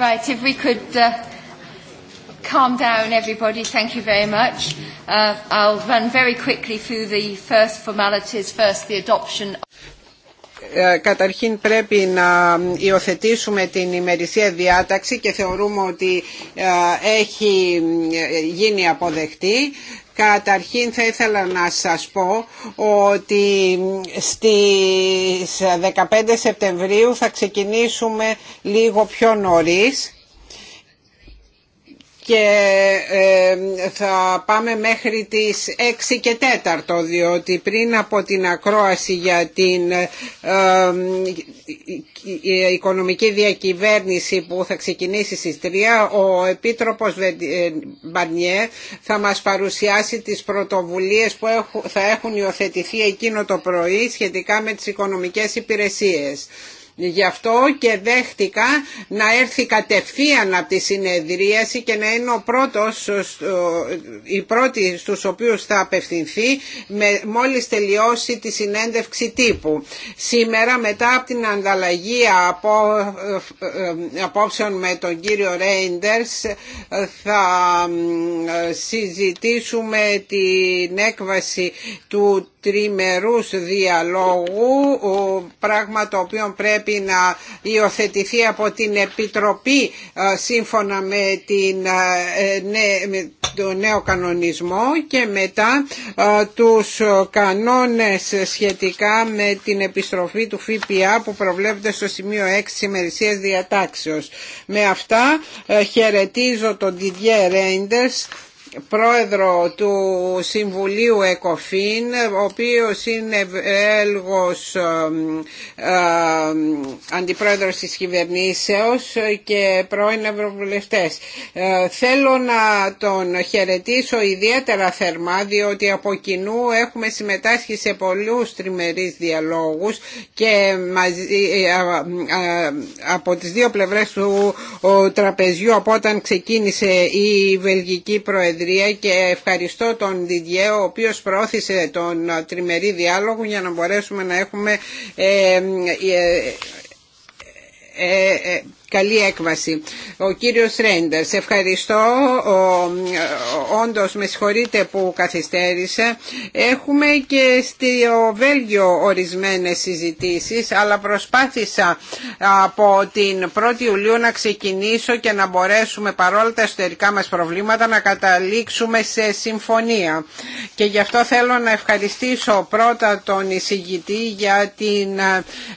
Right, if we could uh, calm down, everybody, thank you very much. Uh, I'll run very quickly through the first formalities, first the adoption. Καταρχήν πρέπει να υιοθετήσουμε την ημερησία διάταξη και θεωρούμε ότι έχει γίνει αποδεκτή. Καταρχήν θα ήθελα να σας πω ότι στις 15 Σεπτεμβρίου θα ξεκινήσουμε λίγο πιο νωρίς και ε, θα πάμε μέχρι τις 6 και 4 διότι πριν από την ακρόαση για την ε, ε, οικονομική διακυβέρνηση που θα ξεκινήσει στις 3 ο Επίτροπος Μπανιέ θα μας παρουσιάσει τις πρωτοβουλίες που θα έχουν υιοθετηθεί εκείνο το πρωί σχετικά με τις οικονομικές υπηρεσίες. Γι' αυτό και δέχτηκα να έρθει κατευθείαν από τη συνεδρίαση και να είναι ο πρώτος, η πρώτη στους οποίους θα απευθυνθεί με, μόλις τελειώσει τη συνέντευξη τύπου. Σήμερα μετά από την ανταλλαγή από, ε, απόψεων με τον κύριο Ρέιντερς θα ε, συζητήσουμε την έκβαση του τριμερούς διαλόγου, πράγμα το οποίο πρέπει να υιοθετηθεί από την Επιτροπή ε, σύμφωνα με, την, ε, τον νέο κανονισμό και μετά ε, τους κανόνες σχετικά με την επιστροφή του ΦΠΑ που προβλέπεται στο σημείο 6 της ημερησίας διατάξεως. Με αυτά χαιρετίζω τον Didier Reinders πρόεδρο του Συμβουλίου ΕΚΟΦΗΝ, ο οποίος είναι έλγος ε, ε, αντιπρόεδρος της κυβερνήσεως και πρώην ευρωβουλευτές. Ε, θέλω να τον χαιρετήσω ιδιαίτερα θερμά, διότι από κοινού έχουμε συμμετάσχει σε πολλούς τριμερείς διαλόγους και από τις δύο πλευρές του τραπεζιού από όταν ξεκίνησε η Βελγική Προεδρία και ευχαριστώ τον Διδιέ ο οποίος προώθησε τον ε, τριμερή διάλογο για να μπορέσουμε να έχουμε ε, ε, καλή έκβαση. Ο κύριος Ρέντερ, ευχαριστώ. Ο, όντως με συγχωρείτε που καθυστέρησε. Έχουμε και στο Βέλγιο ορισμένες συζητήσεις, αλλά προσπάθησα από την 1η Ιουλίου να ξεκινήσω και να μπορέσουμε παρόλα τα εσωτερικά μας προβλήματα να καταλήξουμε σε συμφωνία. Και γι' αυτό θέλω να ευχαριστήσω πρώτα τον εισηγητή για την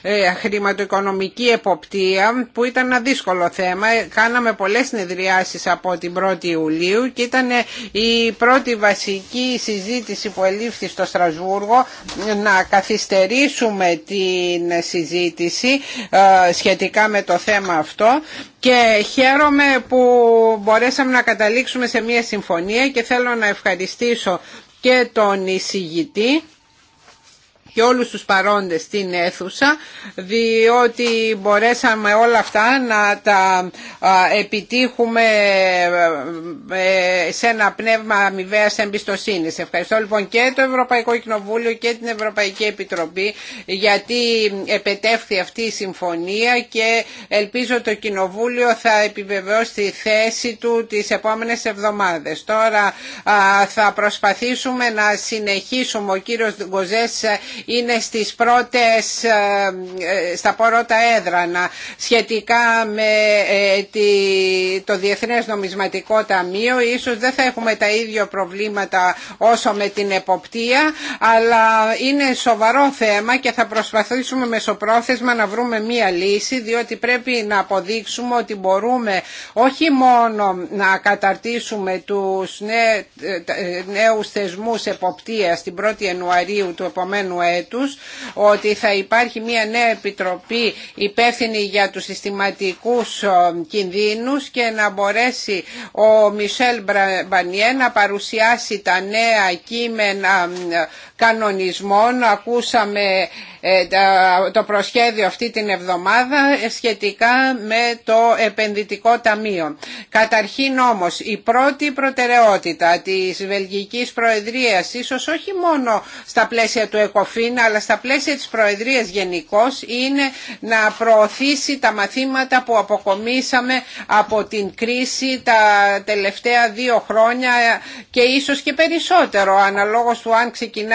ε, χρηματοοικονομική εποπτεία που ήταν δύσκολο θέμα. Κάναμε πολλές συνεδριάσεις από την 1η Ιουλίου και ήταν η πρώτη βασική συζήτηση που ελήφθη στο Στρασβούργο να καθυστερήσουμε την συζήτηση ε, σχετικά με το θέμα αυτό και χαίρομαι που μπορέσαμε να καταλήξουμε σε μια συμφωνία και θέλω να ευχαριστήσω και τον εισηγητή και όλους τους παρόντες στην αίθουσα διότι μπορέσαμε όλα αυτά να τα επιτύχουμε ε, σε ένα πνεύμα αμοιβαία εμπιστοσύνη. Ευχαριστώ λοιπόν και το Ευρωπαϊκό Κοινοβούλιο και την Ευρωπαϊκή Επιτροπή γιατί επετεύχθη αυτή η συμφωνία και ελπίζω το Κοινοβούλιο θα επιβεβαιώσει τη θέση του τις επόμενες εβδομάδες. Τώρα θα προσπαθήσουμε να συνεχίσουμε. Ο κύριος Γκοζές είναι στις πρώτες, ε, ε, στα πρώτα έδρανα σχετικά με ε, το Διεθνές Νομισματικό Ταμείο. Ίσως δεν θα έχουμε τα ίδια προβλήματα όσο με την εποπτεία, αλλά είναι σοβαρό θέμα και θα προσπαθήσουμε μεσοπρόθεσμα να βρούμε μία λύση, διότι πρέπει να αποδείξουμε ότι μπορούμε όχι μόνο να καταρτήσουμε τους νέους θεσμούς εποπτείας την 1η Ιανουαρίου του επομένου ότι θα υπάρχει μια νέα επιτροπή υπεύθυνη για τους συστηματικούς ε, κινδύνους και να μπορέσει ο Μισελ Μπανιέ να παρουσιάσει τα νέα κείμενα ε, κανονισμών. Ακούσαμε ε, το προσχέδιο αυτή την εβδομάδα ε, σχετικά με το επενδυτικό ταμείο. Καταρχήν όμως η πρώτη προτεραιότητα της Βελγικής Προεδρίας ίσως όχι μόνο στα πλαίσια του ΕΚΟΦΗΝ αλλά στα πλαίσια της Προεδρίας γενικώ είναι να προωθήσει τα μαθήματα που αποκομίσαμε από την κρίση τα τελευταία δύο χρόνια και ίσως και περισσότερο αναλόγως του αν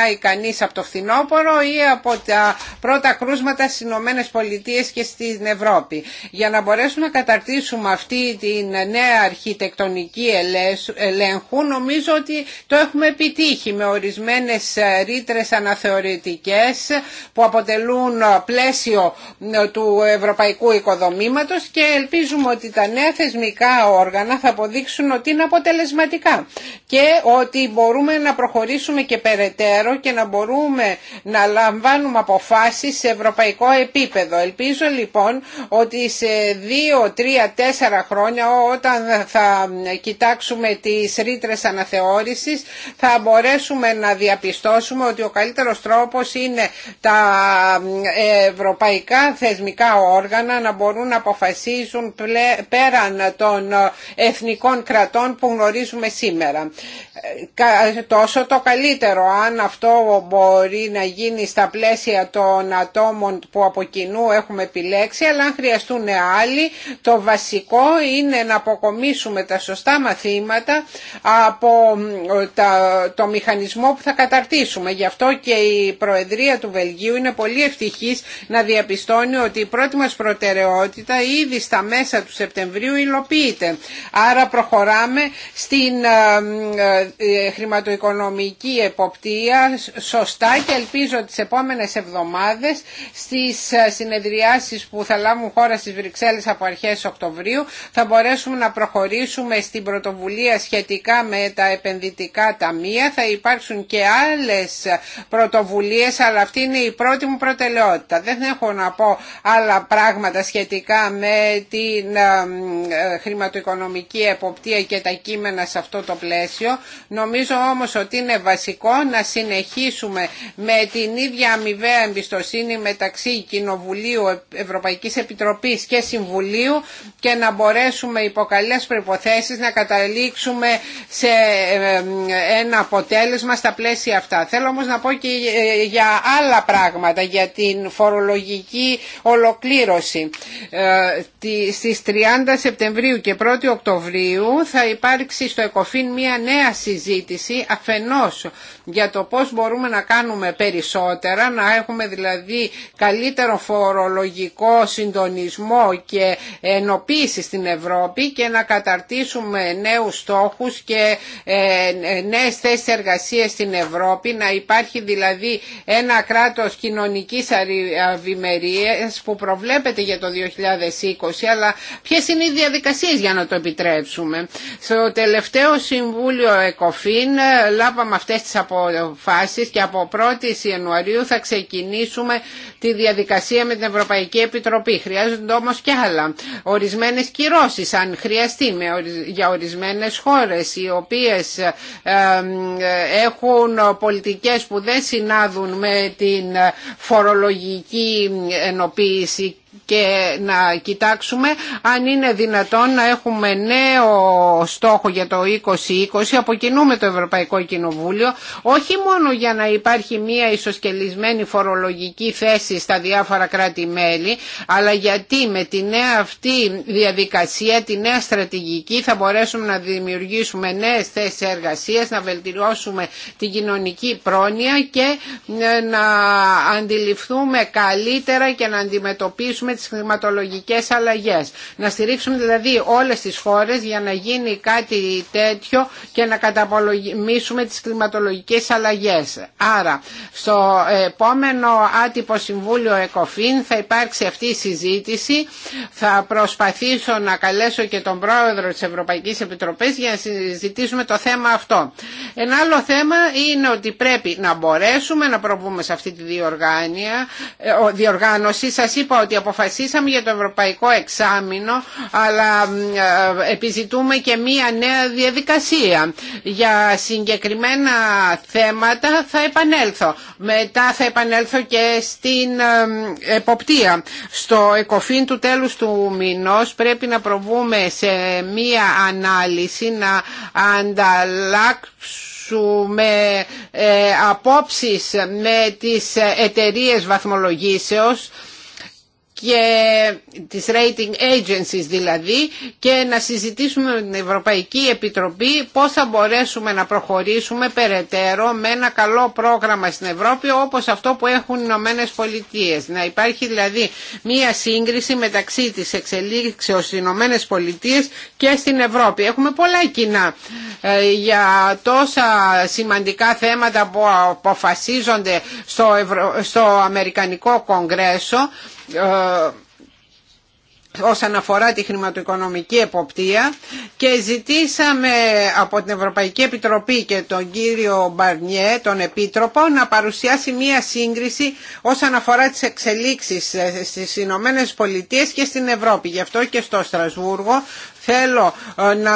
πάει κανείς από το φθινόπωρο ή από τα πρώτα κρούσματα στις Ηνωμένε Πολιτείε και στην Ευρώπη. Για να μπορέσουμε να καταρτήσουμε αυτή τη νέα αρχιτεκτονική ελέγχου νομίζω ότι το έχουμε επιτύχει με ορισμένες ρήτρε αναθεωρητικές που αποτελούν πλαίσιο του ευρωπαϊκού οικοδομήματος και ελπίζουμε ότι τα νέα θεσμικά όργανα θα αποδείξουν ότι είναι αποτελεσματικά και ότι μπορούμε να προχωρήσουμε και περαιτέρω και να μπορούμε να λαμβάνουμε αποφάσεις σε ευρωπαϊκό επίπεδο. Ελπίζω λοιπόν ότι σε δύο, τρία, τέσσερα χρόνια όταν θα κοιτάξουμε τις ρήτρε αναθεώρησης θα μπορέσουμε να διαπιστώσουμε ότι ο καλύτερος τρόπος είναι τα ευρωπαϊκά θεσμικά όργανα να μπορούν να αποφασίζουν πέραν των εθνικών κρατών που γνωρίζουμε σήμερα. Τόσο το καλύτερο αν αυτό αυτό μπορεί να γίνει στα πλαίσια των ατόμων που από κοινού έχουμε επιλέξει, αλλά αν χρειαστούν άλλοι, το βασικό είναι να αποκομίσουμε τα σωστά μαθήματα από το μηχανισμό που θα καταρτήσουμε. Γι' αυτό και η Προεδρία του Βελγίου είναι πολύ ευτυχής να διαπιστώνει ότι η πρώτη μας προτεραιότητα ήδη στα μέσα του Σεπτεμβρίου υλοποιείται. Άρα προχωράμε στην ε, ε, ε, χρηματοοικονομική εποπτεία, σωστά και ελπίζω τις επόμενες εβδομάδες στις ε, συνεδριάσεις που θα λάβουν χώρα στις Βρυξέλλες από αρχές Οκτωβρίου θα μπορέσουμε να προχωρήσουμε στην πρωτοβουλία σχετικά με τα επενδυτικά ταμεία. Θα υπάρξουν και άλλες πρωτοβουλίες αλλά αυτή είναι η πρώτη μου προτελεότητα Δεν έχω να πω άλλα πράγματα σχετικά με την ε, ε, χρηματοοικονομική εποπτεία και τα κείμενα σε αυτό το πλαίσιο. Νομίζω όμως ότι είναι βασικό να συνεχίσουμε συνεχίσουμε με την ίδια αμοιβαία εμπιστοσύνη μεταξύ Κοινοβουλίου, Ευρωπαϊκής Επιτροπής και Συμβουλίου και να μπορέσουμε υπό καλές προϋποθέσεις να καταλήξουμε σε ένα αποτέλεσμα στα πλαίσια αυτά. Θέλω όμως να πω και ε, για άλλα πράγματα, για την φορολογική ολοκλήρωση. Ε, στις 30 Σεπτεμβρίου και 1 Οκτωβρίου θα υπάρξει στο ΕΚΟΦΗΝ μια νέα συζήτηση αφενός για το πώς μπορούμε να κάνουμε περισσότερα, να έχουμε δηλαδή καλύτερο φορολογικό συντονισμό και ενοποίηση στην Ευρώπη και να καταρτήσουμε νέους στόχους και ε, νέες θέσεις εργασίας στην Ευρώπη, να υπάρχει δηλαδή ένα κράτος κοινωνικής αβημερίας που προβλέπεται για το 2020, αλλά ποιες είναι οι διαδικασίες για να το επιτρέψουμε. Στο τελευταίο Συμβούλιο ΕΚΟΦΗΝ ε, λάβαμε αυτές τις αποφάσεις και από 1η Ιανουαρίου θα ξεκινήσουμε τη διαδικασία με την Ευρωπαϊκή Επιτροπή. Χρειάζονται όμω και άλλα. Ορισμένες κυρώσει. αν χρειαστεί για ορισμένε χώρες οι οποίες έχουν πολιτικές που δεν συνάδουν με την φορολογική ενοποίηση και να κοιτάξουμε αν είναι δυνατόν να έχουμε νέο στόχο για το 2020, αποκινούμε το Ευρωπαϊκό Κοινοβούλιο, όχι μόνο για να υπάρχει μία ισοσκελισμένη φορολογική θέση στα διάφορα κράτη-μέλη, αλλά γιατί με τη νέα αυτή διαδικασία, τη νέα στρατηγική θα μπορέσουμε να δημιουργήσουμε νέες θέσεις εργασίας, να βελτιώσουμε την κοινωνική πρόνοια και να αντιληφθούμε καλύτερα και να αντιμετωπίσουμε τις χρηματολογικές αλλαγές. Να στηρίξουμε δηλαδή όλες τις χώρες για να γίνει κάτι τέτοιο και να καταπολεμήσουμε τις κλιματολογικές αλλαγές. Άρα, στο επόμενο άτυπο Συμβούλιο ΕΚΟΦΗΝ θα υπάρξει αυτή η συζήτηση. Θα προσπαθήσω να καλέσω και τον πρόεδρο της Ευρωπαϊκής Επιτροπής για να συζητήσουμε το θέμα αυτό. Ένα άλλο θέμα είναι ότι πρέπει να μπορέσουμε να προβούμε σε αυτή τη διοργάνωση. Σας είπα ότι αποφασίσαμε αποφασίσαμε για το Ευρωπαϊκό Εξάμεινο αλλά ε, επιζητούμε και μία νέα διαδικασία. Για συγκεκριμένα θέματα θα επανέλθω. Μετά θα επανέλθω και στην ε, εποπτεία. Στο εκοφήν του τέλους του μηνός πρέπει να προβούμε σε μία ανάλυση να ανταλλάξουμε με απόψεις με τις ε, εταιρείες βαθμολογήσεως και τις rating agencies δηλαδή και να συζητήσουμε με την Ευρωπαϊκή Επιτροπή πώς θα μπορέσουμε να προχωρήσουμε περαιτέρω με ένα καλό πρόγραμμα στην Ευρώπη όπως αυτό που έχουν οι Ηνωμένε Πολιτείε. Να υπάρχει δηλαδή μία σύγκριση μεταξύ της εξελίξεως στις Ηνωμένε Πολιτείε και στην Ευρώπη. Έχουμε πολλά κοινά ε, για τόσα σημαντικά θέματα που αποφασίζονται στο, Αμερικανικό Κογκρέσο ε, όσον αφορά τη χρηματοοικονομική εποπτεία και ζητήσαμε από την Ευρωπαϊκή Επιτροπή και τον κύριο Μπαρνιέ, τον Επίτροπο, να παρουσιάσει μία σύγκριση όσον αφορά τις εξελίξεις ε, στις Ηνωμένε Πολιτείε και στην Ευρώπη. Γι' αυτό και στο Στρασβούργο Θέλω ε, να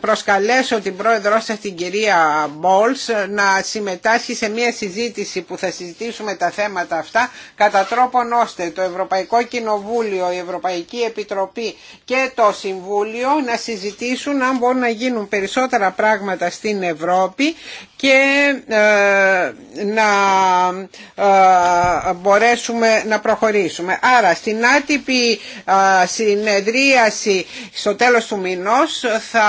προσκαλέσω την πρόεδρό σας την κυρία Μπόλς να συμμετάσχει σε μια συζήτηση που θα συζητήσουμε τα θέματα αυτά κατά τρόπον ώστε το Ευρωπαϊκό Κοινοβούλιο, η Ευρωπαϊκή Επιτροπή και το Συμβούλιο να συζητήσουν αν μπορούν να γίνουν περισσότερα πράγματα στην Ευρώπη και ε, να ε, μπορέσουμε να προχωρήσουμε. Άρα στην άτυπη συνεδρίαση στο τέλος τέλος του μηνός θα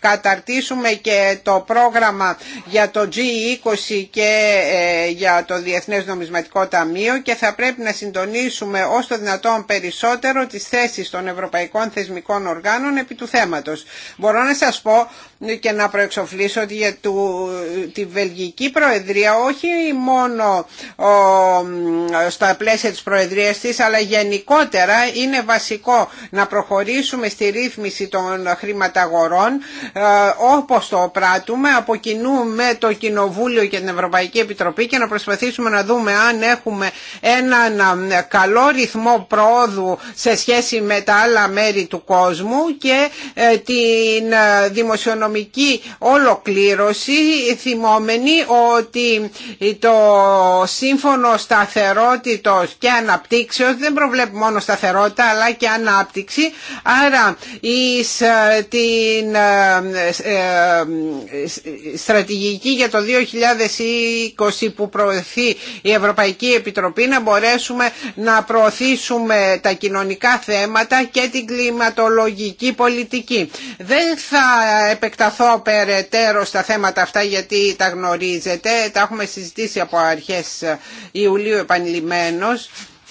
καταρτήσουμε και το πρόγραμμα για το G20 και ε, για το Διεθνές Νομισματικό Ταμείο και θα πρέπει να συντονίσουμε όσο δυνατόν περισσότερο τις θέσεις των ευρωπαϊκών θεσμικών οργάνων επί του θέματος. Μπορώ να σας πω ναι, και να προεξοφλήσω ότι για τη Βελγική Προεδρία όχι μόνο στα πλαίσια της Προεδρίας της αλλά γενικότερα είναι βασικό να προχωρήσουμε στη ρύθμιση των χρηματαγορών ε, όπως το πράττουμε από κοινού το Κοινοβούλιο και την Ευρωπαϊκή Επιτροπή και να προσπαθήσουμε να δούμε αν έχουμε έναν ε, καλό ρυθμό πρόοδου σε σχέση με τα άλλα μέρη του κόσμου και ε, την δημοσιονομική οικονομική ολοκλήρωση θυμόμενη ότι το σύμφωνο σταθερότητα και αναπτύξεως δεν προβλέπει μόνο σταθερότητα αλλά και ανάπτυξη άρα η ε, την ε, ε, στρατηγική για το 2020 που προωθεί η Ευρωπαϊκή Επιτροπή να μπορέσουμε να προωθήσουμε τα κοινωνικά θέματα και την κλιματολογική πολιτική. Δεν θα επεκτείνουμε επεκταθώ περαιτέρω στα θέματα αυτά γιατί τα γνωρίζετε. Τα έχουμε συζητήσει από αρχές Ιουλίου επανειλημμένως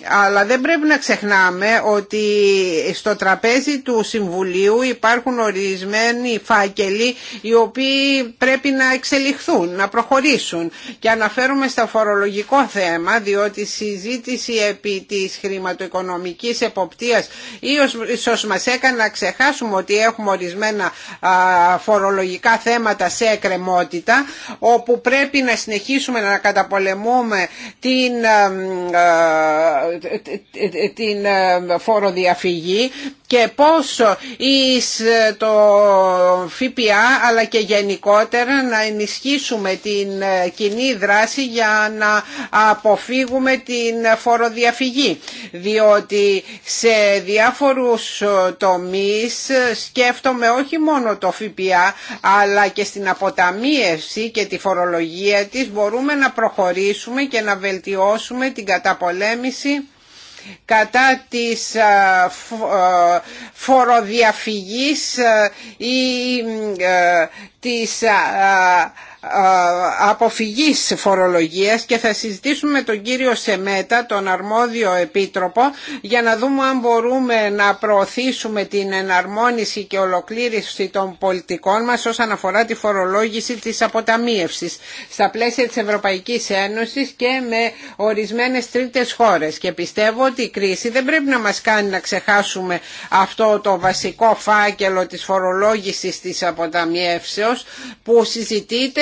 αλλά δεν πρέπει να ξεχνάμε ότι στο τραπέζι του Συμβουλίου υπάρχουν ορισμένοι φάκελοι οι οποίοι πρέπει να εξελιχθούν, να προχωρήσουν. Και αναφέρουμε στο φορολογικό θέμα, διότι η συζήτηση επί της χρηματοοικονομικής εποπτείας ίσως μας έκανε να ξεχάσουμε ότι έχουμε ορισμένα φορολογικά θέματα σε εκκρεμότητα, όπου πρέπει να συνεχίσουμε να καταπολεμούμε την την ε, φοροδιαφυγή και πόσο εις ε, το ΦΠΑ αλλά και γενικότερα να ενισχύσουμε την ε, κοινή δράση για να αποφύγουμε την φοροδιαφυγή διότι σε διάφορους τομείς σκέφτομαι όχι μόνο το ΦΠΑ αλλά και στην αποταμίευση και τη φορολογία της μπορούμε να προχωρήσουμε και να βελτιώσουμε την καταπολέμηση κατά της φοροδιαφυγής ή της αποφυγής φορολογίας και θα συζητήσουμε με τον κύριο Σεμέτα, τον αρμόδιο επίτροπο, για να δούμε αν μπορούμε να προωθήσουμε την εναρμόνιση και ολοκλήρωση των πολιτικών μας όσον αφορά τη φορολόγηση της αποταμίευσης στα πλαίσια της Ευρωπαϊκής Ένωσης και με ορισμένες τρίτες χώρες. Και πιστεύω ότι η κρίση δεν πρέπει να μας κάνει να ξεχάσουμε αυτό το βασικό φάκελο της φορολόγησης της αποταμιεύσεως που συζητείται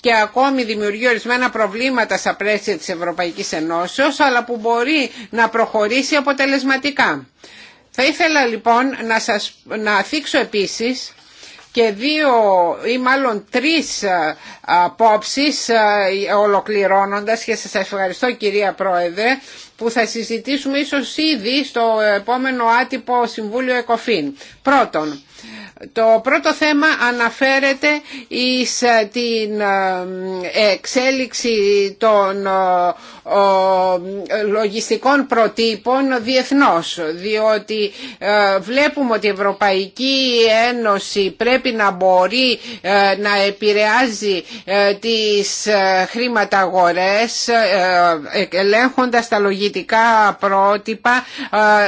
και ακόμη δημιουργεί ορισμένα προβλήματα στα πλαίσια της Ευρωπαϊκής Ενώσεως αλλά που μπορεί να προχωρήσει αποτελεσματικά. Θα ήθελα λοιπόν να, σας, να επίσης και δύο ή μάλλον τρεις απόψει ολοκληρώνοντας και σας ευχαριστώ κυρία Πρόεδρε που θα συζητήσουμε ίσως ήδη στο επόμενο άτυπο Συμβούλιο ΕΚΟΦΗΝ. Πρώτον, το πρώτο θέμα αναφέρεται εις ε, την ε, ε, εξέλιξη των λογιστικών προτύπων διεθνώς διότι βλέπουμε ότι η Ευρωπαϊκή Ένωση πρέπει να μπορεί να επηρεάζει τις χρηματαγορές ελέγχοντας τα λογιστικά πρότυπα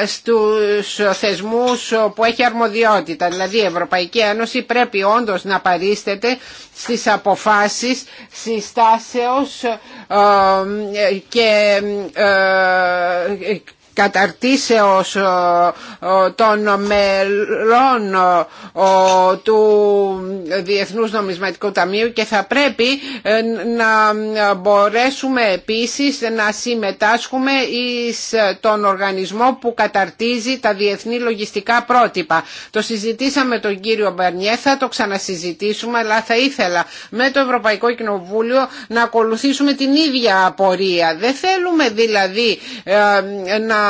στους θεσμούς που έχει αρμοδιότητα δηλαδή Ευρωπαϊκή Ένωση πρέπει όντως να παρίστεται στις αποφάσεις συστάσεως ε, ε, και ε, καταρτήσεως ε, ε, των μελών ε, του Διεθνούς Νομισματικού Ταμείου και θα πρέπει να μπορέσουμε επίσης να συμμετάσχουμε εις τον οργανισμό που καταρτίζει τα διεθνή λογιστικά πρότυπα. Το συζητήσαμε τον κύριο Μπερνιέ, θα το ξανασυζητήσουμε, αλλά θα ήθελα με το Ευρωπαϊκό Κοινοβούλιο να ακολουθήσουμε την ίδια απορία. Δεν θέλουμε δηλαδή να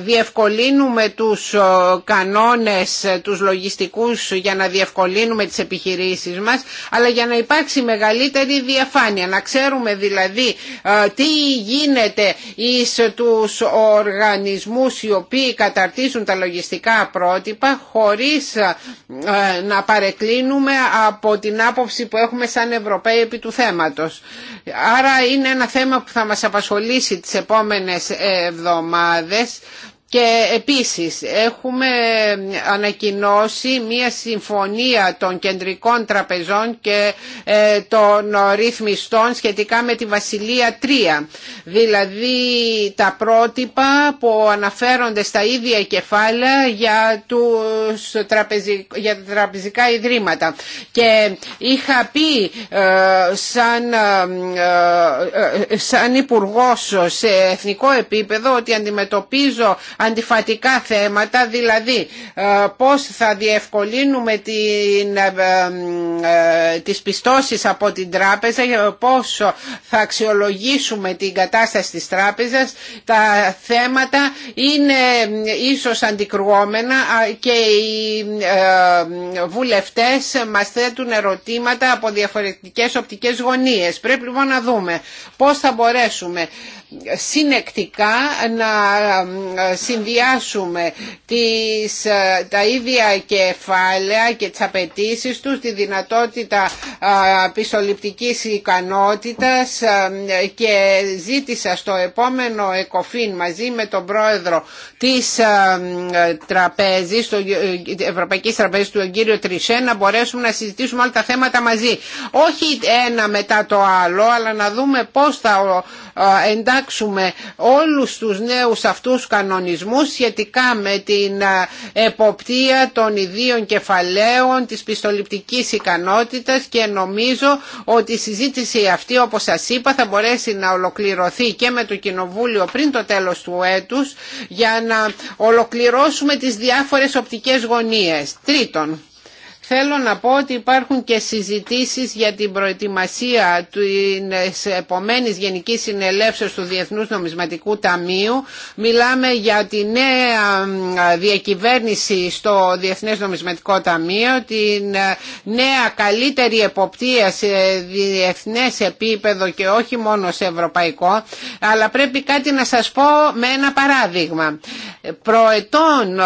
διευκολύνουμε τους ε, κανόνες, ε, τους λογιστικούς για να διευκολύνουμε τις επιχειρήσεις μας, αλλά για να υπάρξει μεγαλύτερη διαφάνεια. Να ξέρουμε δηλαδή ε, τι γίνεται εις τους οργανισμούς οι οποίοι καταρτίζουν τα λογιστικά πρότυπα χωρίς να παρεκκλίνουμε από την άποψη που έχουμε σαν Ευρωπαίοι επί του θέματος. Άρα είναι ένα θέμα που θα μας απασχολήσει τις επόμενες εβδομάδες ομάδες και επίσης έχουμε ανακοινώσει μία συμφωνία των κεντρικών τραπεζών και ε, των ρυθμιστών σχετικά με τη Βασιλεία 3. Δηλαδή τα πρότυπα που αναφέρονται στα ίδια κεφάλαια για, τους για τα τραπεζικά ιδρύματα. Και είχα πει ε, σαν, ε, ε, σαν υπουργός σε εθνικό επίπεδο ότι αντιμετωπίζω αντιφατικά θέματα, δηλαδή ε, πώς θα διευκολύνουμε την, ε, ε, τις πιστώσεις από την τράπεζα, πώς θα αξιολογήσουμε την κατάσταση της τράπεζας. Τα θέματα είναι ίσως αντικρουόμενα και οι βουλευτές μας θέτουν ερωτήματα από διαφορετικές οπτικές γωνίες. Πρέπει λοιπόν να δούμε πώς θα μπορέσουμε συνεκτικά να συνδυάσουμε τις, ε, τα ίδια κεφάλαια και τις απαιτήσει τους, τη δυνατότητα πιστοληπτικής ικανότητας ε, και ζήτησα στο επόμενο ΕΚΟΦΗΝ μαζί με τον πρόεδρο της ε, τραπέζης, του Ευρωπαϊκής Τραπέζης του κύριο Τρισέ να μπορέσουμε να συζητήσουμε όλα τα θέματα μαζί. Όχι ένα μετά το άλλο, αλλά να δούμε πώς θα εντάξουμε όλους τους νέους αυτούς κανονισμούς σχετικά με την εποπτεία των ιδίων κεφαλαίων, της πιστοληπτικής ικανότητας και νομίζω ότι η συζήτηση αυτή όπως σας είπα θα μπορέσει να ολοκληρωθεί και με το Κοινοβούλιο πριν το τέλος του έτους για να ολοκληρώσουμε τις διάφορες οπτικές γωνίες. Τρίτον, Θέλω να πω ότι υπάρχουν και συζητήσεις για την προετοιμασία της επομένης Γενικής Συνελεύσεως του Διεθνούς Νομισματικού Ταμείου. Μιλάμε για τη νέα διακυβέρνηση στο Διεθνές Νομισματικό Ταμείο, την ε, νέα καλύτερη εποπτεία σε διεθνές επίπεδο και όχι μόνο σε ευρωπαϊκό, αλλά πρέπει κάτι να σας πω με ένα παράδειγμα. Προετών ε,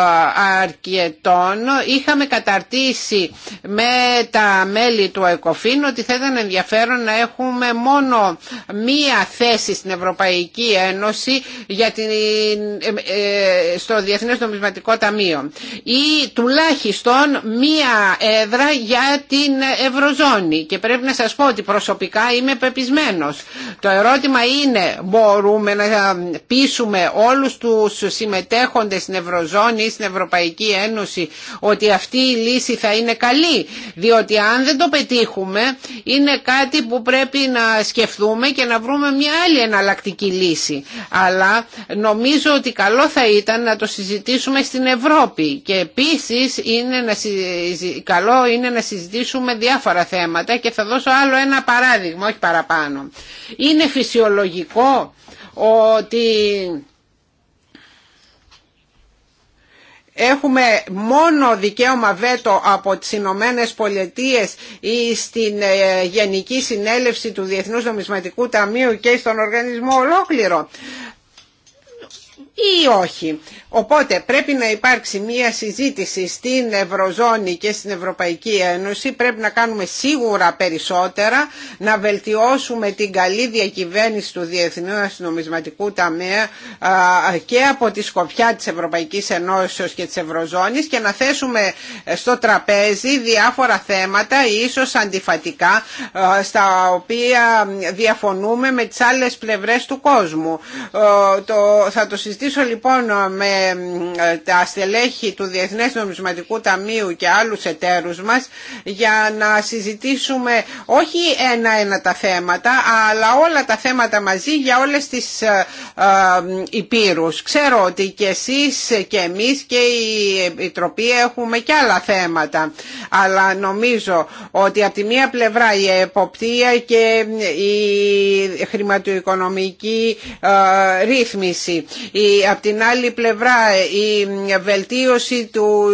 αρκετών είχαμε καταρτήσει με τα μέλη του ΕΚΟΦΗΝ ότι θα ήταν ενδιαφέρον να έχουμε μόνο μία θέση στην Ευρωπαϊκή Ένωση για την, ε, ε, στο Διεθνές Νομισματικό Ταμείο ή τουλάχιστον μία έδρα για την Ευρωζώνη και πρέπει να σας πω ότι προσωπικά είμαι πεπισμένος. Το ερώτημα είναι μπορούμε να πείσουμε όλους τους συμμετέχοντες στην Ευρωζώνη ή στην Ευρωπαϊκή Ένωση ότι αυτή η λύση θα είναι καλή. Διότι αν δεν το πετύχουμε είναι κάτι που πρέπει να σκεφτούμε και να βρούμε μια άλλη εναλλακτική λύση. Αλλά νομίζω ότι καλό θα ήταν να το συζητήσουμε στην Ευρώπη και επίσης είναι να καλό είναι να συζητήσουμε διάφορα θέματα και θα δώσω άλλο ένα παράδειγμα, όχι παραπάνω. Είναι φυσιολογικό ότι έχουμε μόνο δικαίωμα βέτο από τις Ηνωμένε Πολιτείε ή στην ε, Γενική Συνέλευση του Διεθνούς Νομισματικού Ταμείου και στον οργανισμό ολόκληρο ή όχι. Οπότε πρέπει να υπάρξει μια συζήτηση στην Ευρωζώνη και στην Ευρωπαϊκή Ένωση. Πρέπει να κάνουμε σίγουρα περισσότερα, να βελτιώσουμε την καλή διακυβέρνηση του Διεθνούς Αστυνομισματικού Ταμεία και από τη σκοπιά της Ευρωπαϊκής Ενώσεω και της Ευρωζώνης και να θέσουμε στο τραπέζι διάφορα θέματα, ίσως αντιφατικά, στα οποία διαφωνούμε με τις άλλες πλευρές του κόσμου. Το, θα το συζητήσουμε συζητήσω λοιπόν με ε, τα στελέχη του Διεθνές Νομισματικού Ταμείου και άλλους εταίρους μας για να συζητήσουμε όχι ένα-ένα τα θέματα αλλά όλα τα θέματα μαζί για όλες τις ε, ε, υπήρους. Ξέρω ότι και εσείς και εμείς και η Επιτροπή έχουμε και άλλα θέματα αλλά νομίζω ότι από τη μία πλευρά η εποπτεία και η χρηματοοικονομική ρύθμιση η από την άλλη πλευρά η βελτίωση του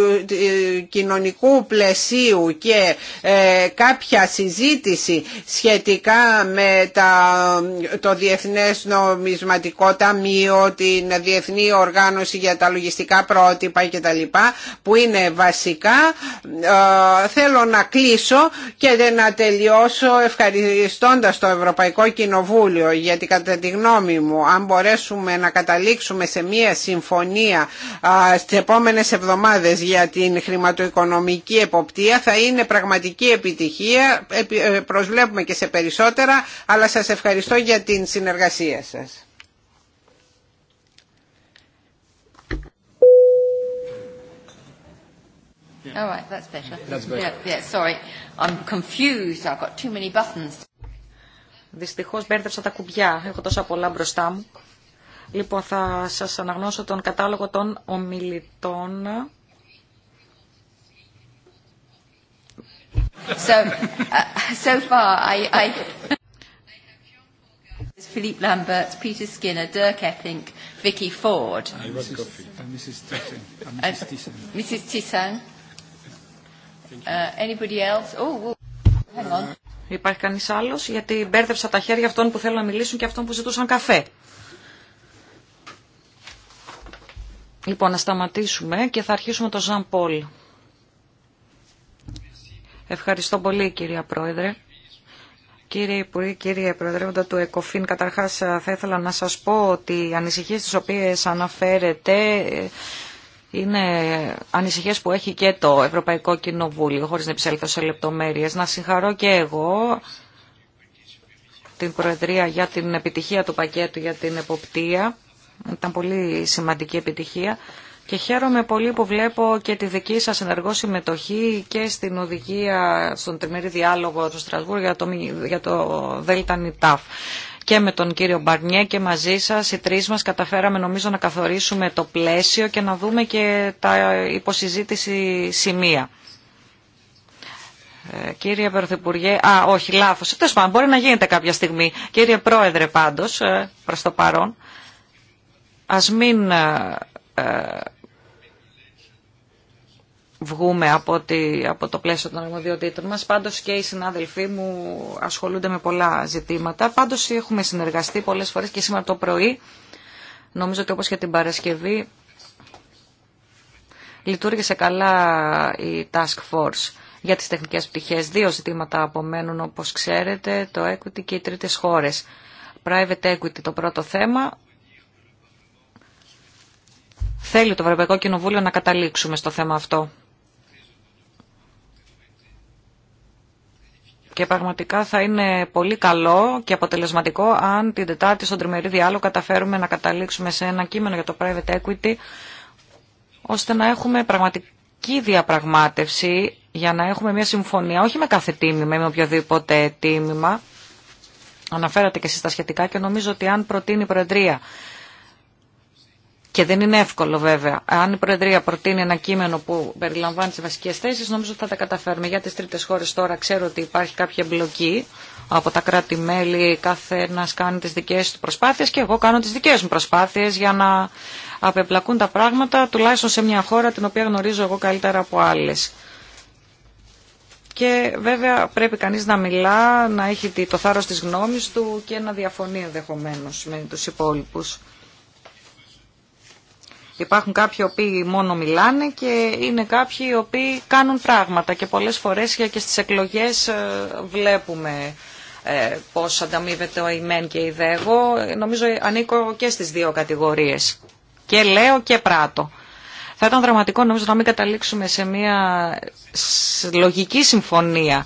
ε, κοινωνικού πλαισίου και ε, κάποια συζήτηση σχετικά με το Διεθνές Νομισματικό Ταμείο, την Διεθνή Οργάνωση για τα Λογιστικά Πρότυπα κτλ. που είναι βασικά. Ε, θέλω να κλείσω και να τελειώσω ευχαριστώντας το Ευρωπαϊκό Κοινοβούλιο γιατί κατά τη γνώμη μου αν μπορέσουμε να καταλήξουμε σε μία συμφωνία στις επόμενες εβδομάδες για την χρηματοοικονομική εποπτεία θα είναι πραγματική επιτυχία. Ε, προσβλέπουμε και σε περισσότερα, αλλά σας ευχαριστώ για την συνεργασία σας. All right, that's better. Yeah, sorry. I'm confused. I've got too many buttons. Δυστυχώς μπέρδεψα τα κουμπιά. Έχω τόσα πολλά μπροστά μου. Λοιπόν, θα σας αναγνώσω τον κατάλογο των ομιλητών. So, uh, so far, I, I... Philippe Lambert, Peter Skinner, Dirk Epping, Vicky Ford. I coffee. Mrs. Tissan. Mrs. Uh, uh, anybody else? Oh, oh, hang on. Υπάρχει κανείς άλλος, γιατί μπέρδεψα τα χέρια αυτών που θέλουν να μιλήσουν και αυτών που ζητούσαν καφέ. Λοιπόν, να σταματήσουμε και θα αρχίσουμε το Ζαν Πολ. Ευχαριστώ πολύ κυρία Πρόεδρε. Κύριε Υπουργέ, κύριε Προεδρεύοντα του ΕΚΟΦΗΝ, καταρχάς ε, θα ήθελα να σας πω ότι οι ανησυχίες τις οποίες αναφέρετε ε, είναι ανησυχίες που έχει και το Ευρωπαϊκό Κοινοβούλιο, χωρίς να επισέλθω σε λεπτομέρειες. Να συγχαρώ και εγώ την Προεδρία για την επιτυχία του πακέτου για την εποπτεία ήταν πολύ σημαντική επιτυχία και χαίρομαι πολύ που βλέπω και τη δική σας ενεργό συμμετοχή και στην οδηγία, στον τριμερή διάλογο του Στρασβούργου για το, για το και με τον κύριο Μπαρνιέ και μαζί σας οι τρεις μας καταφέραμε νομίζω να καθορίσουμε το πλαίσιο και να δούμε και τα υποσυζήτηση σημεία. Ε, κύριε Πρωθυπουργέ, α όχι λάθος, μπορεί να γίνεται κάποια στιγμή. Κύριε Πρόεδρε πάντως, ε, προς το παρόν, Ας μην ε, ε, βγούμε από, το πλαίσιο των αρμοδιοτήτων μας. Πάντως και οι συνάδελφοί μου ασχολούνται με πολλά ζητήματα. Πάντως έχουμε συνεργαστεί πολλές φορές και σήμερα το πρωί, νομίζω ότι όπως και την Παρασκευή, λειτουργήσε καλά η Task Force για τις τεχνικές πτυχές. Δύο ζητήματα απομένουν, όπως ξέρετε, το equity και οι τρίτες χώρες. Private equity το πρώτο θέμα, θέλει το Ευρωπαϊκό Κοινοβούλιο να καταλήξουμε στο θέμα αυτό. Και πραγματικά θα είναι πολύ καλό και αποτελεσματικό αν την Τετάρτη στον τριμερή διάλογο καταφέρουμε να καταλήξουμε σε ένα κείμενο για το private equity ώστε να έχουμε πραγματική διαπραγμάτευση για να έχουμε μια συμφωνία, όχι με κάθε τίμημα ή με οποιοδήποτε τίμημα. Αναφέρατε και εσείς τα σχετικά και νομίζω ότι αν προτείνει η Προεδρία και δεν είναι εύκολο βέβαια. Αν η Προεδρία προτείνει ένα κείμενο που περιλαμβάνει τι βασικέ θέσει, νομίζω ότι θα τα καταφέρουμε. Για τι τρίτε χώρε τώρα ξέρω ότι υπάρχει κάποια εμπλοκή από τα κράτη-μέλη. Κάθε ένα κάνει τι δικέ του προσπάθειε και εγώ κάνω τι δικέ μου προσπάθειε για να απεμπλακούν τα πράγματα, τουλάχιστον σε μια χώρα την οποία γνωρίζω εγώ καλύτερα από άλλε. Και βέβαια πρέπει κανείς να μιλά, να έχει το θάρρος της γνώμη του και να διαφωνεί ενδεχομένω με τους υπόλοιπου. Υπάρχουν κάποιοι οποίοι μόνο μιλάνε και είναι κάποιοι οι οποίοι κάνουν πράγματα και πολλές φορές και στις εκλογές ε, βλέπουμε ε, πώς ανταμείβεται ο ημέν και η δέγο. Ε, νομίζω ανήκω και στις δύο κατηγορίες. Και λέω και Πράτο. Θα ήταν δραματικό νομίζω να μην καταλήξουμε σε μια λογική συμφωνία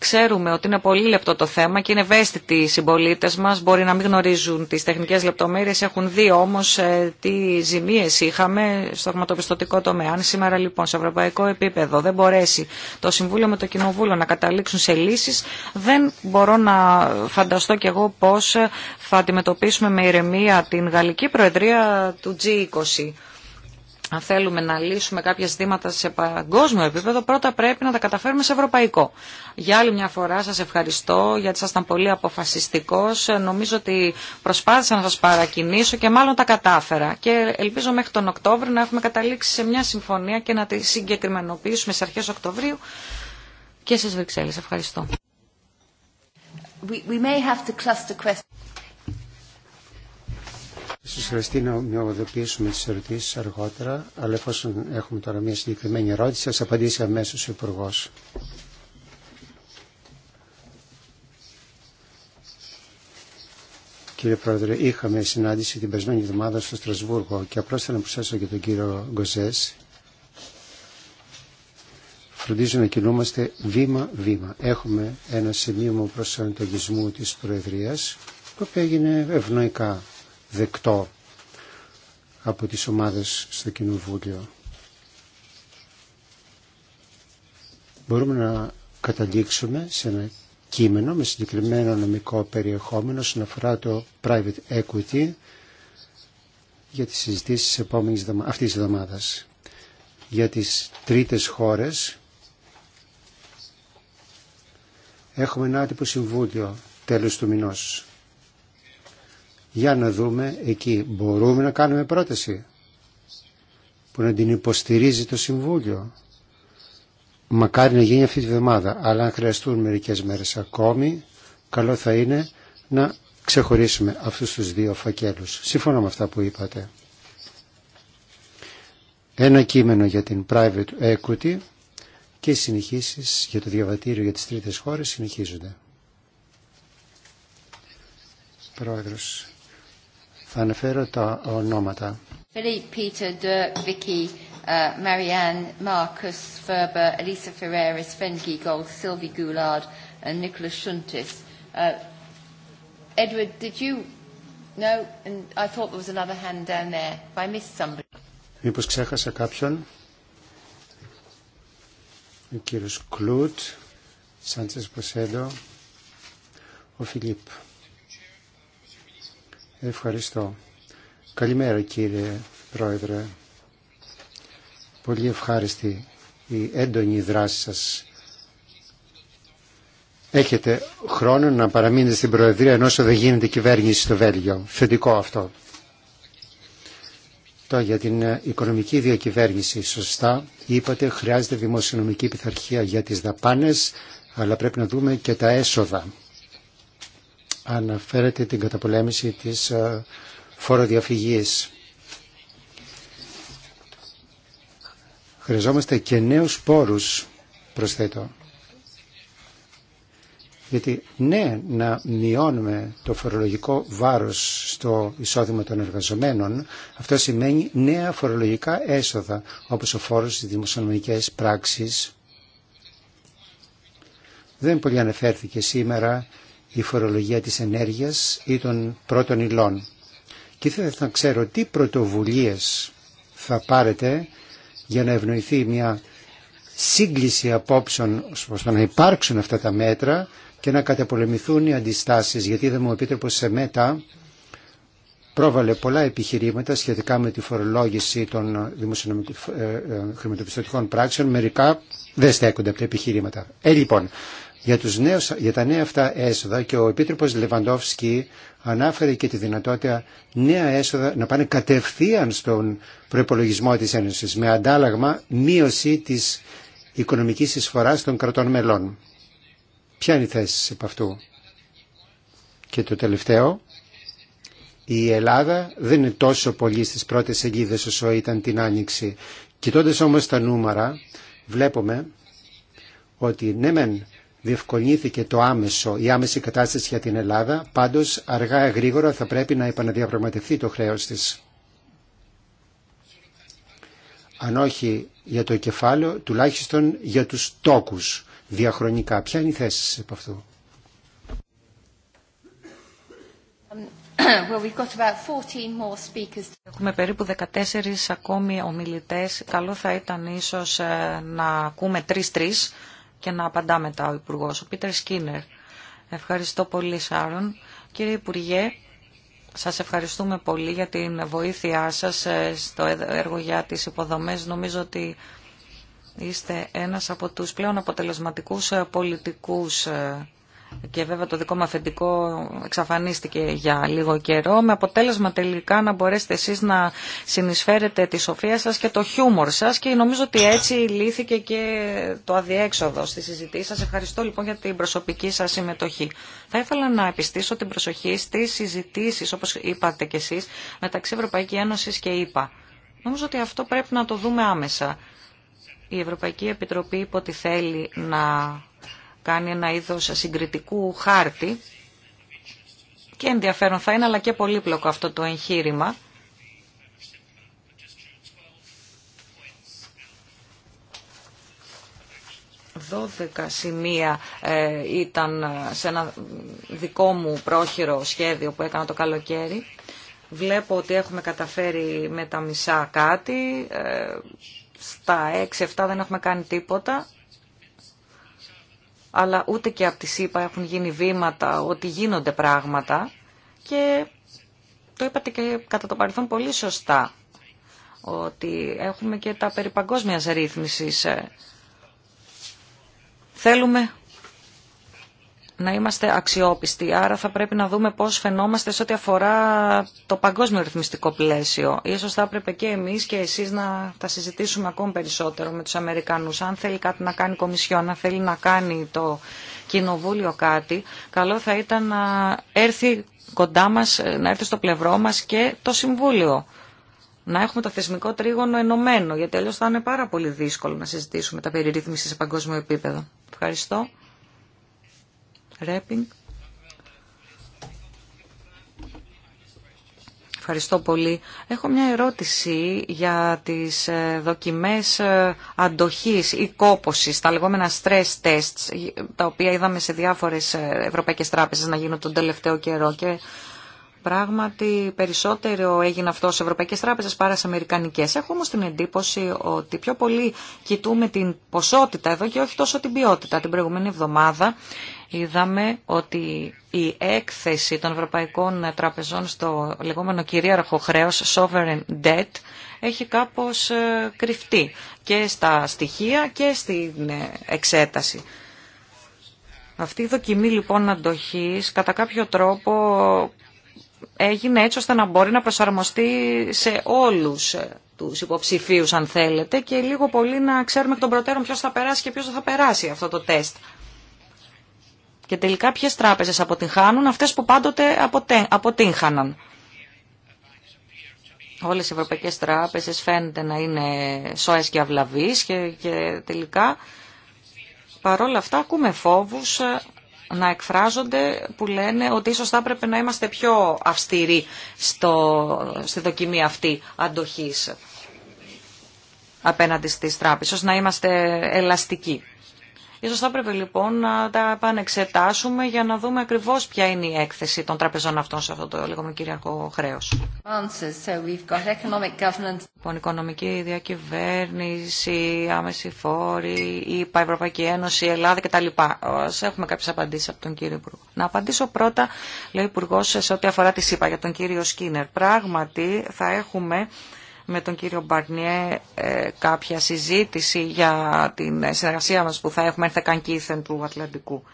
Ξέρουμε ότι είναι πολύ λεπτό το θέμα και είναι ευαίσθητοι οι συμπολίτε μα. Μπορεί να μην γνωρίζουν τι τεχνικέ λεπτομέρειε. Έχουν δει όμω ε, τι ζημίε είχαμε στο χρηματοπιστωτικό τομέα. Αν σήμερα λοιπόν σε ευρωπαϊκό επίπεδο δεν μπορέσει το Συμβούλιο με το Κοινοβούλιο να καταλήξουν σε λύσει, δεν μπορώ να φανταστώ κι εγώ πώ θα αντιμετωπίσουμε με ηρεμία την Γαλλική Προεδρία του G20 αν θέλουμε να λύσουμε κάποια ζητήματα σε παγκόσμιο επίπεδο, πρώτα πρέπει να τα καταφέρουμε σε ευρωπαϊκό. Για άλλη μια φορά σας ευχαριστώ γιατί ήταν πολύ αποφασιστικός. Νομίζω ότι προσπάθησα να σας παρακινήσω και μάλλον τα κατάφερα. Και ελπίζω μέχρι τον Οκτώβριο να έχουμε καταλήξει σε μια συμφωνία και να τη συγκεκριμενοποιήσουμε στις αρχές Οκτωβρίου και στις Βρυξέλλες. Ευχαριστώ. We, σας χρειαστεί να ομοιοδοποιήσουμε τις ερωτήσεις αργότερα, αλλά εφόσον έχουμε τώρα μια συγκεκριμένη ερώτηση, θα σας απαντήσει αμέσως ο υπουργό. Κύριε Πρόεδρε, είχαμε συνάντηση την περσμένη εβδομάδα στο Στρασβούργο και απλώ θέλω να προσθέσω και τον κύριο Γκοζέ. Φροντίζω να κινούμαστε βήμα-βήμα. Έχουμε ένα σημείο προσανατολισμού τη Προεδρία, το οποίο έγινε ευνοϊκά δεκτό από τις ομάδες στο Κοινοβούλιο. Μπορούμε να καταλήξουμε σε ένα κείμενο με συγκεκριμένο νομικό περιεχόμενο σχετικά αφορά το private equity για τις συζητήσεις επόμενης, αυτής της εβδομάδας. Για τις τρίτες χώρες έχουμε ένα άτυπο συμβούλιο τέλος του μηνός για να δούμε εκεί μπορούμε να κάνουμε πρόταση που να την υποστηρίζει το Συμβούλιο. Μακάρι να γίνει αυτή τη βδομάδα, αλλά αν χρειαστούν μερικές μέρες ακόμη, καλό θα είναι να ξεχωρίσουμε αυτούς τους δύο φακέλους. Σύμφωνα με αυτά που είπατε. Ένα κείμενο για την private equity και οι συνεχίσεις για το διαβατήριο για τις τρίτες χώρες συνεχίζονται. Πρόεδρος, θα αναφέρω τα ονόματα. Philippe, Peter, Dirk, Vicky, uh, Marianne, Marcus, Ferber, Elisa Ferreris, Sven Gold, Sylvie Goulard and Nicholas Shuntis. Uh, Edward, did you... No, and I thought there was another hand down there. If I missed somebody. Μήπως ξέχασα κάποιον. Ο κύριος Κλούτ, Σάντσες Ποσέντο, ο Ευχαριστώ. Καλημέρα κύριε Πρόεδρε. Πολύ ευχάριστη η έντονη δράση σας. Έχετε χρόνο να παραμείνετε στην Προεδρία ενώ δεν γίνεται κυβέρνηση στο Βέλγιο. Θετικό αυτό. Τώρα για την ε, οικονομική διακυβέρνηση. Σωστά είπατε χρειάζεται δημοσιονομική πειθαρχία για τις δαπάνες αλλά πρέπει να δούμε και τα έσοδα αναφέρεται την καταπολέμηση της ε, φοροδιαφυγής. Χρειαζόμαστε και νέους πόρους, προσθέτω. Γιατί ναι, να μειώνουμε το φορολογικό βάρος στο εισόδημα των εργαζομένων, αυτό σημαίνει νέα φορολογικά έσοδα, όπως ο φόρος στις δημοσιονομικές πράξεις. Δεν πολύ αναφέρθηκε σήμερα η φορολογία της ενέργειας ή των πρώτων υλών. Και ήθελα να ξέρω τι πρωτοβουλίες θα πάρετε για να ευνοηθεί μια σύγκληση απόψεων ώστε να υπάρξουν αυτά τα μέτρα και να καταπολεμηθούν οι αντιστάσεις. Γιατί δεν μου επίτροπο σε μέτα πρόβαλε πολλά επιχειρήματα σχετικά με τη φορολόγηση των ε, ε, χρηματοπιστωτικών πράξεων. Μερικά δεν στέκονται από τα επιχειρήματα. Ε, λοιπόν, για, τους νέους, για τα νέα αυτά έσοδα και ο Επίτροπος Λεβαντόφσκι ανάφερε και τη δυνατότητα νέα έσοδα να πάνε κατευθείαν στον προπολογισμό της Ένωσης με αντάλλαγμα μείωση της οικονομικής εισφοράς των κρατών μελών. Ποια είναι η θέση σε αυτού. Και το τελευταίο, η Ελλάδα δεν είναι τόσο πολύ στις πρώτες σελίδες όσο ήταν την Άνοιξη. Κοιτώντας όμως τα νούμερα, βλέπουμε ότι ναι μεν διευκολύνθηκε το άμεσο, η άμεση κατάσταση για την Ελλάδα, πάντως αργά γρήγορα θα πρέπει να επαναδιαπραγματευτεί το χρέος της. Αν όχι για το κεφάλαιο, τουλάχιστον για τους τόκους διαχρονικά. Ποια είναι η θέση σας από αυτού. Έχουμε περίπου 14 ακόμη ομιλητές. Καλό θα ήταν ίσως ε, να ακούμε 3-3 και να απαντά μετά ο υπουργό. ο Πίτερ Σκίνερ. Ευχαριστώ πολύ Σάρον. Κύριε Υπουργέ, σας ευχαριστούμε πολύ για την βοήθειά σας ε, στο έργο για τις υποδομές. Νομίζω ότι είστε ένας από τους πλέον αποτελεσματικούς ε, πολιτικούς ε, και βέβαια το δικό μου αφεντικό εξαφανίστηκε για λίγο καιρό με αποτέλεσμα τελικά να μπορέσετε εσείς να συνεισφέρετε τη σοφία σας και το χιούμορ σας και νομίζω ότι έτσι λύθηκε και το αδιέξοδο στη συζητήση σας. Ευχαριστώ λοιπόν για την προσωπική σας συμμετοχή. Θα ήθελα να επιστήσω την προσοχή στις συζητήσεις όπως είπατε κι εσείς μεταξύ Ευρωπαϊκή Ένωσης και ΕΠΑ. Νομίζω ότι αυτό πρέπει να το δούμε άμεσα. Η Ευρωπαϊκή Επιτροπή υποτιθέλει να κάνει ένα είδος συγκριτικού χάρτη και ενδιαφέρον θα είναι αλλά και πολύπλοκο αυτό το εγχείρημα. Δώδεκα σημεία ε, ήταν ε, σε ένα δικό μου πρόχειρο σχέδιο που έκανα το καλοκαίρι. Βλέπω ότι έχουμε καταφέρει με τα μισά κάτι. Ε, στα 6-7 δεν έχουμε κάνει τίποτα αλλά ούτε και από τη ΣΥΠΑ έχουν γίνει βήματα ότι γίνονται πράγματα και το είπατε και κατά το παρελθόν πολύ σωστά ότι έχουμε και τα περί παγκόσμιας ρύθμισης. Θέλουμε να είμαστε αξιόπιστοι. Άρα θα πρέπει να δούμε πώς φαινόμαστε σε ό,τι αφορά το παγκόσμιο ρυθμιστικό πλαίσιο. Ίσως θα έπρεπε και εμείς και εσείς να τα συζητήσουμε ακόμη περισσότερο με τους Αμερικανούς. Αν θέλει κάτι να κάνει η Κομισιόν, αν θέλει να κάνει το Κοινοβούλιο κάτι, καλό θα ήταν να έρθει κοντά μας, να έρθει στο πλευρό μας και το Συμβούλιο. Να έχουμε το θεσμικό τρίγωνο ενωμένο, γιατί αλλιώς θα είναι πάρα πολύ δύσκολο να συζητήσουμε τα περιρρύθμιση σε παγκόσμιο επίπεδο. Ευχαριστώ. Ρέπινγκ. Ευχαριστώ πολύ. Έχω μια ερώτηση για τις ε, δοκιμές ε, αντοχής ή κόπωσης, τα λεγόμενα stress tests, τα οποία είδαμε σε διάφορες ε, ευρωπαϊκές τράπεζες να γίνουν τον τελευταίο καιρό και Πράγματι, περισσότερο έγινε αυτό σε ευρωπαϊκέ τράπεζε παρά σε αμερικανικέ. Έχω όμω την εντύπωση ότι πιο πολύ κοιτούμε την ποσότητα εδώ και όχι τόσο την ποιότητα. Την προηγούμενη εβδομάδα είδαμε ότι η έκθεση των ευρωπαϊκών τραπεζών στο λεγόμενο κυρίαρχο χρέος, sovereign debt, έχει κάπως ε, κρυφτεί και στα στοιχεία και στην ε, εξέταση. Αυτή η δοκιμή λοιπόν αντοχής κατά κάποιο τρόπο έγινε έτσι ώστε να μπορεί να προσαρμοστεί σε όλους τους υποψηφίους αν θέλετε και λίγο πολύ να ξέρουμε εκ των προτέρων ποιος θα περάσει και ποιος θα περάσει αυτό το τεστ. Και τελικά ποιες τράπεζες αποτυγχάνουν, αυτές που πάντοτε αποτύγχαναν. Όλες οι ευρωπαϊκές τράπεζες φαίνεται να είναι σώες και αυλαβείς και, και τελικά παρόλα αυτά ακούμε φόβους να εκφράζονται που λένε ότι ίσως θα έπρεπε να είμαστε πιο αυστηροί στο, στη δοκιμή αυτή αντοχής απέναντι στις τράπεζες, να είμαστε ελαστικοί. Ίσως θα έπρεπε λοιπόν να τα επανεξετάσουμε για να δούμε ακριβώς ποια είναι η έκθεση των τραπεζών αυτών σε αυτό το με κυριακό χρέος. Λοιπόν, οικονομική διακυβέρνηση, άμεση φόρη, η Ευρωπαϊκή Ένωση, η Ελλάδα κτλ. Ας έχουμε κάποιες απαντήσεις από τον κύριο Υπουργό. Να απαντήσω πρώτα, λέει ο Υπουργός, σε ό,τι αφορά τη ΣΥΠΑ για τον κύριο Σκίνερ. Πράγματι θα έχουμε με τον κύριο Μπαρνιέ ε, κάποια συζήτηση για την συνεργασία μας που θα έχουμε έρθει καν του Ατλαντικού.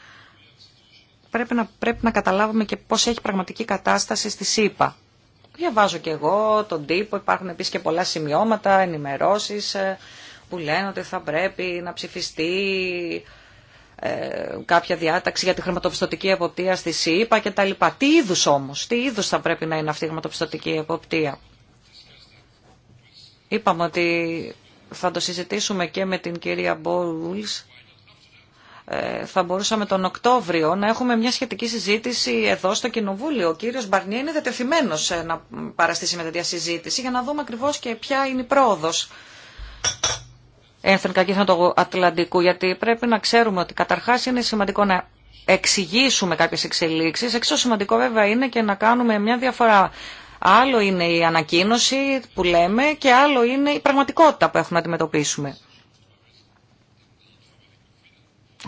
Πρέπει να, πρέπει να καταλάβουμε και πώς έχει πραγματική κατάσταση στη ΣΥΠΑ. Διαβάζω και εγώ τον τύπο, υπάρχουν επίσης και πολλά σημειώματα, ενημερώσεις ε, που λένε ότι θα πρέπει να ψηφιστεί ε, κάποια διάταξη για τη χρηματοπιστωτική εποπτεία στη ΣΥΠΑ κτλ. Τι είδους όμως, τι είδους θα πρέπει να είναι αυτή η χρηματοπιστωτική εποπτεία. Είπαμε ότι θα το συζητήσουμε και με την κυρία Μπόουλς ε, θα μπορούσαμε τον Οκτώβριο να έχουμε μια σχετική συζήτηση εδώ στο Κοινοβούλιο. Ο κύριος Μπαρνιέ είναι δετεθειμένος ε, να παραστήσει με τέτοια συζήτηση για να δούμε ακριβώς και ποια είναι η πρόοδος ένθεν κακήθνα του Ατλαντικού, γιατί πρέπει να ξέρουμε ότι καταρχάς είναι σημαντικό να εξηγήσουμε κάποιες εξελίξεις. Εξίσου σημαντικό βέβαια είναι και να κάνουμε μια διαφορά Άλλο είναι η ανακοίνωση που λέμε και άλλο είναι η πραγματικότητα που έχουμε να αντιμετωπίσουμε.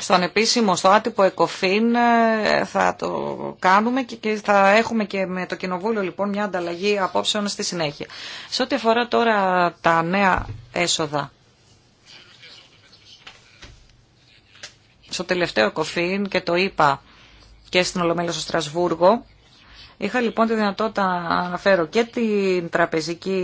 Στον επίσημο, στο άτυπο ΕΚΟΦΗΝ ε, θα το κάνουμε και θα έχουμε και με το Κοινοβούλιο λοιπόν μια ανταλλαγή απόψεων στη συνέχεια. Σε ό,τι αφορά τώρα τα νέα έσοδα. Στο τελευταίο ΕΚΟΦΗΝ και το είπα και στην Ολομέλεια στο Στρασβούργο, Είχα λοιπόν τη δυνατότητα να αναφέρω και την τραπεζική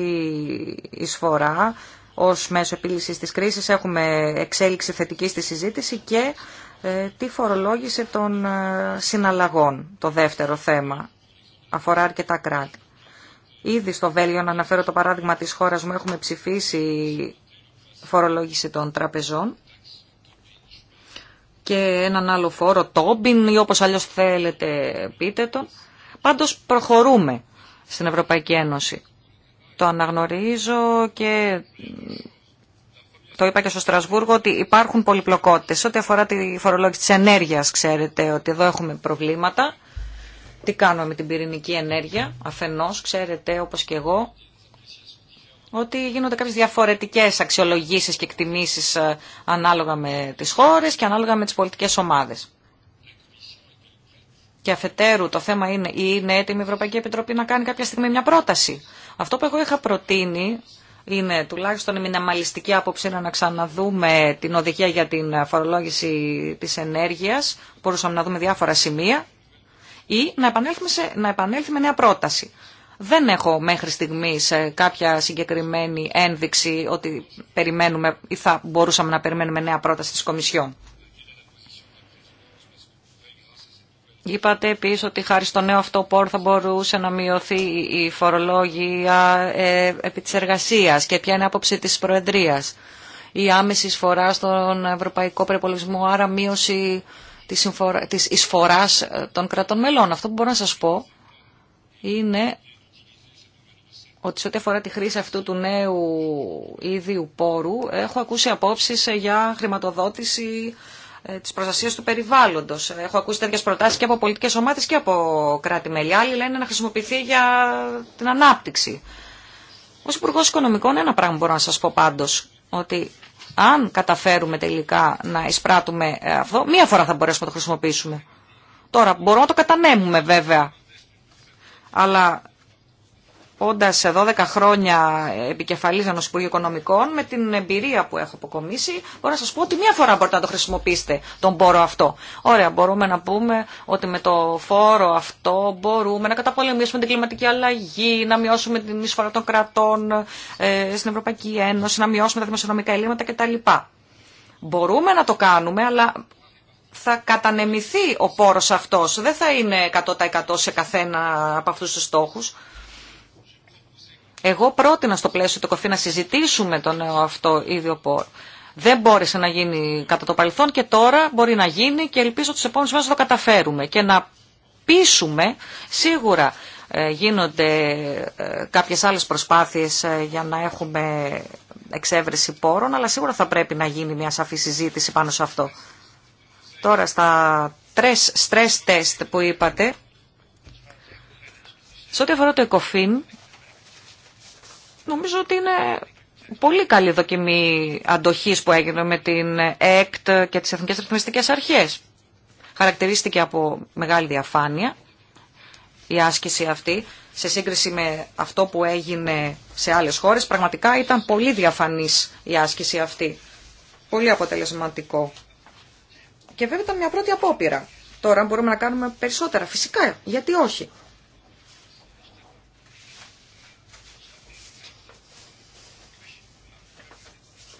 εισφορά ως μέσο επίλυσης της κρίσης. Έχουμε εξέλιξη θετική στη συζήτηση και ε, τη φορολόγηση των ε, συναλλαγών. Το δεύτερο θέμα αφορά αρκετά κράτη. Ήδη στο Βέλιο, να αναφέρω το παράδειγμα της χώρας μου, έχουμε ψηφίσει φορολόγηση των τραπεζών και έναν άλλο φόρο, τόμπιν ή όπως αλλιώς θέλετε πείτε τον, Πάντως προχωρούμε στην Ευρωπαϊκή Ένωση. Το αναγνωρίζω και το είπα και στο Στρασβούργο ότι υπάρχουν πολυπλοκότητες. Ό,τι αφορά τη φορολόγηση της ενέργειας, ξέρετε ότι εδώ έχουμε προβλήματα. Τι κάνουμε με την πυρηνική ενέργεια, αφενός, ξέρετε όπως και εγώ, ότι γίνονται κάποιες διαφορετικές αξιολογήσεις και εκτιμήσεις ε, ανάλογα με τις χώρες και ανάλογα με τις πολιτικές ομάδες. Και αφετέρου το θέμα είναι, είναι έτοιμη η Ευρωπαϊκή Επιτροπή να κάνει κάποια στιγμή μια πρόταση. Αυτό που εγώ είχα προτείνει είναι τουλάχιστον η μιναμαλιστική άποψη να ξαναδούμε την οδηγία για την φορολόγηση της ενέργειας. Μπορούσαμε να δούμε διάφορα σημεία ή να, επανέλθουμε σε, να επανέλθει νέα πρόταση. Δεν έχω μέχρι στιγμής ε, κάποια συγκεκριμένη ένδειξη ότι περιμένουμε ή θα μπορούσαμε να περιμένουμε νέα πρόταση της Κομισιόν. Είπατε επίσης ότι χάρη στο νέο αυτό πόρο θα μπορούσε να μειωθεί η φορολόγια ε, επί της εργασίας και ποια είναι η άποψη της Προεδρίας. Η άμεση εισφορά στον ευρωπαϊκό προπολογισμό, άρα μείωση της, εισφορά, της εισφοράς ε, των κρατών μελών. Αυτό που μπορώ να σας πω είναι ότι σε ό,τι αφορά τη χρήση αυτού του νέου ίδιου πόρου, έχω ακούσει απόψεις ε, για χρηματοδότηση ε, της προστασίας του περιβάλλοντος. Έχω ακούσει τέτοιες προτάσεις και από πολιτικές ομάδες και από κράτη-μέλη. Άλλοι λένε να χρησιμοποιηθεί για την ανάπτυξη. Ω Υπουργό Οικονομικών ένα πράγμα μπορώ να σας πω πάντως, ότι αν καταφέρουμε τελικά να εισπράττουμε ε, αυτό, μία φορά θα μπορέσουμε να το χρησιμοποιήσουμε. Τώρα μπορώ να το κατανέμουμε βέβαια, αλλά όντας 12 χρόνια επικεφαλής ενός Υπουργείου Οικονομικών, με την εμπειρία που έχω αποκομίσει, μπορώ να σας πω ότι μία φορά μπορείτε να το χρησιμοποιήσετε, τον πόρο αυτό. Ωραία, μπορούμε να πούμε ότι με το φόρο αυτό μπορούμε να καταπολεμήσουμε την κλιματική αλλαγή, να μειώσουμε την εισφορά των κρατών ε, στην Ευρωπαϊκή Ένωση, να μειώσουμε τα δημοσιονομικά ελλείμματα κτλ. Μπορούμε να το κάνουμε, αλλά θα κατανεμηθεί ο πόρος αυτός. Δεν θα είναι 100% σε καθένα από αυτούς τους στόχους. Εγώ πρότεινα στο πλαίσιο του ΚΟΦΗ να συζητήσουμε τον νέο αυτό ίδιο πόρο. Δεν μπόρεσε να γίνει κατά το παρελθόν και τώρα μπορεί να γίνει και ελπίζω τους επόμενους μήνες να το καταφέρουμε και να πείσουμε σίγουρα ε, γίνονται ε, κάποιες άλλες προσπάθειες ε, για να έχουμε εξέβρεση πόρων, αλλά σίγουρα θα πρέπει να γίνει μια σαφή συζήτηση πάνω σε αυτό. Τώρα στα stress test που είπατε, σε ό,τι αφορά το ECOFIN, Νομίζω ότι είναι πολύ καλή δοκιμή αντοχής που έγινε με την ΕΚΤ και τις Εθνικές Ρυθμιστικές Αρχές. Χαρακτηρίστηκε από μεγάλη διαφάνεια η άσκηση αυτή σε σύγκριση με αυτό που έγινε σε άλλες χώρες. Πραγματικά ήταν πολύ διαφανής η άσκηση αυτή. Πολύ αποτελεσματικό. Και βέβαια ήταν μια πρώτη απόπειρα. Τώρα μπορούμε να κάνουμε περισσότερα. Φυσικά, γιατί όχι.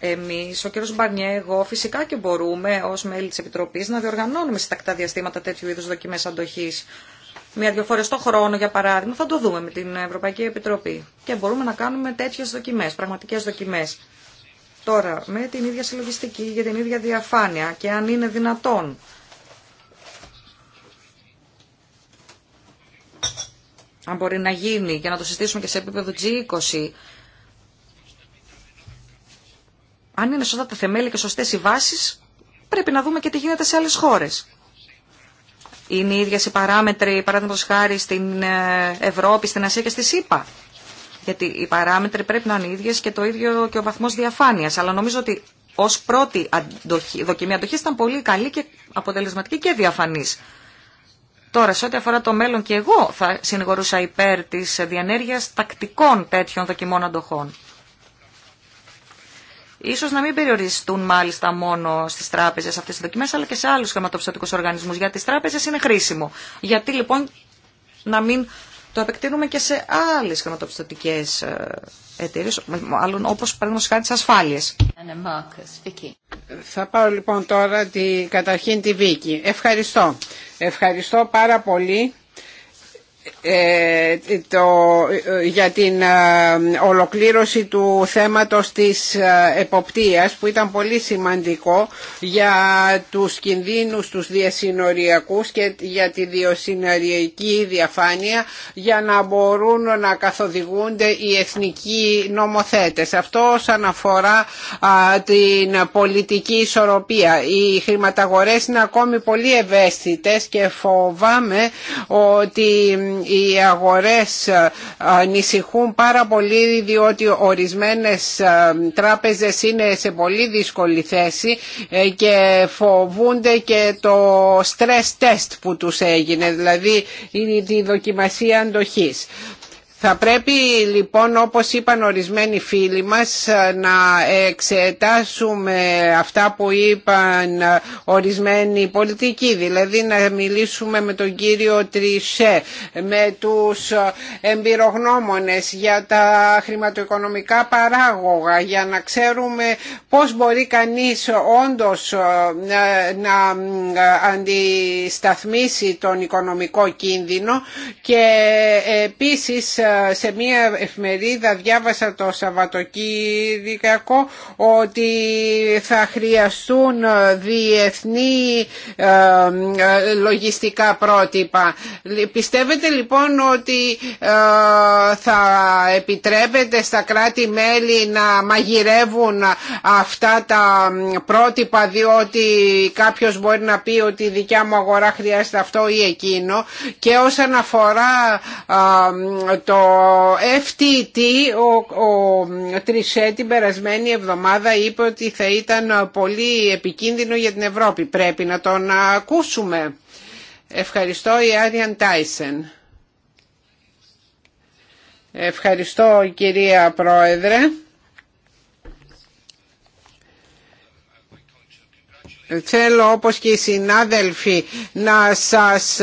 εμείς, ο κ. Μπαρνιέ, εγώ φυσικά και μπορούμε ως μέλη της Επιτροπής να διοργανώνουμε σε τακτά διαστήματα τέτοιου είδους δοκιμές αντοχής. Μία-δυο φορές το χρόνο, για παράδειγμα, θα το δούμε με την Ευρωπαϊκή Επιτροπή. Και μπορούμε να κάνουμε τέτοιες δοκιμές, πραγματικές δοκιμές. Τώρα, με την ίδια συλλογιστική, για την ίδια διαφάνεια και αν είναι δυνατόν. Αν μπορεί να γίνει και να το συστήσουμε και σε επίπεδο G20, αν είναι σωστά τα θεμέλια και σωστές οι βάσεις, πρέπει να δούμε και τι γίνεται σε άλλες χώρες. Είναι οι ίδιες οι παράμετροι, παράδειγμα χάρη, στην ε, Ευρώπη, στην Ασία και στη ΣΥΠΑ. Γιατί οι παράμετροι πρέπει να είναι οι ίδιες και το ίδιο και ο βαθμός διαφάνειας. Αλλά νομίζω ότι ως πρώτη δοκιμή αντοχής ήταν πολύ καλή και αποτελεσματική και διαφανής. Τώρα, σε ό,τι αφορά το μέλλον και εγώ θα συνηγορούσα υπέρ της διανέργειας τακτικών τέτοιων δοκιμών αντοχών ίσως να μην περιοριστούν μάλιστα μόνο στις τράπεζες αυτές τις δοκιμές, αλλά και σε άλλους χρηματοπιστωτικούς οργανισμούς. γιατί τις τράπεζες είναι χρήσιμο. Γιατί λοιπόν να μην το επεκτείνουμε και σε άλλες χρηματοπιστωτικές ε, εταιρείες, μάλλον όπως παραδείγματος χάρη ασφάλειες. Θα πάω λοιπόν τώρα τη, καταρχήν τη Βίκη. Ευχαριστώ. Ευχαριστώ πάρα πολύ ε, το, για την ε, ολοκλήρωση του θέματος της ε, εποπτείας που ήταν πολύ σημαντικό για τους κινδύνους τους διασυνοριακούς και για τη διοσυνοριακή διαφάνεια για να μπορούν να καθοδηγούνται οι εθνικοί νομοθέτες. Αυτό όσον αφορά την πολιτική ισορροπία. Οι χρηματαγορές είναι ακόμη πολύ ευαίσθητες και φοβάμαι ότι οι αγορές ε, ανησυχούν πάρα πολύ διότι ορισμένες ε, τράπεζες είναι σε πολύ δύσκολη θέση ε, και φοβούνται και το stress test που τους έγινε, δηλαδή τη δοκιμασία αντοχής. Θα πρέπει λοιπόν όπως είπαν ορισμένοι φίλοι μας να εξετάσουμε αυτά που είπαν ορισμένοι πολιτικοί δηλαδή να μιλήσουμε με τον κύριο Τρισέ με τους εμπειρογνώμονες για τα χρηματοοικονομικά παράγωγα για να ξέρουμε πώς μπορεί κανείς όντως ε, να αντισταθμίσει τον οικονομικό κίνδυνο και επίσης ε, σε μια εφημερίδα διάβασα το Σαββατοκύριακο ότι θα χρειαστούν διεθνή ε, ε, λογιστικά πρότυπα. Πιστεύετε λοιπόν ότι ε, θα επιτρέπεται στα κράτη-μέλη να μαγειρεύουν αυτά τα πρότυπα διότι κάποιος μπορεί να πει ότι η δικιά μου αγορά χρειάζεται αυτό ή εκείνο και όσον αφορά το FTT ο, ο Τρισέ την περασμένη εβδομάδα είπε ότι θα ήταν πολύ επικίνδυνο για την Ευρώπη. Πρέπει να τον ακούσουμε. Ευχαριστώ η Άριαν Τάισεν. Ευχαριστώ κυρία Πρόεδρε. Θέλω όπως και οι συνάδελφοι να σας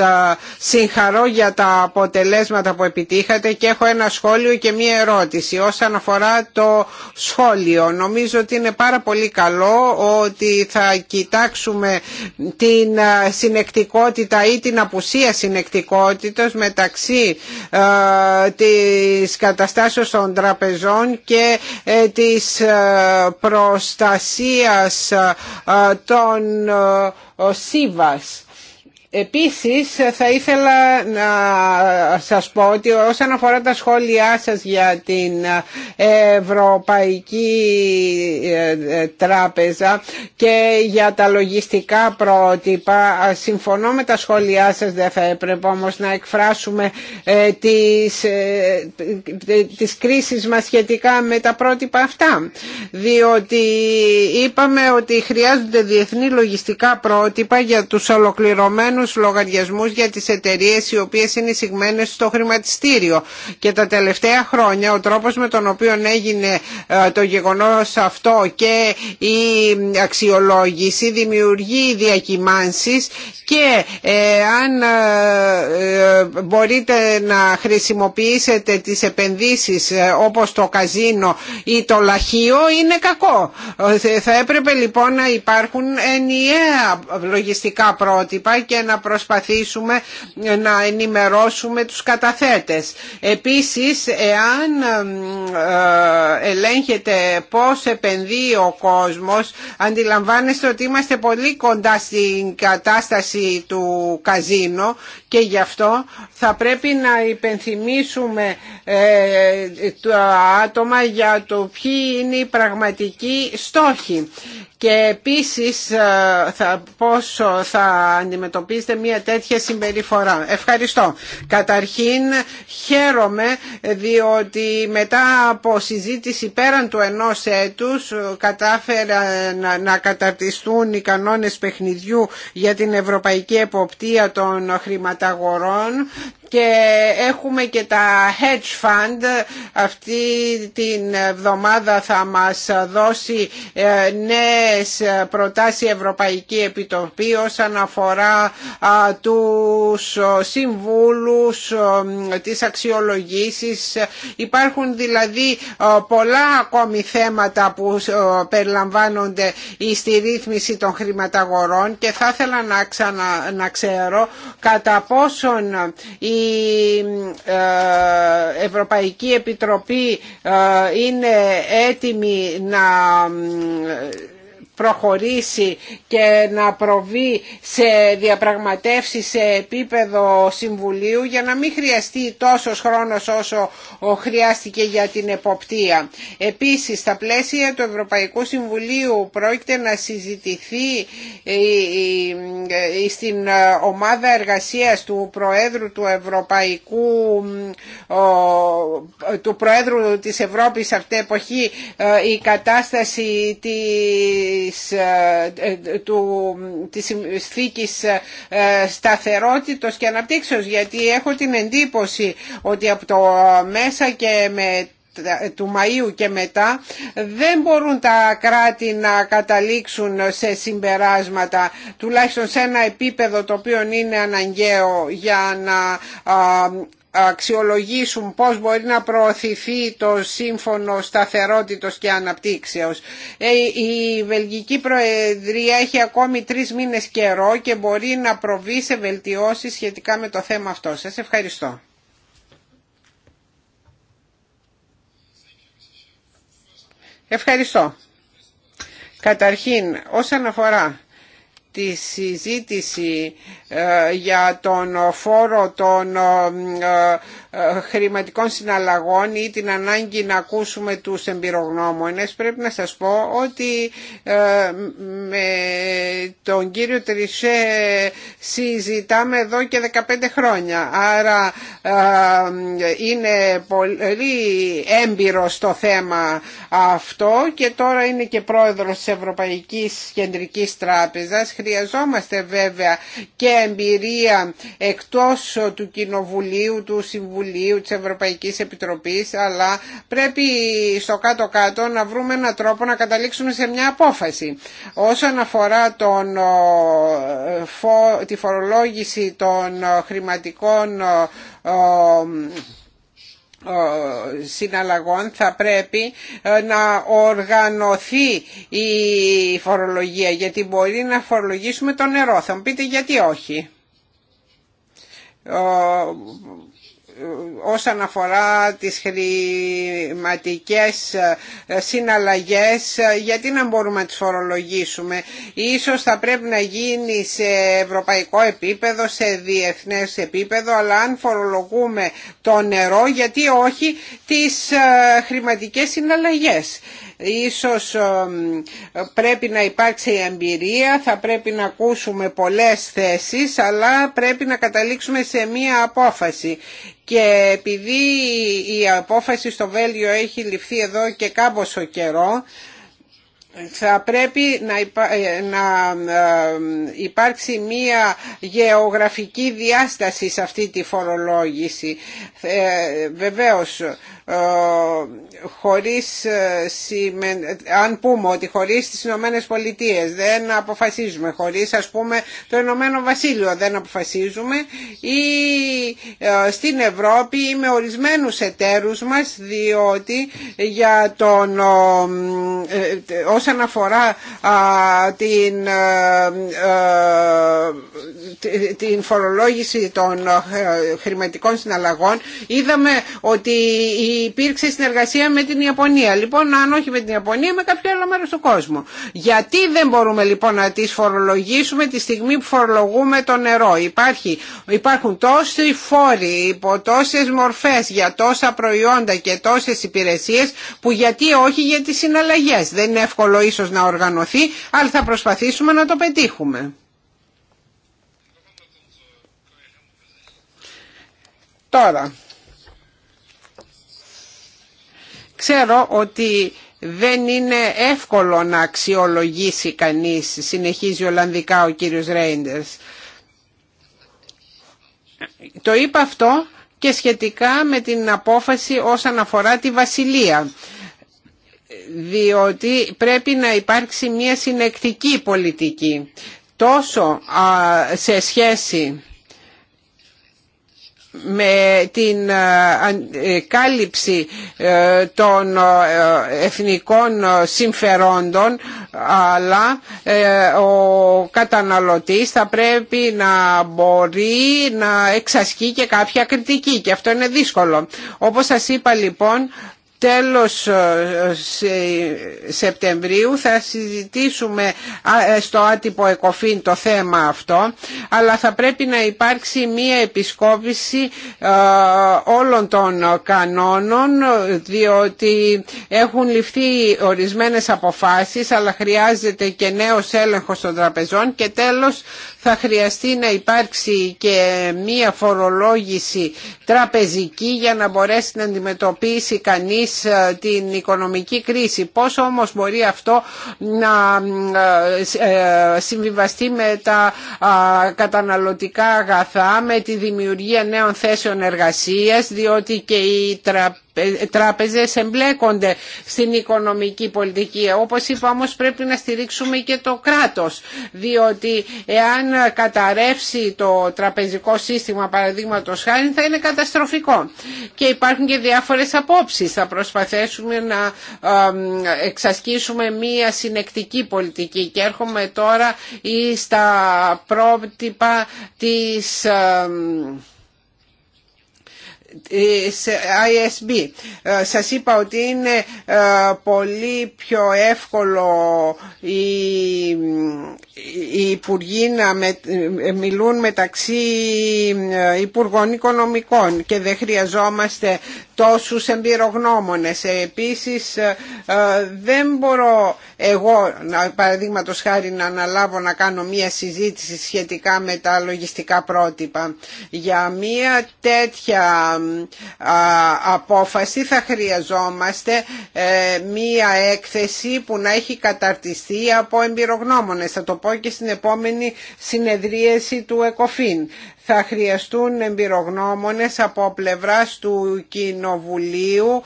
συγχαρώ για τα αποτελέσματα που επιτύχατε και έχω ένα σχόλιο και μία ερώτηση όσον αφορά το σχόλιο. Νομίζω ότι είναι πάρα πολύ καλό ότι θα κοιτάξουμε την συνεκτικότητα ή την απουσία συνεκτικότητας μεταξύ της καταστάσεως των τραπεζών και ε, της προστασίας των ε, ε, Σύβας Επίσης θα ήθελα να σας πω ότι όσον αφορά τα σχόλιά σας για την Ευρωπαϊκή ε, Τράπεζα και για τα λογιστικά πρότυπα, συμφωνώ με τα σχόλιά σας, δεν θα έπρεπε όμως να εκφράσουμε ε, τις, ε, τις κρίσεις μας σχετικά με τα πρότυπα αυτά, διότι είπαμε ότι χρειάζονται διεθνή λογιστικά πρότυπα για τους ολοκληρωμένους συγκεκριμένους λογαριασμούς για τις εταιρείες οι οποίες είναι εισηγμένε στο χρηματιστήριο. Και τα τελευταία χρόνια ο τρόπος με τον οποίο έγινε ε, το γεγονός αυτό και η αξιολόγηση δημιουργεί διακυμάνσεις και ε, αν ε, μπορείτε να χρησιμοποιήσετε τις επενδύσεις όπως το καζίνο ή το λαχείο είναι κακό. Θα έπρεπε λοιπόν να υπάρχουν ενιαία λογιστικά πρότυπα και να να προσπαθήσουμε να ενημερώσουμε τους καταθέτες. Επίσης, εάν ε, ελέγχεται πώς επενδύει ο κόσμος, αντιλαμβάνεστε ότι είμαστε πολύ κοντά στην κατάσταση του καζίνο και γι' αυτό θα πρέπει να υπενθυμίσουμε ε, τα άτομα για το ποιοι είναι οι πραγματικοί στόχοι και επίσης ε, θα, πόσο θα αντιμετωπίσετε μια τέτοια συμπεριφορά. Ευχαριστώ. Καταρχήν χαίρομαι διότι μετά από συζήτηση πέραν του ενός έτους κατάφερα να καταρτιστούν οι κανόνες παιχνιδιού για την ευρωπαϊκή εποπτεία των χρηματαγορών και έχουμε και τα hedge fund αυτή την εβδομάδα θα μας δώσει ε, νέες προτάσεις η Ευρωπαϊκή Επιτροπή όσον αφορά τους συμβούλους τις αξιολογήσεις υπάρχουν δηλαδή πολλά ακόμη θέματα που περιλαμβάνονται στη ρύθμιση των χρηματαγορών και θα ήθελα να, να ξέρω κατά πόσον η η ε, Ευρωπαϊκή Επιτροπή ε, είναι έτοιμη να ε, προχωρήσει και να προβεί σε διαπραγματεύσεις σε επίπεδο Συμβουλίου για να μην χρειαστεί τόσος χρόνος όσο χρειάστηκε για την εποπτεία. Επίσης, στα πλαίσια του Ευρωπαϊκού Συμβουλίου πρόκειται να συζητηθεί στην ομάδα εργασίας του Προέδρου του Ευρωπαϊκού του Προέδρου της Ευρώπης αυτή εποχή ε, η κατάσταση της της, ε, ε, του, της θήκης ε, σταθερότητος και αναπτύξεως γιατί έχω την εντύπωση ότι από το μέσα και με του Μαΐου και μετά δεν μπορούν τα κράτη να καταλήξουν σε συμπεράσματα τουλάχιστον σε ένα επίπεδο το οποίο είναι αναγκαίο για να αξιολογήσουν πώς μπορεί να προωθηθεί το σύμφωνο σταθερότητος και αναπτύξεως. Ε, η Βελγική Προεδρία έχει ακόμη τρεις μήνες καιρό και μπορεί να προβεί σε βελτιώσεις σχετικά με το θέμα αυτό. Σας ευχαριστώ. Ευχαριστώ. Καταρχήν, όσον αφορά τη συζήτηση ε, για τον φόρο των ε, ε, χρηματικών συναλλαγών ή την ανάγκη να ακούσουμε τους εμπειρογνώμονες πρέπει να σας πω ότι με τον κύριο Τρισέ συζητάμε εδώ και 15 χρόνια άρα είναι πολύ έμπειρο στο θέμα αυτό και τώρα είναι και πρόεδρος της Ευρωπαϊκής Κεντρικής Τράπεζας χρειαζόμαστε βέβαια και εμπειρία εκτός του Κοινοβουλίου, του Συμβουλίου, της Ευρωπαϊκής Επιτροπής αλλά πρέπει στο κάτω-κάτω να βρούμε έναν τρόπο να καταλήξουμε σε μια απόφαση. Όσον αφορά τον, ε, τη φορολόγηση των ε, χρηματικών ε, ε, συναλλαγών θα πρέπει ε, να οργανωθεί η φορολογία γιατί μπορεί να φορολογήσουμε το νερό θα μου πείτε γιατί όχι ε, όσον αφορά τις χρηματικές ε, συναλλαγές ε, γιατί να μπορούμε να τις φορολογήσουμε ίσως θα πρέπει να γίνει σε ευρωπαϊκό επίπεδο σε διεθνές επίπεδο αλλά αν φορολογούμε το νερό γιατί όχι τις ε, χρηματικές συναλλαγές Ίσως ε, πρέπει να υπάρξει εμπειρία, θα πρέπει να ακούσουμε πολλές θέσεις, αλλά πρέπει να καταλήξουμε σε μία απόφαση. Και επειδή η απόφαση στο Βέλγιο έχει ληφθεί εδώ και κάμποσο καιρό, θα πρέπει να, ε, ε, υπάρξει μία γεωγραφική διάσταση σε αυτή τη φορολόγηση. Ε, βεβαίως, ε, χωρίς, ε, αν πούμε ότι χωρίς τις Ηνωμένε Πολιτείε δεν αποφασίζουμε, χωρίς ας πούμε το Ηνωμένο Βασίλειο δεν αποφασίζουμε ή ε, στην Ευρώπη ή με ορισμένους εταίρους μας διότι για τον, όσον αφορά την, την φορολόγηση των χρηματικών συναλλαγών είδαμε ότι υπήρξε συνεργασία με την Ιαπωνία. Λοιπόν, αν όχι με την Ιαπωνία, με κάποιο άλλο μέρος του κόσμου. Γιατί δεν μπορούμε λοιπόν να τι φορολογήσουμε τη στιγμή που φορολογούμε το νερό. Υπάρχει, υπάρχουν τόσοι φόροι υπό τόσε μορφές για τόσα προϊόντα και τόσες υπηρεσίες που γιατί όχι για τι συναλλαγές. Δεν είναι εύκολο ίσω να οργανωθεί, αλλά θα προσπαθήσουμε να το πετύχουμε. Τώρα, Ξέρω ότι δεν είναι εύκολο να αξιολογήσει κανείς, συνεχίζει Ολλανδικά ο κύριος Ρέιντερς. Το είπα αυτό και σχετικά με την απόφαση όσον αφορά τη Βασιλεία διότι πρέπει να υπάρξει μια συνεκτική πολιτική τόσο σε σχέση με την ε, ε, κάλυψη ε, των εθνικών συμφερόντων αλλά ο καταναλωτής θα πρέπει να μπορεί να εξασκεί και κάποια κριτική και αυτό είναι δύσκολο. Όπως σας είπα λοιπόν τέλος ε, Σεπτεμβρίου θα συζητήσουμε ε, στο άτυπο ΕΚΟΦΗΝ το θέμα αυτό αλλά θα πρέπει να υπάρξει μία επισκόπηση ε, όλων των κανόνων διότι έχουν ληφθεί ορισμένες αποφάσεις αλλά χρειάζεται και νέος έλεγχος των τραπεζών και τέλος θα χρειαστεί να υπάρξει και μία φορολόγηση τραπεζική για να μπορέσει να αντιμετωπίσει κανείς ε, την οικονομική κρίση. Πώς όμως μπορεί αυτό να ε, ε, συμβιβαστεί με τα καταναλωτικά αγαθά, με τη δημιουργία νέων θέσεων εργασίας, διότι και η τραπέζοι ε, τράπεζες εμπλέκονται στην οικονομική πολιτική. Όπως είπα όμως πρέπει να στηρίξουμε και το κράτος διότι εάν καταρρεύσει το τραπεζικό σύστημα παραδείγματο χάρη θα είναι καταστροφικό. Και υπάρχουν και διάφορες απόψεις. Θα προσπαθήσουμε να εξασκήσουμε μία συνεκτική πολιτική και έρχομαι τώρα ή στα πρότυπα της σε ISB. Ε, σας είπα ότι είναι ε, πολύ πιο εύκολο η οι υπουργοί να μιλούν μεταξύ ε, υπουργών οικονομικών και δεν χρειαζόμαστε τόσους εμπειρογνώμονες. Ε, επίσης ε, δεν μπορώ εγώ παραδείγματος χάρη να αναλάβω να κάνω μία συζήτηση σχετικά με τα λογιστικά πρότυπα. Για μία τέτοια απόφαση θα χρειαζόμαστε μία έκθεση που να έχει καταρτιστεί από εμπειρογνώμονες. Θα πω και στην επόμενη συνεδρίαση του ΕΚΟΦΗΝ θα χρειαστούν εμπειρογνώμονες από πλευράς του Κοινοβουλίου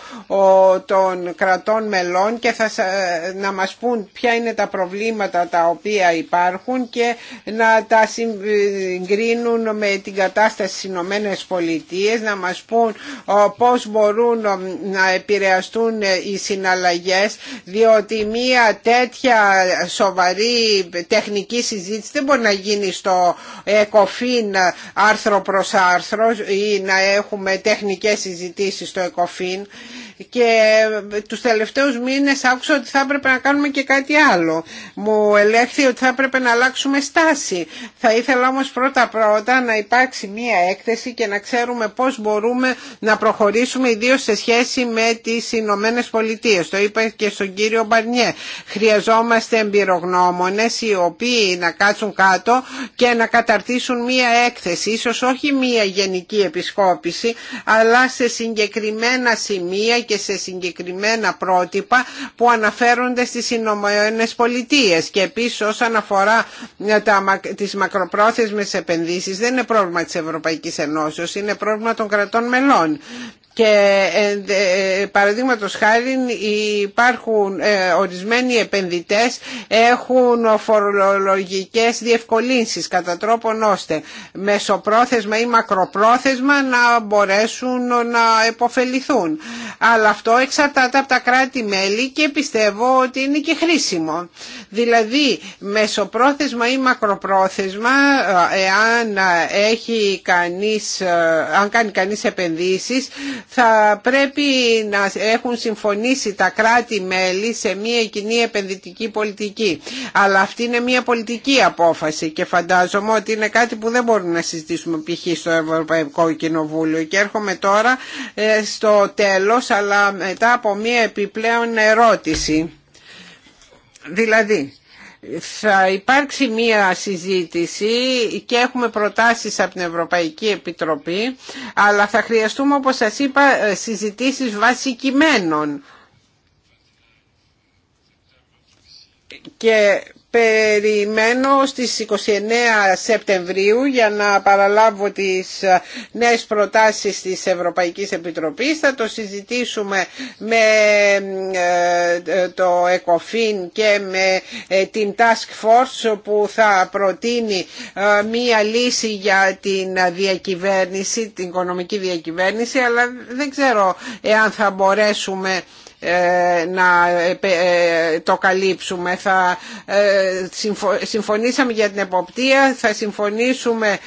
των κρατών μελών και θα να μας πούν ποια είναι τα προβλήματα τα οποία υπάρχουν και να τα συγκρίνουν με την κατάσταση στις Ηνωμένε να μας πούν πώς μπορούν να επηρεαστούν οι συναλλαγές διότι μία τέτοια σοβαρή τεχνική συζήτηση δεν μπορεί να γίνει στο ΕΚΟΦΗΝ άρθρο προς άρθρο ή να έχουμε τεχνικές συζητήσεις στο ΕΚΟΦΗΝ και ε, τους τελευταίους μήνες άκουσα ότι θα έπρεπε να κάνουμε και κάτι άλλο. Μου ελέγχθη ότι θα έπρεπε να αλλάξουμε στάση. Θα ήθελα όμως πρώτα πρώτα να υπάρξει μία έκθεση και να ξέρουμε πώς μπορούμε να προχωρήσουμε ιδίως σε σχέση με τις Ηνωμένε Πολιτείε. Το είπα και στον κύριο Μπαρνιέ. Χρειαζόμαστε εμπειρογνώμονες οι οποίοι να κάτσουν κάτω και να καταρτήσουν μία έκθεση. Ίσως όχι μία γενική επισκόπηση αλλά σε συγκεκριμένα σημεία και σε συγκεκριμένα πρότυπα που αναφέρονται στις Ηνωμένες Πολιτείες και επίσης όσον αφορά ε, τα, τις μακροπρόθεσμες επενδύσεις δεν είναι πρόβλημα της Ευρωπαϊκής Ενώσεως, είναι πρόβλημα των κρατών μελών και ε, ε, παραδείγματος χάρη υπάρχουν ε, ορισμένοι επενδυτές έχουν φορολογικές διευκολύνσεις κατά τρόπον ώστε μεσοπρόθεσμα ή μακροπρόθεσμα να μπορέσουν να επωφεληθούν. Αλλά αυτό εξαρτάται από τα κράτη-μέλη και πιστεύω ότι είναι και χρήσιμο. Δηλαδή μεσοπρόθεσμα ή μακροπρόθεσμα εάν έχει κανείς, αν κάνει κανείς επενδύσεις θα πρέπει να έχουν συμφωνήσει τα κράτη-μέλη σε μια κοινή επενδυτική πολιτική. Αλλά αυτή είναι μια πολιτική απόφαση και φαντάζομαι ότι είναι κάτι που δεν μπορούμε να συζητήσουμε π.χ. στο Ευρωπαϊκό Κοινοβούλιο. Και έρχομαι τώρα ε, στο τέλος, αλλά μετά από μια επιπλέον ερώτηση. Δηλαδή, θα υπάρξει μία συζήτηση και έχουμε προτάσεις από την Ευρωπαϊκή Επιτροπή αλλά θα χρειαστούμε όπως σας είπα συζητήσεις βασικημένων και περιμένω στις 29 Σεπτεμβρίου για να παραλάβω τις ε, νέες προτάσεις της Ευρωπαϊκής Επιτροπής. Θα το συζητήσουμε με ε, ε, το ΕΚΟΦΗΝ και με την Task Force που θα προτείνει μία λύση για την διακυβέρνηση, την οικονομική διακυβέρνηση, αλλά δεν ξέρω εάν θα μπορέσουμε ε, να ε, ε, το καλύψουμε. Θα συμφωνήσαμε για την εποπτεία, θα συμφωνήσουμε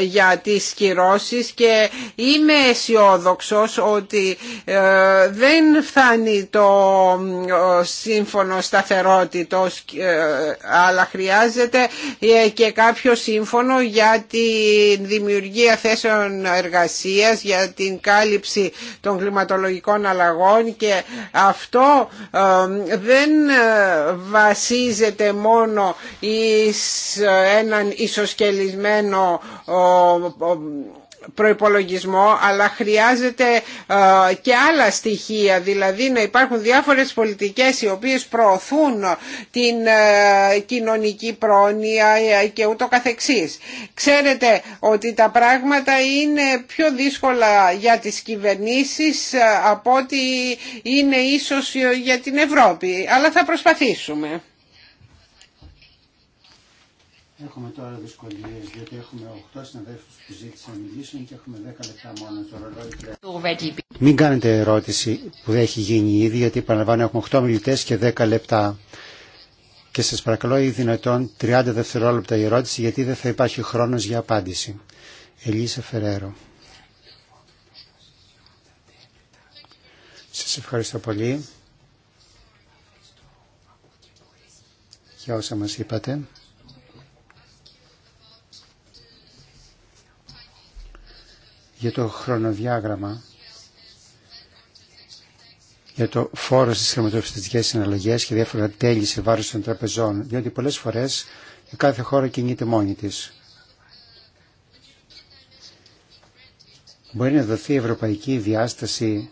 για τις κυρώσει και είμαι αισιόδοξο ότι δεν φτάνει το σύμφωνο σταθερότητο αλλά χρειάζεται και κάποιο σύμφωνο για τη δημιουργία θέσεων εργασίας, για την κάλυψη των κλιματολογικών αλλαγών και αυτό ε, δεν ε, βασίζεται μόνο εις έναν ισοσκελισμένο προϋπολογισμό αλλά χρειάζεται ε, και άλλα στοιχεία δηλαδή να υπάρχουν διάφορες πολιτικές οι οποίες προωθούν την ε, κοινωνική πρόνοια ε, και ούτω καθεξής. Ξέρετε ότι τα πράγματα είναι πιο δύσκολα για τις κυβερνήσεις από ότι είναι ίσως για την Ευρώπη αλλά θα προσπαθήσουμε. Έχουμε τώρα δυσκολίε γιατί έχουμε 8 συναδέλφου που ζήτησαν να μιλήσουν και έχουμε 10 λεπτά μόνο το ρολόι. Μην κάνετε ερώτηση που δεν έχει γίνει ήδη γιατί επαναλαμβάνω έχουμε 8 μιλητέ και 10 λεπτά. Και σα παρακαλώ ή δυνατόν 30 δευτερόλεπτα η ερώτηση γιατί δεν θα υπάρχει χρόνο για απάντηση. Ελίσσα Φεραίρο. Σα ευχαριστώ πολύ για όσα μας είπατε. για το χρονοδιάγραμμα για το φόρο στις χρηματοπιστωτικές συναλλαγές και διάφορα τέλη σε βάρος των τραπεζών, διότι πολλές φορές η κάθε χώρα κινείται μόνη της. Μπορεί να δοθεί ευρωπαϊκή διάσταση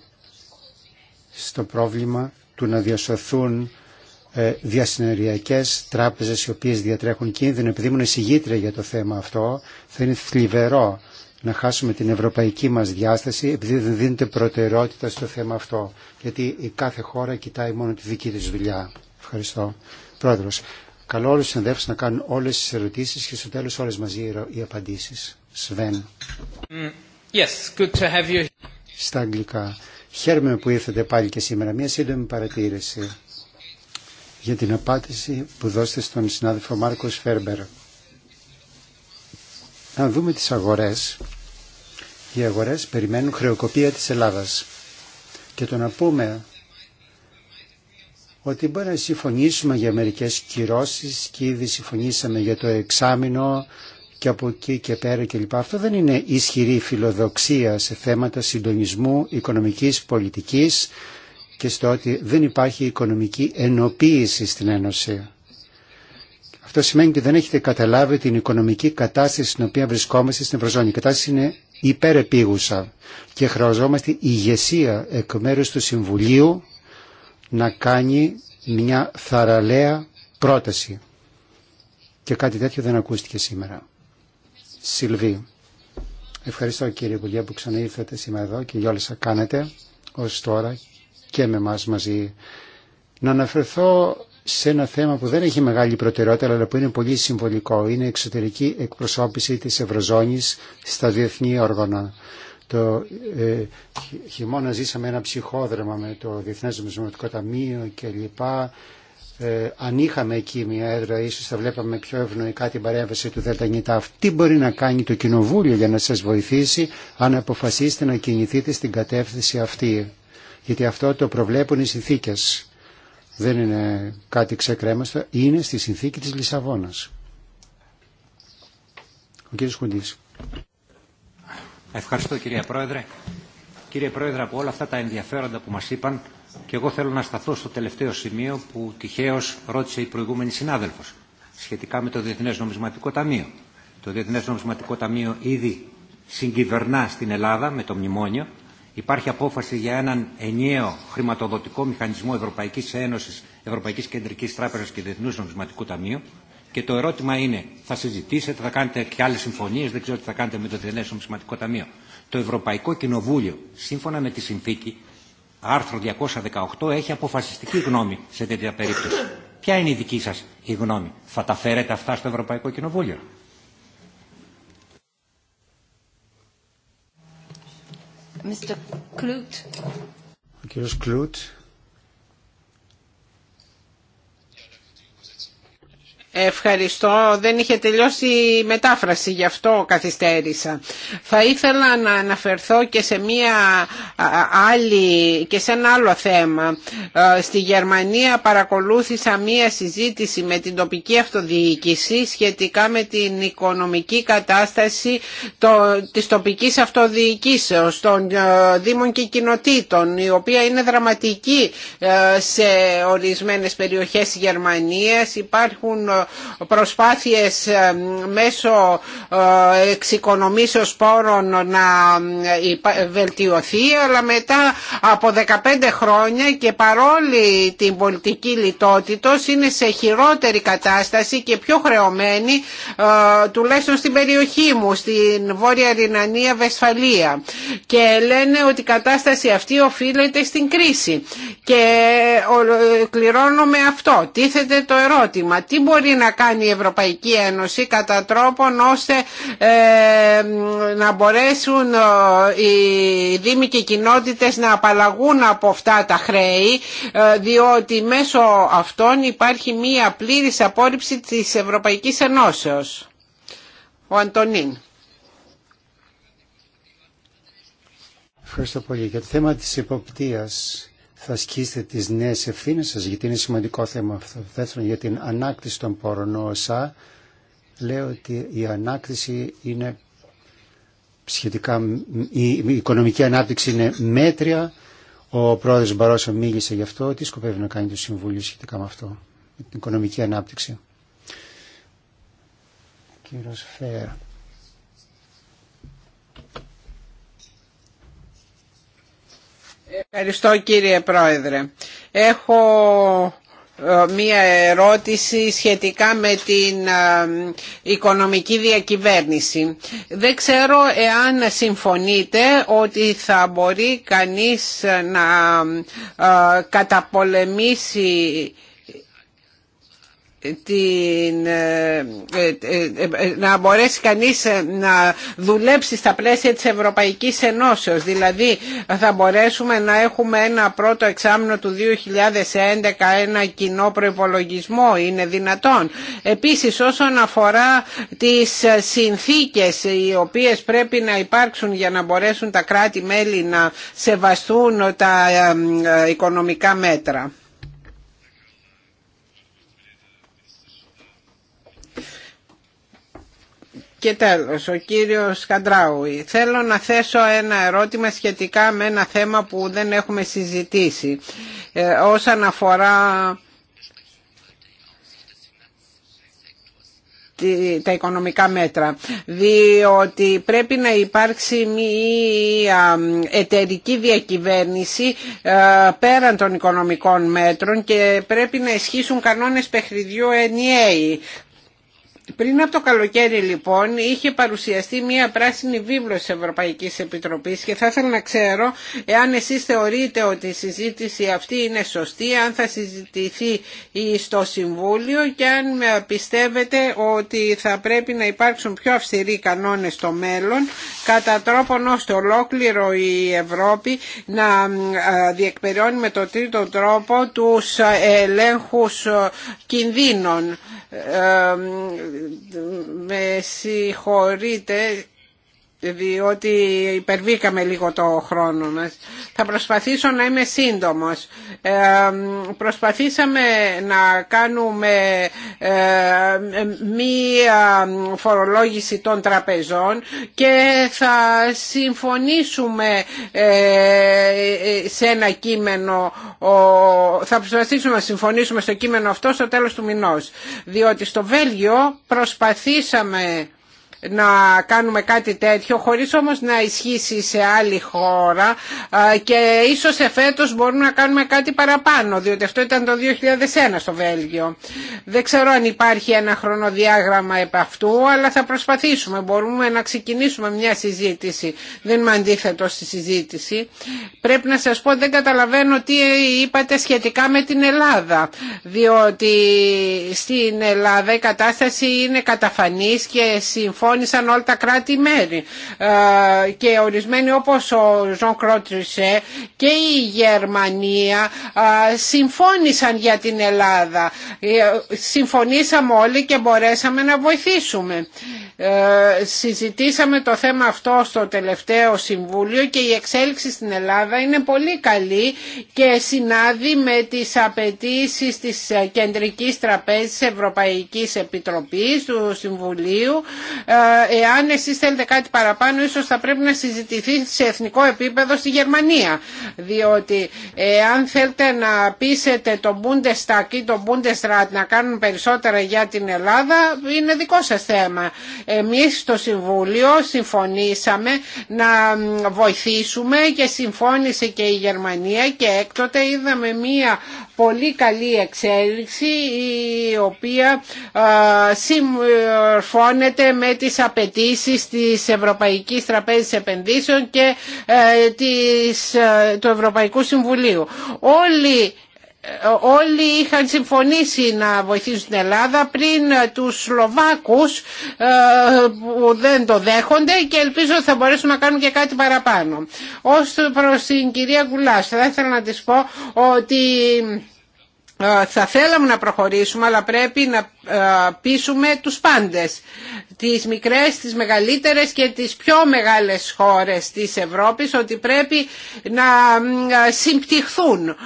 στο πρόβλημα του να διασωθούν ε, τράπεζες οι οποίες διατρέχουν κίνδυνο. Επειδή ήμουν εισηγήτρια για το θέμα αυτό, θα είναι θλιβερό να χάσουμε την ευρωπαϊκή μας διάσταση επειδή δεν δίνεται προτεραιότητα στο θέμα αυτό. Γιατί η κάθε χώρα κοιτάει μόνο τη δική της δουλειά. Ευχαριστώ. Πρόεδρος, καλό όλους τους να κάνουν όλες τις ερωτήσεις και στο τέλος όλες μαζί οι απαντήσεις. Σβέν. Mm, yes, good Στα αγγλικά. Χαίρομαι που ήρθατε πάλι και σήμερα. Μια σύντομη παρατήρηση για την απάντηση που δώσετε στον συνάδελφο Μάρκος Φέρμπερ. Αν δούμε τις αγορές, οι αγορές περιμένουν χρεοκοπία της Ελλάδας. Και το να πούμε ότι μπορεί να συμφωνήσουμε για μερικές κυρώσεις και ήδη συμφωνήσαμε για το εξάμεινο και από εκεί και πέρα κλπ. Αυτό δεν είναι ισχυρή φιλοδοξία σε θέματα συντονισμού οικονομικής πολιτικής και στο ότι δεν υπάρχει οικονομική ενοποίηση στην Ένωση. Αυτό σημαίνει ότι δεν έχετε καταλάβει την οικονομική κατάσταση στην οποία βρισκόμαστε στην Ευρωζώνη. Η κατάσταση είναι υπερεπίγουσα και χρειαζόμαστε ηγεσία εκ μέρους του Συμβουλίου να κάνει μια θαραλέα πρόταση. Και κάτι τέτοιο δεν ακούστηκε σήμερα. Σιλβί. Ευχαριστώ κύριε Υπουργέ που ξανά ήρθατε σήμερα εδώ και για όλα σας κάνετε ως τώρα και με μας μαζί. Να αναφερθώ σε ένα θέμα που δεν έχει μεγάλη προτεραιότητα αλλά που είναι πολύ συμβολικό. Είναι η εξωτερική εκπροσώπηση της Ευρωζώνης στα διεθνή όργανα. Το ε, χειμώνα ζήσαμε ένα ψυχόδραμα με το Διεθνές Νομισματικό Ταμείο κλπ. Ε, αν είχαμε εκεί μια έδρα, ίσως θα βλέπαμε πιο ευνοϊκά την παρέμβαση του ΔΝΤ. Τι μπορεί να κάνει το Κοινοβούλιο για να σας βοηθήσει αν αποφασίσετε να κινηθείτε στην κατεύθυνση αυτή. Γιατί αυτό το προβλέπουν οι συνθήκες δεν είναι κάτι ξεκρέμαστο, είναι στη συνθήκη της Λισαβόνας. Ο κύριος Χουντής. Ευχαριστώ κύριε Πρόεδρε. Κύριε Πρόεδρε, από όλα αυτά τα ενδιαφέροντα που μας είπαν, και εγώ θέλω να σταθώ στο τελευταίο σημείο που τυχαίως ρώτησε η προηγούμενη συνάδελφος, σχετικά με το Διεθνές Νομισματικό Ταμείο. Το Διεθνές Νομισματικό Ταμείο ήδη συγκυβερνά στην Ελλάδα με το μνημόνιο Υπάρχει απόφαση για έναν ενιαίο χρηματοδοτικό μηχανισμό Ευρωπαϊκής Ένωσης, Ευρωπαϊκής Κεντρικής Τράπεζας και Διεθνούς Νομισματικού Ταμείου. Και το ερώτημα είναι, θα συζητήσετε, θα κάνετε και άλλες συμφωνίες, δεν ξέρω τι θα κάνετε με το Διεθνές Νομισματικό Ταμείο. Το Ευρωπαϊκό Κοινοβούλιο, σύμφωνα με τη συνθήκη, άρθρο 218, έχει αποφασιστική γνώμη σε τέτοια περίπτωση. Ποια είναι η δική σας η γνώμη. Θα τα φέρετε αυτά στο Ευρωπαϊκό Κοινοβούλιο. Mr. Klute. Ο κύριος Κλούτ. Ευχαριστώ. Δεν είχε τελειώσει η μετάφραση, γι' αυτό καθυστέρησα. Θα ήθελα να αναφερθώ και σε μία άλλη και σε ένα άλλο θέμα. Ε, στη Γερμανία παρακολούθησα μία συζήτηση με την τοπική αυτοδιοίκηση σχετικά με την οικονομική κατάσταση το, της τοπικής αυτοδιοίκησεως των ε, δήμων και κοινοτήτων, η οποία είναι δραματική ε, σε ορισμένες περιοχές της Γερμανίας. Υπάρχουν προσπάθειες ε, μέσω ε, εξοικονομήσεως πόρων να ε, βελτιωθεί αλλά μετά από 15 χρόνια και παρόλη την πολιτική λιτότητα είναι σε χειρότερη κατάσταση και πιο χρεωμένη τουλάχιστον στην περιοχή μου στην Βόρεια Ρινανία Βεσφαλία και λένε ότι η κατάσταση αυτή οφείλεται στην κρίση και κληρώνω με αυτό τίθεται το ερώτημα τι μπορεί να κάνει η Ευρωπαϊκή Ένωση κατά τρόπον ώστε ε, να μπορέσουν ε, οι δήμοι και οι κοινότητες να απαλλαγούν από αυτά τα χρέη ε, διότι μέσω αυτών υπάρχει μία πλήρης απόρριψη της Ευρωπαϊκής Ενώσεως. Ο Αντωνίν. Ευχαριστώ πολύ. Για το θέμα της υποπτίας θα ασκήσετε τις νέε ευθύνε σας, γιατί είναι σημαντικό θέμα αυτό. Δεύτερον, για την ανάκτηση των πόρων ΩΣΑ, λέω ότι η ανάκτηση είναι σχετικά, η οικονομική ανάπτυξη είναι μέτρια. Ο πρόεδρο Μπαρόσο μίλησε γι' αυτό. Τι σκοπεύει να κάνει το Συμβούλιο σχετικά με αυτό, με την οικονομική ανάπτυξη. Φέρα. Ευχαριστώ κύριε Πρόεδρε. Έχω ε, μία ερώτηση σχετικά με την ε, οικονομική διακυβέρνηση. Δεν ξέρω εάν συμφωνείτε ότι θα μπορεί κανείς να ε, καταπολεμήσει ε, ε, ε, να μπορέσει κανείς να δουλέψει στα πλαίσια της Ευρωπαϊκής Ενώσεως. Δηλαδή θα μπορέσουμε να έχουμε ένα πρώτο εξάμεινο του 2011 ένα κοινό προϋπολογισμό είναι δυνατόν. Επίσης όσον αφορά τις συνθήκες οι οποίες πρέπει να υπάρξουν για να μπορέσουν τα κράτη-μέλη να σεβαστούν τα οικονομικά μέτρα. Και τέλος, ο κύριος Καντράουι, θέλω να θέσω ένα ερώτημα σχετικά με ένα θέμα που δεν έχουμε συζητήσει ε, όσον αφορά τα οικονομικά μέτρα διότι πρέπει να υπάρξει μια εταιρική διακυβέρνηση ε, πέραν των οικονομικών μέτρων και πρέπει να ισχύσουν κανόνες παιχνιδιού ενιαίοι πριν από το καλοκαίρι λοιπόν είχε παρουσιαστεί μια πράσινη βίβλος της Ευρωπαϊκής Επιτροπής και θα ήθελα να ξέρω εάν εσείς θεωρείτε ότι η συζήτηση αυτή είναι σωστή, αν θα συζητηθεί στο Συμβούλιο και αν ε, πιστεύετε ότι θα πρέπει να υπάρξουν πιο αυστηροί κανόνες στο μέλλον κατά τρόπον ώστε ολόκληρο η Ευρώπη να ε, διεκπεραιώνει με το τρίτο τρόπο τους ε, ελέγχους κινδύνων με συγχωρείτε διότι υπερβήκαμε λίγο το χρόνο μας. Θα προσπαθήσω να είμαι σύντομος. Ε, προσπαθήσαμε να κάνουμε ε, μία φορολόγηση των τραπεζών και θα συμφωνήσουμε ε, σε ένα κείμενο, θα προσπαθήσουμε να συμφωνήσουμε στο κείμενο αυτό στο τέλος του μηνός. Διότι στο Βέλγιο προσπαθήσαμε να κάνουμε κάτι τέτοιο χωρίς όμως να ισχύσει σε άλλη χώρα και ίσως εφέτος μπορούμε να κάνουμε κάτι παραπάνω διότι αυτό ήταν το 2001 στο Βέλγιο. Δεν ξέρω αν υπάρχει ένα χρονοδιάγραμμα επ' αυτού αλλά θα προσπαθήσουμε. Μπορούμε να ξεκινήσουμε μια συζήτηση. Δεν είμαι αντίθετο στη συζήτηση. Πρέπει να σας πω δεν καταλαβαίνω τι είπατε σχετικά με την Ελλάδα διότι στην Ελλάδα η κατάσταση είναι καταφανής και συμφωνή συμφώνησαν όλα τα κράτη-μέρη. Ε, και ορισμένοι όπως ο Ζων Κρότρισε και η Γερμανία ε, συμφώνησαν για την Ελλάδα. Ε, συμφωνήσαμε όλοι και μπορέσαμε να βοηθήσουμε. Ε, συζητήσαμε το θέμα αυτό στο τελευταίο Συμβούλιο και η εξέλιξη στην Ελλάδα είναι πολύ καλή και συνάδει με τις απαιτήσει της Κεντρικής Τραπέζης Ευρωπαϊκής Επιτροπής του Συμβουλίου. Ε, εάν εσείς θέλετε κάτι παραπάνω, ίσως θα πρέπει να συζητηθεί σε εθνικό επίπεδο στη Γερμανία. Διότι ε, αν θέλετε να πείσετε τον Bundestag ή τον Bundesrat να κάνουν περισσότερα για την Ελλάδα, είναι δικό σας θέμα. Εμείς στο Συμβούλιο συμφωνήσαμε να βοηθήσουμε και συμφώνησε και η Γερμανία και έκτοτε είδαμε μία πολύ καλή εξέλιξη η οποία συμφώνεται με τις απαιτήσει της Ευρωπαϊκής Τραπέζης Επενδύσεων και ε, της, ε, του Ευρωπαϊκού Συμβουλίου. Όλοι όλοι είχαν συμφωνήσει να βοηθήσουν την Ελλάδα πριν τους Σλοβάκους ε, που δεν το δέχονται και ελπίζω ότι θα μπορέσουν να κάνουν και κάτι παραπάνω. Ως προς την κυρία Γκουλάς θα ήθελα να της πω ότι ε, θα θέλαμε να προχωρήσουμε αλλά πρέπει να ε, πείσουμε τους πάντες τις μικρές, τις μεγαλύτερες και τις πιο μεγάλες χώρες της Ευρώπης ότι πρέπει να συμπτυχθούν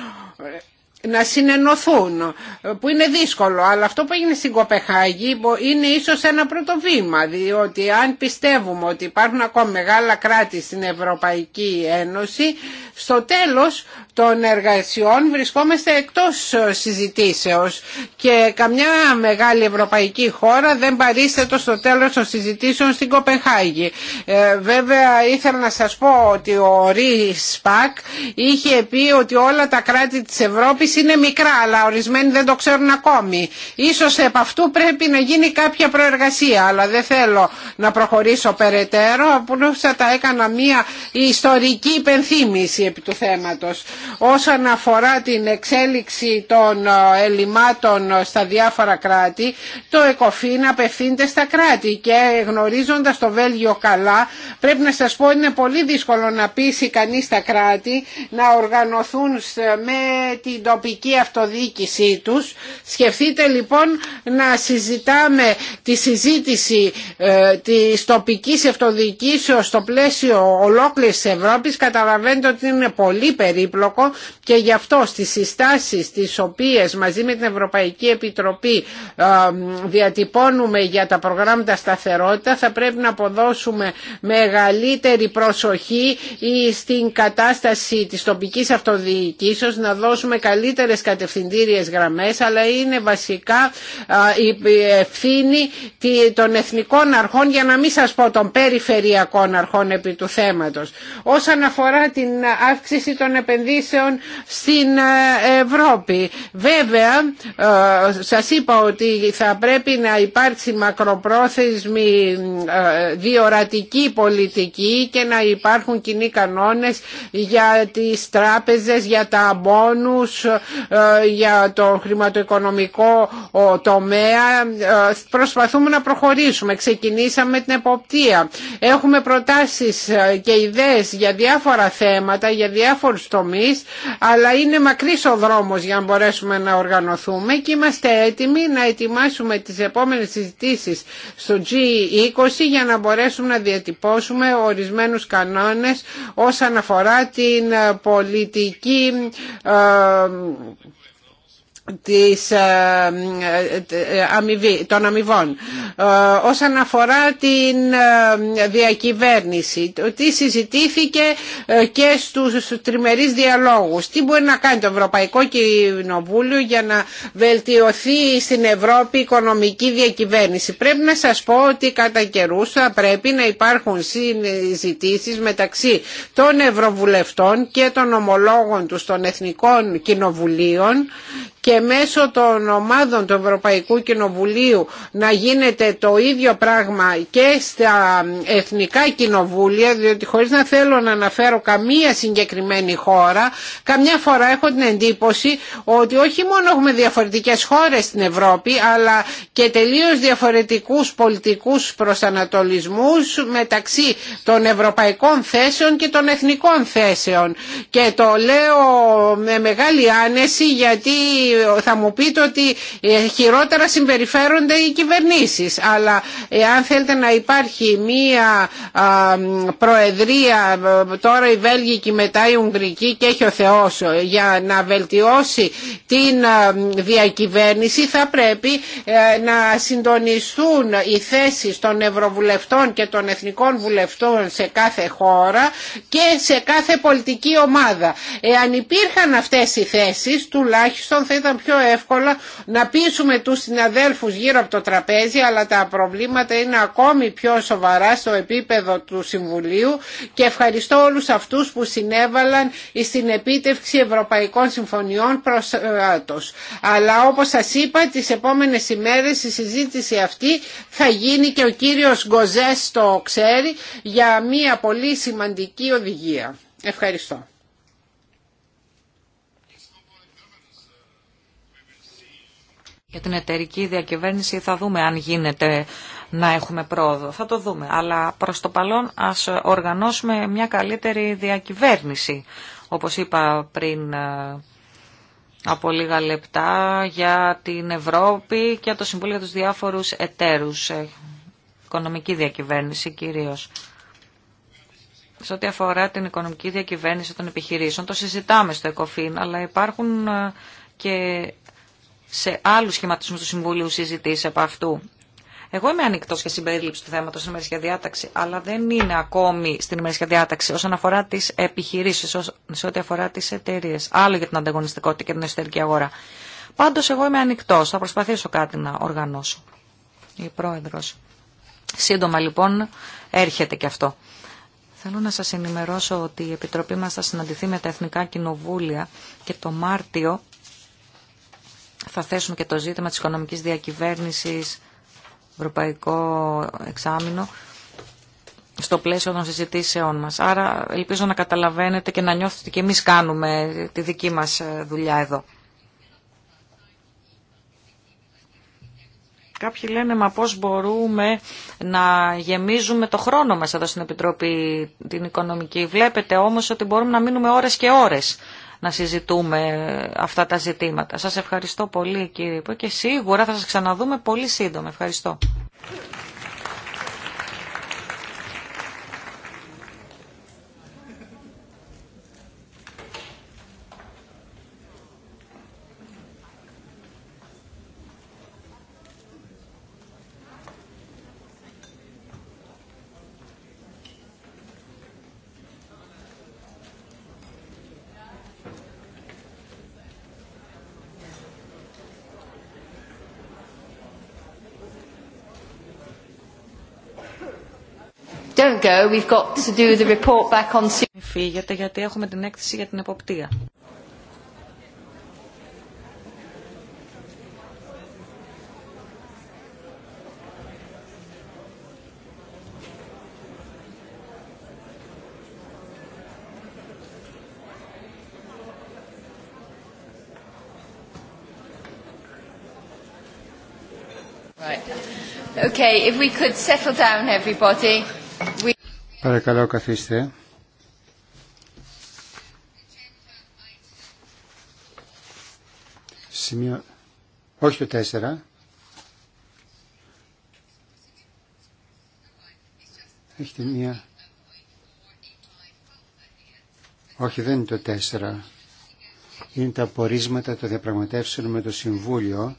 να συνενωθούν που είναι δύσκολο αλλά αυτό που έγινε στην Κοπεχάγη είναι ίσως ένα πρώτο βήμα διότι αν πιστεύουμε ότι υπάρχουν ακόμα μεγάλα κράτη στην Ευρωπαϊκή Ένωση στο τέλος των εργασιών βρισκόμαστε εκτός συζητήσεως και καμιά μεγάλη ευρωπαϊκή χώρα δεν το στο τέλος των συζητήσεων στην Κοπεχάγη. Ε, βέβαια ήθελα να σας πω ότι ο Ρι Σπακ είχε πει ότι όλα τα κράτη της Ευρώπης είναι μικρά αλλά ορισμένοι δεν το ξέρουν ακόμη. Ίσως επ' αυτού πρέπει να γίνει κάποια προεργασία αλλά δεν θέλω να προχωρήσω περαιτέρω απλώς θα τα έκανα μια ιστορική υπενθύμηση επί του θέματος. Όσον αφορά την εξέλιξη των ε, ελλημάτων ε, στα διάφορα κράτη, το ΕΚΟΦΗΝ απευθύνεται στα κράτη και γνωρίζοντας το Βέλγιο καλά, πρέπει να σας πω είναι πολύ δύσκολο να πείσει κανείς τα κράτη να οργανωθούν με την τοπική αυτοδιοίκησή τους. Σκεφτείτε λοιπόν να συζητάμε τη συζήτηση ε, της τοπικής αυτοδιοίκησης στο πλαίσιο ολόκληρης Ευρώπης. Καταλαβαίνετε ότι είναι πολύ περίπλοκο και γι' αυτό στις συστάσεις τις οποίες μαζί με την Ευρωπαϊκή Επιτροπή ε, διατυπώνουμε για τα προγράμματα σταθερότητα θα πρέπει να αποδώσουμε μεγαλύτερη προσοχή στην κατάσταση της τοπικής αυτοδιοίκησης να δώσουμε καλύτερες κατευθυντήριες γραμμές αλλά είναι βασικά ε, η ευθύνη των εθνικών αρχών για να μην σας πω των περιφερειακών αρχών επί του θέματος. Όσον αφορά την αύξηση των επενδύσεων στην ε, Ευρώπη. Βέβαια, ε, σας είπα ότι θα πρέπει να υπάρξει μακροπρόθεσμη ε, διορατική πολιτική και να υπάρχουν κοινοί κανόνες για τις τράπεζες, για τα μπόνους, για το χρηματοοικονομικό τομέα. Προσπαθούμε να προχωρήσουμε. Ξεκινήσαμε την εποπτεία. Έχουμε προτάσεις και ιδέες για διάφορα θέματα για διάφορου τομεί, αλλά είναι μακρύς ο δρόμος για να μπορέσουμε να οργανωθούμε και είμαστε έτοιμοι να ετοιμάσουμε τις επόμενε συζητήσει στο G20 για να μπορέσουμε να διατυπώσουμε ορισμένους κανόνε όσον αφορά την πολιτική ε, της ε, ε, ε, των αμοιβών. Όσον αφορά την διακυβέρνηση, τι συζητήθηκε και στους τριμερείς διαλόγους. Τι μπορεί να κάνει το Ευρωπαϊκό Κοινοβούλιο για να βελτιωθεί στην Ευρώπη η οικονομική διακυβέρνηση. Πρέπει να σας πω ότι κατά καιρού θα πρέπει να υπάρχουν συζητήσεις μεταξύ των Ευρωβουλευτών και των ομολόγων τους των Εθνικών Κοινοβουλίων και μέσω των ομάδων του Ευρωπαϊκού Κοινοβουλίου να γίνεται το ίδιο πράγμα και στα εθνικά κοινοβούλια διότι χωρίς να θέλω να αναφέρω καμία συγκεκριμένη χώρα καμιά φορά έχω την εντύπωση ότι όχι μόνο έχουμε διαφορετικές χώρες στην Ευρώπη αλλά και τελείως διαφορετικούς πολιτικούς προσανατολισμούς μεταξύ των ευρωπαϊκών θέσεων και των εθνικών θέσεων και το λέω με μεγάλη άνεση γιατί θα μου πείτε ότι ε, χειρότερα συμπεριφέρονται οι κυβερνήσεις αλλά ε, αν θέλετε να υπάρχει μία προεδρία ε, τώρα η Βέλγικη μετά η Ουγγρική και έχει ο Θεός για να βελτιώσει την διακυβέρνηση θα πρέπει να συντονιστούν οι θέσεις των Ευρωβουλευτών και των Εθνικών Βουλευτών σε κάθε χώρα και σε κάθε πολιτική ομάδα. Εάν υπήρχαν αυτές οι θέσεις τουλάχιστον ήταν πιο εύκολα να πείσουμε τους συναδέλφους γύρω από το τραπέζι αλλά τα προβλήματα είναι ακόμη πιο σοβαρά στο επίπεδο του Συμβουλίου και ευχαριστώ όλους αυτούς που συνέβαλαν στην επίτευξη Ευρωπαϊκών Συμφωνιών προς ε, άτος. Αλλά όπως σας είπα τις επόμενες ημέρες η συζήτηση αυτή θα γίνει και ο κύριος Γκοζές το ξέρει για μια πολύ σημαντική οδηγία. Ευχαριστώ. για την εταιρική διακυβέρνηση θα δούμε αν γίνεται να έχουμε πρόοδο. Θα το δούμε. Αλλά προς το παλόν ας οργανώσουμε μια καλύτερη διακυβέρνηση. Όπως είπα πριν ε, από λίγα λεπτά για την Ευρώπη και το Συμβούλιο για τους διάφορους εταίρους. Ε, οικονομική διακυβέρνηση κυρίως. Σε ό,τι αφορά την οικονομική διακυβέρνηση των επιχειρήσεων, το συζητάμε στο ΕΚΟΦΗΝ, αλλά υπάρχουν ε, και σε άλλου σχηματισμού του Συμβουλίου συζητήσει από αυτού. Εγώ είμαι ανοιχτό για συμπερίληψη του θέματο στην ημερήσια διάταξη, αλλά δεν είναι ακόμη στην ημερήσια διάταξη όσον αφορά τι επιχειρήσει, σε ό,τι αφορά τι εταιρείε. Άλλο για την ανταγωνιστικότητα και την εσωτερική αγορά. Πάντω, εγώ είμαι ανοιχτό. Θα προσπαθήσω κάτι να οργανώσω. Η πρόεδρο. Σύντομα, λοιπόν, έρχεται και αυτό. Θέλω να σας ενημερώσω ότι η Επιτροπή μας θα συναντηθεί με τα Εθνικά Κοινοβούλια και το Μάρτιο θα θέσουμε και το ζήτημα της οικονομικής διακυβέρνησης, ευρωπαϊκό εξάμεινο, στο πλαίσιο των συζητήσεών μας. Άρα ελπίζω να καταλαβαίνετε και να νιώθετε ότι και εμείς κάνουμε τη δική μας ε, δουλειά εδώ. Κάποιοι λένε, μα πώς μπορούμε να γεμίζουμε το χρόνο μας εδώ στην Επιτροπή την Οικονομική. Βλέπετε όμως ότι μπορούμε να μείνουμε ώρες και ώρες να συζητούμε αυτά τα ζητήματα. Σας ευχαριστώ πολύ κύριε και σίγουρα θα σας ξαναδούμε πολύ σύντομα. Ευχαριστώ. Don't go. We've got to do the report back on... Φύγετε γιατί έχουμε την έκθεση για την εποπτεία. Okay, if we could settle down everybody. Παρακαλώ καθίστε. Σημείο... Όχι το 4. Έχετε μία... Όχι δεν είναι το 4. Είναι τα απορίσματα των διαπραγματεύσεων με το Συμβούλιο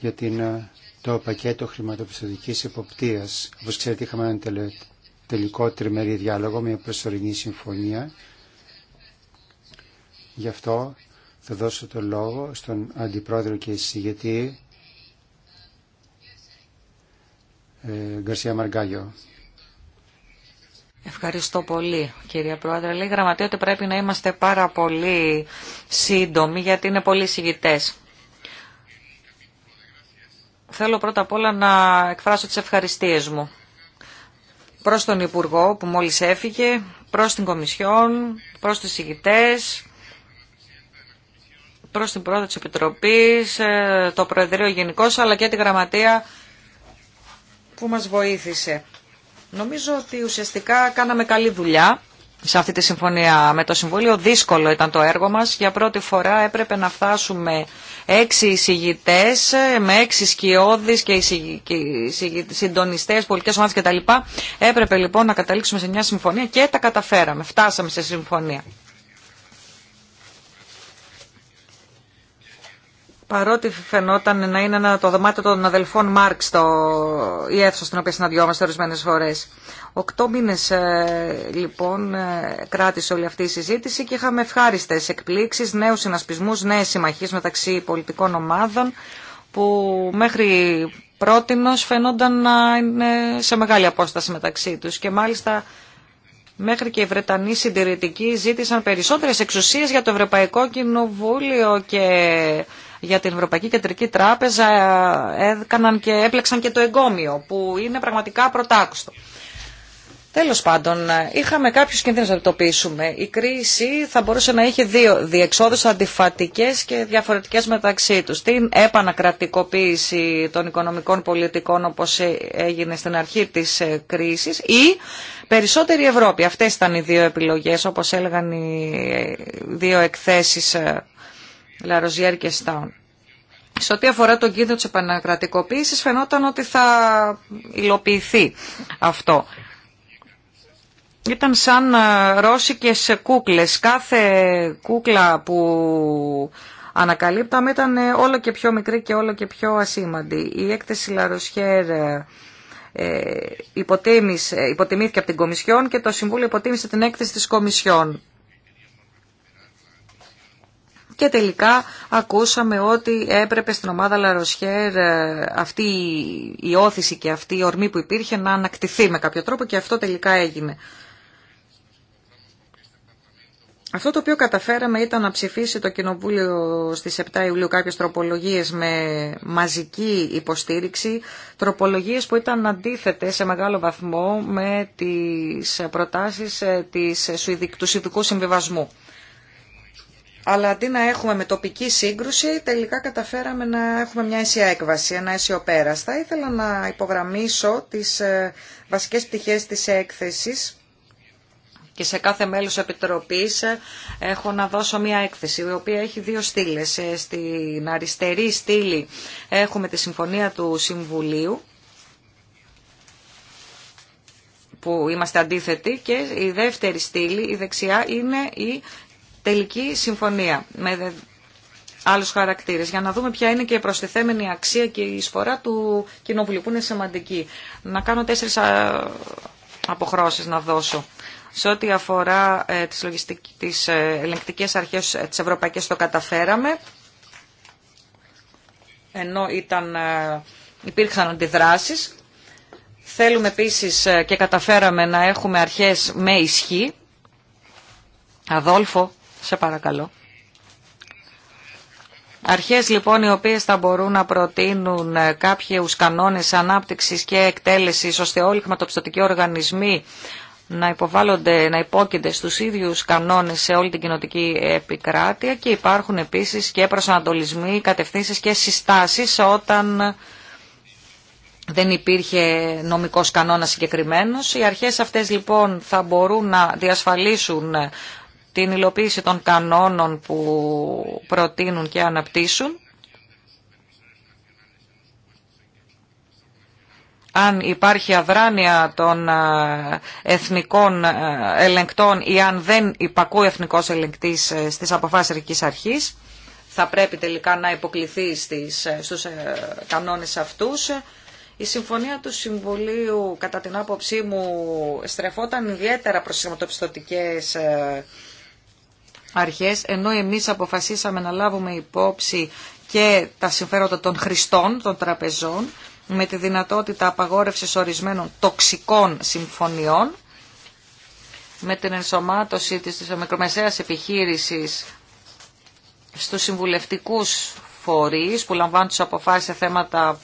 για την ε, το πακέτο χρηματοπιστωτικής εποπτείας. Όπως ξέρετε είχαμε ένα τελικό τριμερή διάλογο, μια προσωρινή συμφωνία. Γι' αυτό θα δώσω το λόγο στον Αντιπρόεδρο και Συγγετή ε, Γκαρσία Μαργκάγιο. Ευχαριστώ πολύ κυρία Πρόεδρε. Λέει γραμματέα ότι πρέπει να είμαστε πάρα πολύ σύντομοι γιατί είναι πολλοί συγητές. Θέλω πρώτα απ' όλα να εκφράσω τις ευχαριστίες μου προς τον Υπουργό που μόλις έφυγε, προς την Κομισιόν, προς τους ηγητές, προς την Πρόεδρο της Επιτροπής, ε, το Προεδρείο γενικώ, αλλά και τη Γραμματεία που μας βοήθησε. Νομίζω ότι ουσιαστικά κάναμε καλή δουλειά σε αυτή τη συμφωνία με το Συμβούλιο. Δύσκολο ήταν το έργο μας. Για πρώτη φορά έπρεπε να φτάσουμε έξι εισηγητέ με έξι σκιώδεις και συντονιστές, πολιτικές ομάδες κτλ. Έπρεπε λοιπόν να καταλήξουμε σε μια συμφωνία και τα καταφέραμε. Φτάσαμε σε συμφωνία. Παρότι φαινόταν να είναι ένα, το δωμάτιο των αδελφών Μάρξ το, η αίθουσα στην οποία συναντιόμαστε ορισμένε φορέ. Οκτώ μήνε ε, λοιπόν ε, κράτησε όλη αυτή η συζήτηση και είχαμε ευχάριστε εκπλήξει, νέου συνασπισμού, νέε συμμαχίε μεταξύ πολιτικών ομάδων που μέχρι πρότινος φαινόταν να είναι σε μεγάλη απόσταση μεταξύ τους και μάλιστα μέχρι και οι Βρετανοί συντηρητικοί ζήτησαν περισσότερες εξουσίες για το Ευρωπαϊκό Κοινοβούλιο και για την Ευρωπαϊκή Κεντρική Τράπεζα ε, έκαναν και έπλεξαν και το εγκόμιο που είναι πραγματικά πρωτάκουστο. Τέλος πάντων, είχαμε κάποιους κινδύνους να πείσουμε. Η κρίση θα μπορούσε να είχε δύο διεξόδους αντιφατικές και διαφορετικές μεταξύ τους. Την επανακρατικοποίηση των οικονομικών πολιτικών όπως έγινε στην αρχή της ε, κρίσης ή περισσότερη Ευρώπη. Αυτές ήταν οι δύο επιλογές όπως έλεγαν οι ε, δύο εκθέσεις Λαροζιέρ και Σε ό,τι αφορά τον κίνδυνο της επανακρατικοποίησης φαινόταν ότι θα υλοποιηθεί αυτό. Ήταν σαν ε, ρώσικες κούκλες. Κάθε κούκλα που ανακαλύπταμε ήταν ε, όλο και πιο μικρή και όλο και πιο ασήμαντη. Η έκθεση Λαροσχέρ ε, ε, υποτιμήθηκε από την Κομισιόν και το Συμβούλιο υποτίμησε την έκθεση της Κομισιόν. Και τελικά ακούσαμε ότι έπρεπε στην ομάδα Λαροσχέρ ε, αυτή η όθηση και αυτή η ορμή που υπήρχε να ανακτηθεί με κάποιο τρόπο και αυτό τελικά έγινε. Αυτό το οποίο καταφέραμε ήταν να ψηφίσει το Κοινοβούλιο στις 7 Ιουλίου κάποιες τροπολογίες με μαζική υποστήριξη, τροπολογίες που ήταν αντίθετες σε μεγάλο βαθμό με τις προτάσεις ε, του Σουηδικού Συμβιβασμού. Αλλά αντί να έχουμε με τοπική σύγκρουση, τελικά καταφέραμε να έχουμε μια αίσια έκβαση, ένα αίσιο πέρας. Θα ήθελα να υπογραμμίσω τις ε, βασικές πτυχές της έκθεσης και σε κάθε μέλος επιτροπής ε, έχω να δώσω μια έκθεση η οποία έχει δύο στήλες. Ε, στην αριστερή στήλη έχουμε τη συμφωνία του Συμβουλίου που είμαστε αντίθετοι και η δεύτερη στήλη, η δεξιά, είναι η τελική συμφωνία με άλλους χαρακτήρες για να δούμε ποια είναι και η προστιθέμενη αξία και η εισφορά του κοινοβουλίου που είναι σημαντική. Να κάνω τέσσερις αποχρώσεις να δώσω. Σε ό,τι αφορά ε, τις, τις ε, ελεγκτικές αρχές ε, της Ευρωπαϊκής το καταφέραμε ενώ ήταν, υπήρξαν αντιδράσεις. Θέλουμε επίσης και καταφέραμε να έχουμε αρχές με ισχύ. Αδόλφο, σε παρακαλώ. Αρχές λοιπόν οι οποίες θα μπορούν να προτείνουν ε, κάποιους κανόνες ανάπτυξης και εκτέλεσης ώστε όλοι οι χρηματοπιστωτικοί οργανισμοί να υποβάλλονται, να υπόκεινται στους ίδιους κανόνες σε όλη την κοινοτική επικράτεια και υπάρχουν επίσης και προσανατολισμοί, κατευθύνσεις και συστάσεις όταν δεν υπήρχε νομικός κανόνας συγκεκριμένος. Οι αρχές αυτές λοιπόν θα μπορούν να διασφαλίσουν την υλοποίηση των κανόνων που προτείνουν και αναπτύσσουν. αν υπάρχει αδράνεια των ε, εθνικών ε, ελεγκτών ή αν δεν υπακούει εθνικός ελεγκτής ε, στις αποφάσεις ερικής αρχής, θα πρέπει τελικά να υποκληθεί στις, στους κανόνες αυτούς. Η συμφωνία του Συμβουλίου, κατά την άποψή μου, στρεφόταν ιδιαίτερα προς τις αρχές, ενώ εμείς αποφασίσαμε να λάβουμε υπόψη και τα συμφέροντα των χρηστών, των τραπεζών, με τη δυνατότητα απαγόρευσης ορισμένων τοξικών συμφωνιών, με την ενσωμάτωση της μικρομεσαίας επιχείρησης στους συμβουλευτικούς φορείς που λαμβάνουν τις αποφάσεις σε θέματα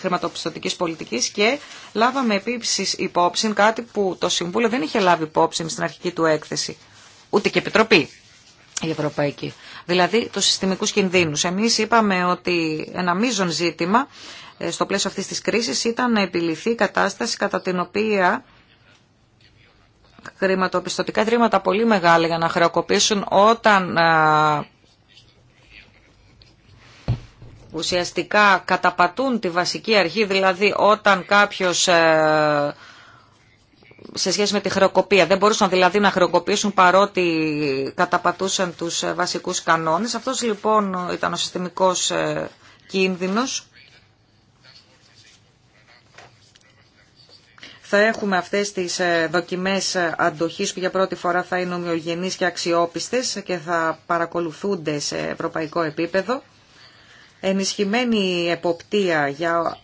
χρηματοπιστωτικής πολιτικής και λάβαμε επίσης υπόψη κάτι που το Συμβούλιο δεν είχε λάβει υπόψη στην αρχική του έκθεση ούτε και Επιτροπή η Ευρωπαϊκή. Δηλαδή του συστημικού κινδύνου. Εμείς είπαμε ότι ένα μείζον ζήτημα ε, στο πλαίσιο αυτής της κρίσης ήταν να επιληθεί η κατάσταση κατά την οποία χρηματοπιστωτικά ιδρύματα πολύ μεγάλα για να χρεοκοπήσουν όταν ε, ουσιαστικά καταπατούν τη βασική αρχή, δηλαδή όταν κάποιος ε, σε σχέση με τη χρεοκοπία. Δεν μπορούσαν δηλαδή να χρεοκοπήσουν παρότι καταπατούσαν τους ε, βασικούς κανόνες. Αυτός λοιπόν ήταν ο συστημικός ε, κίνδυνος. Θα έχουμε αυτές τις ε, δοκιμές αντοχής που για πρώτη φορά θα είναι ομοιογενείς και αξιόπιστες και θα παρακολουθούνται σε ευρωπαϊκό επίπεδο. Ενισχυμένη εποπτεία για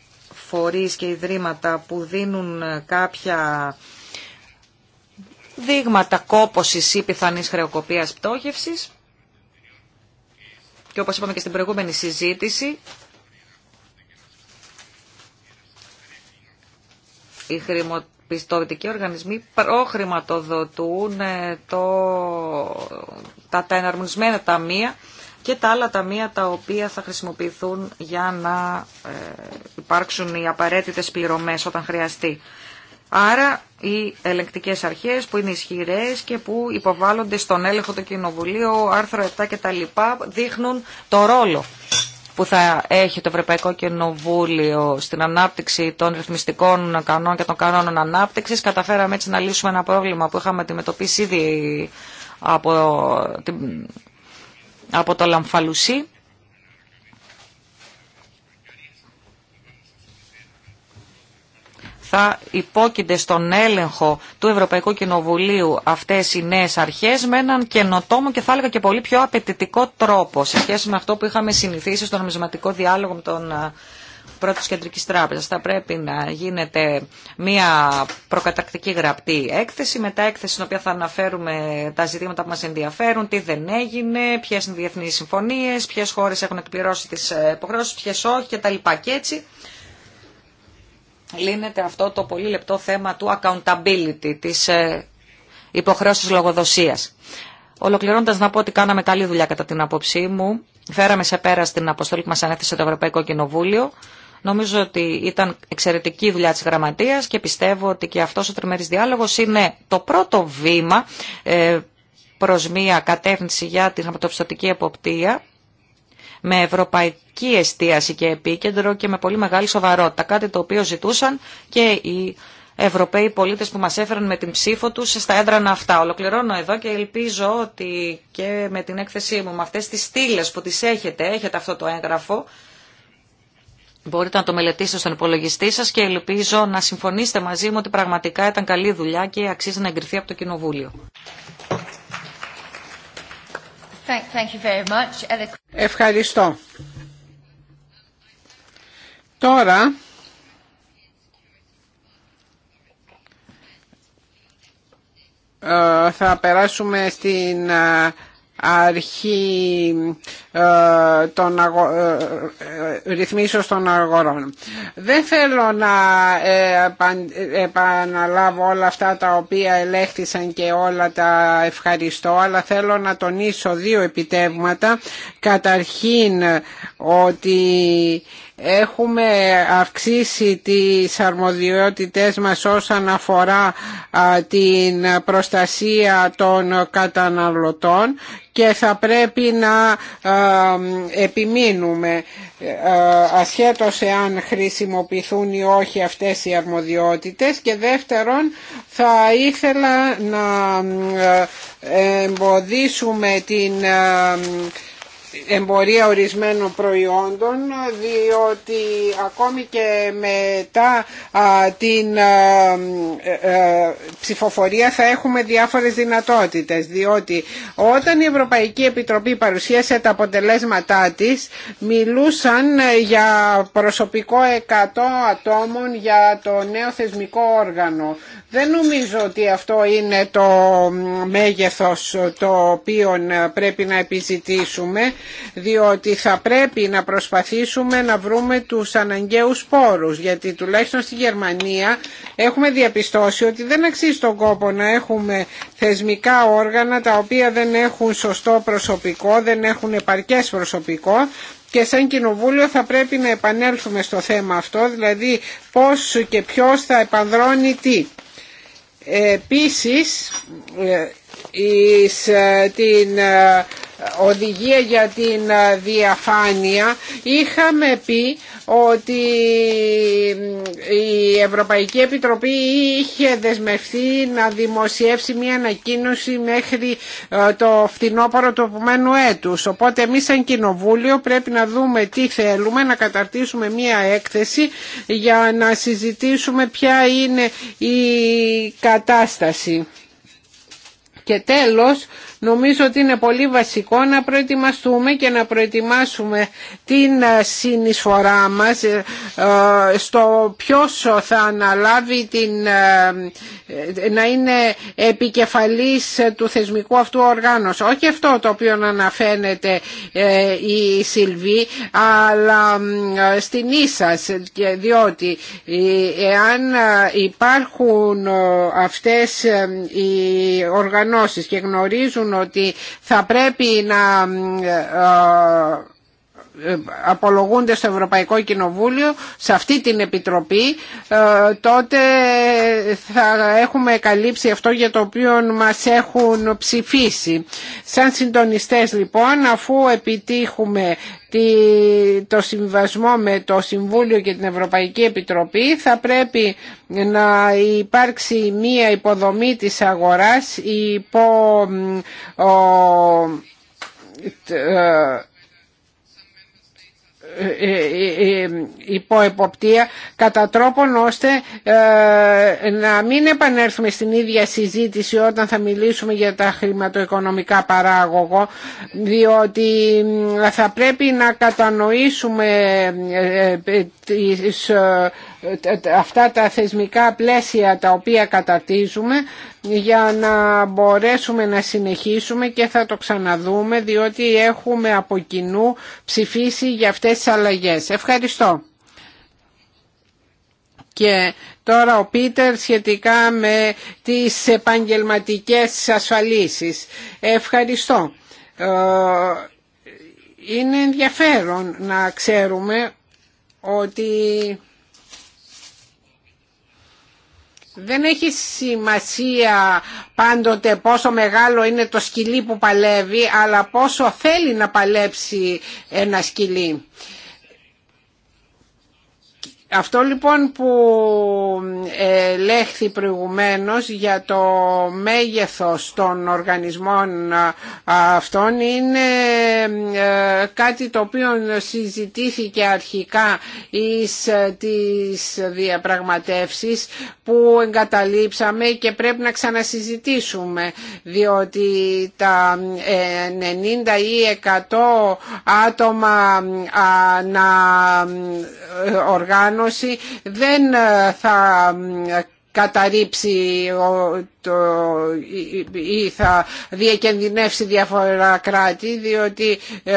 φορείς και ιδρύματα που δίνουν κάποια δείγματα κόπωσης ή πιθανής χρεοκοπίας πτώχευσης. Και όπως είπαμε και στην προηγούμενη συζήτηση, οι χρηματοπιστωτικοί οργανισμοί προχρηματοδοτούν ε, το, τα, τα εναρμονισμένα ταμεία και τα άλλα ταμεία τα οποία θα χρησιμοποιηθούν για να ε, υπάρξουν οι απαραίτητες πληρωμές όταν χρειαστεί. Άρα οι ελεγκτικές αρχές που είναι ισχυρές και που υποβάλλονται στον έλεγχο του Κοινοβουλίου, άρθρο 7 λοιπά, δείχνουν το ρόλο που θα έχει το Ευρωπαϊκό Κοινοβούλιο στην ανάπτυξη των ρυθμιστικών κανόνων και των κανόνων ανάπτυξης. Καταφέραμε έτσι να λύσουμε ένα πρόβλημα που είχαμε αντιμετωπίσει ήδη από, από το Λαμφαλουσί. θα υπόκεινται στον έλεγχο του Ευρωπαϊκού Κοινοβουλίου αυτές οι νέες αρχές με έναν καινοτόμο και θα έλεγα και πολύ πιο απαιτητικό τρόπο σε σχέση με αυτό που είχαμε συνηθίσει στο νομισματικό διάλογο με τον πρώτος κεντρικής τράπεζας. Θα πρέπει να γίνεται μια προκατακτική γραπτή έκθεση, μετά έκθεση στην οποία θα αναφέρουμε τα ζητήματα που μα ενδιαφέρουν, τι δεν έγινε, ποιε είναι οι διεθνεί συμφωνίες, ποιε χώρες έχουν εκπληρώσει τι ε, υποχρεώσει, ποιε όχι κτλ. Και έτσι λύνεται αυτό το πολύ λεπτό θέμα του accountability, της ε, υποχρέωσης λογοδοσίας. Ολοκληρώνοντας να πω ότι κάναμε καλή δουλειά κατά την άποψή μου, φέραμε σε πέρα στην αποστολή που μας ανέθεσε το Ευρωπαϊκό Κοινοβούλιο, Νομίζω ότι ήταν εξαιρετική η δουλειά της γραμματείας και πιστεύω ότι και αυτός ο τριμερής διάλογος είναι το πρώτο βήμα ε, προς μια κατεύθυνση για την αποτοπιστωτική εποπτεία με ευρωπαϊκή εστίαση και επίκεντρο και με πολύ μεγάλη σοβαρότητα. Κάτι το οποίο ζητούσαν και οι Ευρωπαίοι πολίτε που μα έφεραν με την ψήφο του στα έδρανα αυτά. Ολοκληρώνω εδώ και ελπίζω ότι και με την έκθεσή μου, με αυτέ τι στήλε που τι έχετε, έχετε αυτό το έγγραφο, μπορείτε να το μελετήσετε στον υπολογιστή σα και ελπίζω να συμφωνήσετε μαζί μου ότι πραγματικά ήταν καλή δουλειά και αξίζει να εγκριθεί από το Κοινοβούλιο. Thank you Ευχαριστώ. Τώρα... Ε, θα περάσουμε στην ε, αρχή ε, των αγο... Ε, ε, ρυθμίσεως των αγορών. Δεν θέλω να επαναλάβω όλα αυτά τα οποία ελέγχθησαν και όλα τα ευχαριστώ, αλλά θέλω να τονίσω δύο επιτεύγματα. Καταρχήν ότι Έχουμε αυξήσει τις αρμοδιότητές μας όσον αφορά την προστασία των καταναλωτών και θα πρέπει να επιμείνουμε ασχέτως εάν χρησιμοποιηθούν ή όχι αυτές οι αρμοδιότητες και δεύτερον θα ήθελα να εμποδίσουμε την εμπορία ορισμένων προϊόντων διότι ακόμη και μετά την ε, ε, ψηφοφορία θα έχουμε διάφορες δυνατότητες διότι όταν η Ευρωπαϊκή Επιτροπή παρουσίασε τα αποτελέσματά της μιλούσαν για προσωπικό 100 ατόμων για το νέο θεσμικό όργανο. Δεν νομίζω ότι αυτό είναι το μέγεθος το οποίο πρέπει να επιζητήσουμε διότι θα πρέπει να προσπαθήσουμε να βρούμε τους αναγκαίους πόρους γιατί τουλάχιστον στη Γερμανία έχουμε διαπιστώσει ότι δεν αξίζει τον κόπο να έχουμε θεσμικά όργανα τα οποία δεν έχουν σωστό προσωπικό, δεν έχουν επαρκές προσωπικό και σαν κοινοβούλιο θα πρέπει να επανέλθουμε στο θέμα αυτό, δηλαδή πώς και ποιος θα επανδρώνει τι. Επίσης, ε, εις ε, την ε, οδηγία για την ε, διαφάνεια είχαμε πει ότι η Ευρωπαϊκή Επιτροπή είχε δεσμευτεί να δημοσιεύσει μια ανακοίνωση μέχρι ε, το φθινόπωρο του επομένου έτους. Οπότε εμείς σαν Κοινοβούλιο πρέπει να δούμε τι θέλουμε, να καταρτήσουμε μια έκθεση για να συζητήσουμε ποια είναι η κατάσταση. Και τέλος, Νομίζω ότι είναι πολύ βασικό να προετοιμαστούμε και να προετοιμάσουμε την ε, συνεισφορά μας ε, ε, στο ποιος θα αναλάβει την, να είναι επικεφαλής του θεσμικού αυτού οργάνωση. Όχι αυτό το οποίο αναφέρεται η Σιλβή, αλλά στην ίσας, διότι εάν υπάρχουν αυτές οι οργανώσεις και γνωρίζουν ότι θα πρέπει να ε, ε, απολογούνται στο Ευρωπαϊκό Κοινοβούλιο, σε αυτή την Επιτροπή, ε, τότε θα έχουμε καλύψει αυτό για το οποίο μας έχουν ψηφίσει. Σαν συντονιστές λοιπόν, αφού επιτύχουμε το συμβασμό με το Συμβούλιο και την Ευρωπαϊκή Επιτροπή θα πρέπει να υπάρξει μία υποδομή της αγοράς υπό ε, ε, ε, ε, υπό εποπτεία κατά τρόπον ώστε να μην επανέλθουμε στην ίδια συζήτηση όταν θα μιλήσουμε για τα χρηματοοικονομικά παράγωγο διότι θα πρέπει να κατανοήσουμε τις ε, ε, αυτά τα θεσμικά πλαίσια τα οποία καταρτίζουμε για να μπορέσουμε να συνεχίσουμε και θα το ξαναδούμε διότι έχουμε από κοινού ψηφίσει για αυτές τις αλλαγές. Ευχαριστώ. Και τώρα ο Πίτερ σχετικά με τις επαγγελματικές ασφαλίσεις. Ευχαριστώ. Ε, είναι ενδιαφέρον να ξέρουμε ότι Δεν έχει σημασία πάντοτε πόσο μεγάλο είναι το σκυλί που παλεύει, αλλά πόσο θέλει να παλέψει ένα σκυλί. Αυτό λοιπόν που ε, λέχθη προηγουμένως για το μέγεθος των οργανισμών ε, αυτών είναι ε, κάτι το οποίο συζητήθηκε αρχικά εις τις διαπραγματεύσεις που εγκαταλείψαμε και πρέπει να ξανασυζητήσουμε διότι τα 90 ή 100 άτομα να οργάνωση οργάνωση δεν ε, θα καταρρύψει ή θα διακενδυνεύσει διάφορα κράτη διότι ε,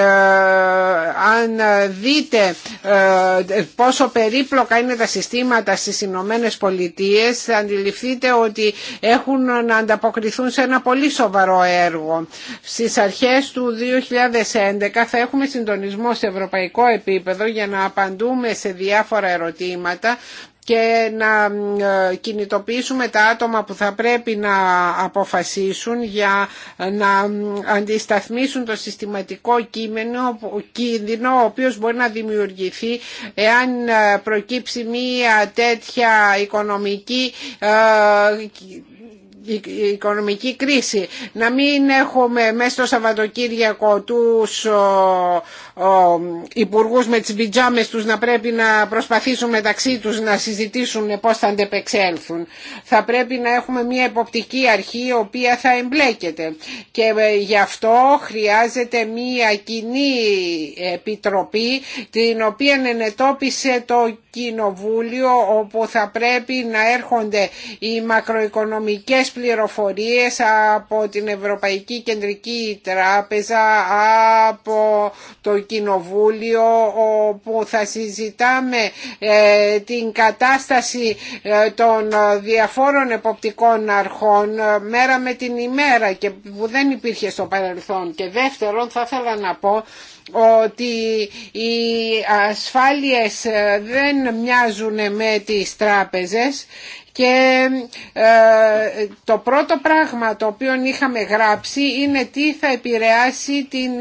αν δείτε ε, πόσο περίπλοκα είναι τα συστήματα στις Ηνωμένε Πολιτείε, θα αντιληφθείτε ότι έχουν να ανταποκριθούν σε ένα πολύ σοβαρό έργο. Στις αρχές του 2011 θα έχουμε συντονισμό σε ευρωπαϊκό επίπεδο για να απαντούμε σε διάφορα ερωτήματα και να ε, κινητοποιήσουμε τα άτομα που θα πρέπει να αποφασίσουν για ε, να αντισταθμίσουν το συστηματικό κείμενο, κίνδυνο ο οποίος μπορεί να δημιουργηθεί εάν ε, προκύψει μία τέτοια οικονομική η οικονομική κρίση. Να μην έχουμε μέσα στο Σαββατοκύριακο τους υπουργούς με τις πιτζάμες τους να πρέπει να προσπαθήσουν μεταξύ τους να συζητήσουν πώς θα αντεπεξέλθουν. Θα πρέπει να έχουμε μια εποπτική αρχή η οποία θα εμπλέκεται και ε, γι' αυτό χρειάζεται μια κοινή επιτροπή την οποία ενετόπισε το Κοινοβούλιο όπου θα πρέπει να έρχονται οι μακροοικονομικές πληροφορίες από την Ευρωπαϊκή Κεντρική Τράπεζα, από το Κοινοβούλιο, όπου θα συζητάμε ε, την κατάσταση ε, των διαφόρων εποπτικών αρχών ε, μέρα με την ημέρα και που δεν υπήρχε στο παρελθόν. Και δεύτερον θα ήθελα να πω ότι οι ασφάλειες δεν μοιάζουν με τις τράπεζες και ε, το πρώτο πράγμα το οποίο είχαμε γράψει είναι τι θα επηρεάσει την,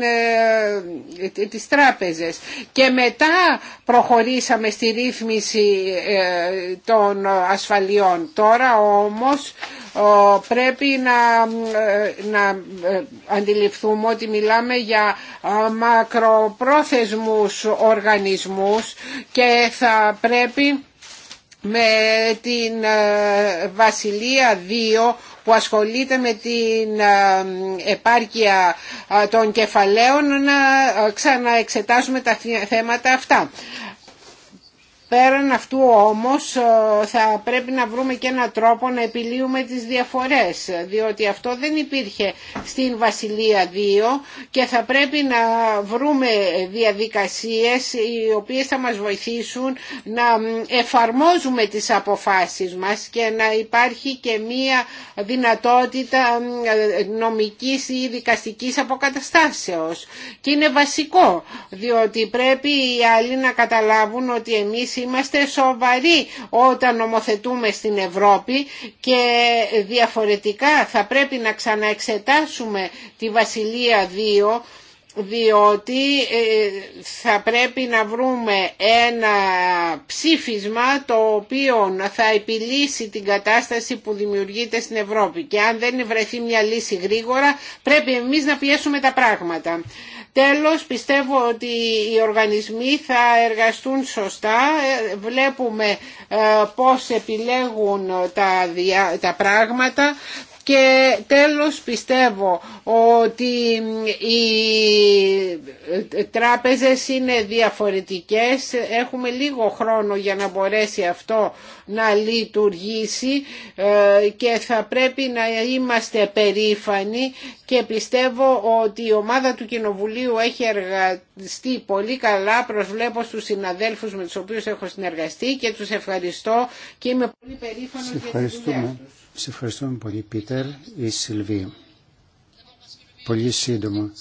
ε, τις τράπεζες. Και μετά προχωρήσαμε στη ρύθμιση ε, των ασφαλιών. Τώρα όμως πρέπει να, να αντιληφθούμε ότι μιλάμε για μακροπρόθεσμους οργανισμούς και θα πρέπει με την ε, Βασιλεία 2 που ασχολείται με την ε, επάρκεια ε, των κεφαλαίων να ξαναεξετάσουμε τα θέματα αυτά. Πέραν αυτού όμως ε, θα πρέπει να βρούμε και έναν τρόπο να επιλύουμε τις διαφορές διότι αυτό δεν υπήρχε στην Βασιλεία 2 και θα πρέπει να βρούμε διαδικασίες οι οποίες θα μας βοηθήσουν να εφαρμόζουμε τις αποφάσεις μας και να υπάρχει και μία δυνατότητα ε, νομικής ή δικαστικής αποκαταστάσεως. Και είναι βασικό διότι πρέπει οι άλλοι να καταλάβουν ότι εμείς είμαστε σοβαροί όταν νομοθετούμε στην Ευρώπη και διαφορετικά θα πρέπει να ξαναεξετάσουμε τη Βασιλεία 2 διότι ε, θα πρέπει να βρούμε ένα ψήφισμα το οποίο θα επιλύσει την κατάσταση που δημιουργείται στην Ευρώπη και αν δεν βρεθεί μια λύση γρήγορα πρέπει εμείς να πιέσουμε τα πράγματα. Τέλος πιστεύω ότι οι οργανισμοί θα εργαστούν σωστά. Ε, βλέπουμε ε, πώς επιλέγουν τα, τα πράγματα. Και τέλος πιστεύω ότι οι τράπεζες είναι διαφορετικές. Έχουμε λίγο χρόνο για να μπορέσει αυτό να λειτουργήσει ε, και θα πρέπει να είμαστε περήφανοι και πιστεύω ότι η ομάδα του Κοινοβουλίου έχει εργαστεί πολύ καλά. Προσβλέπω στους συναδέλφους με τους οποίους έχω συνεργαστεί και τους ευχαριστώ και είμαι πολύ περήφανος για τη δουλειά τους. Σε ευχαριστούμε πολύ, Πίτερ ή Σιλβί. Πολύ σύντομα.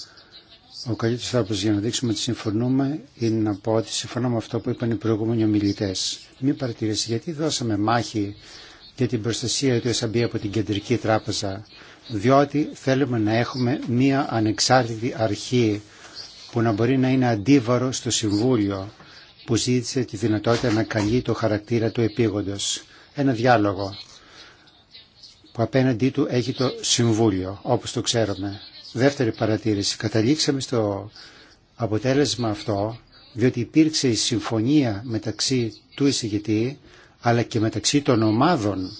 Ο καλύτερο τρόπο για να δείξουμε ότι συμφωνούμε είναι να πω ότι συμφωνώ με αυτό που είπαν οι προηγούμενοι ομιλητέ. Μην παρατηρήσει Γιατί δώσαμε μάχη για την προστασία του SAB από την Κεντρική Τράπεζα. Διότι θέλουμε να έχουμε μία ανεξάρτητη αρχή που να μπορεί να είναι αντίβαρο στο Συμβούλιο που ζήτησε τη δυνατότητα να καλεί το χαρακτήρα του επίγοντος. Ένα διάλογο που απέναντί του έχει το Συμβούλιο, όπως το ξέρουμε. Δεύτερη παρατήρηση. Καταλήξαμε στο αποτέλεσμα αυτό, διότι υπήρξε η συμφωνία μεταξύ του εισηγητή, αλλά και μεταξύ των ομάδων.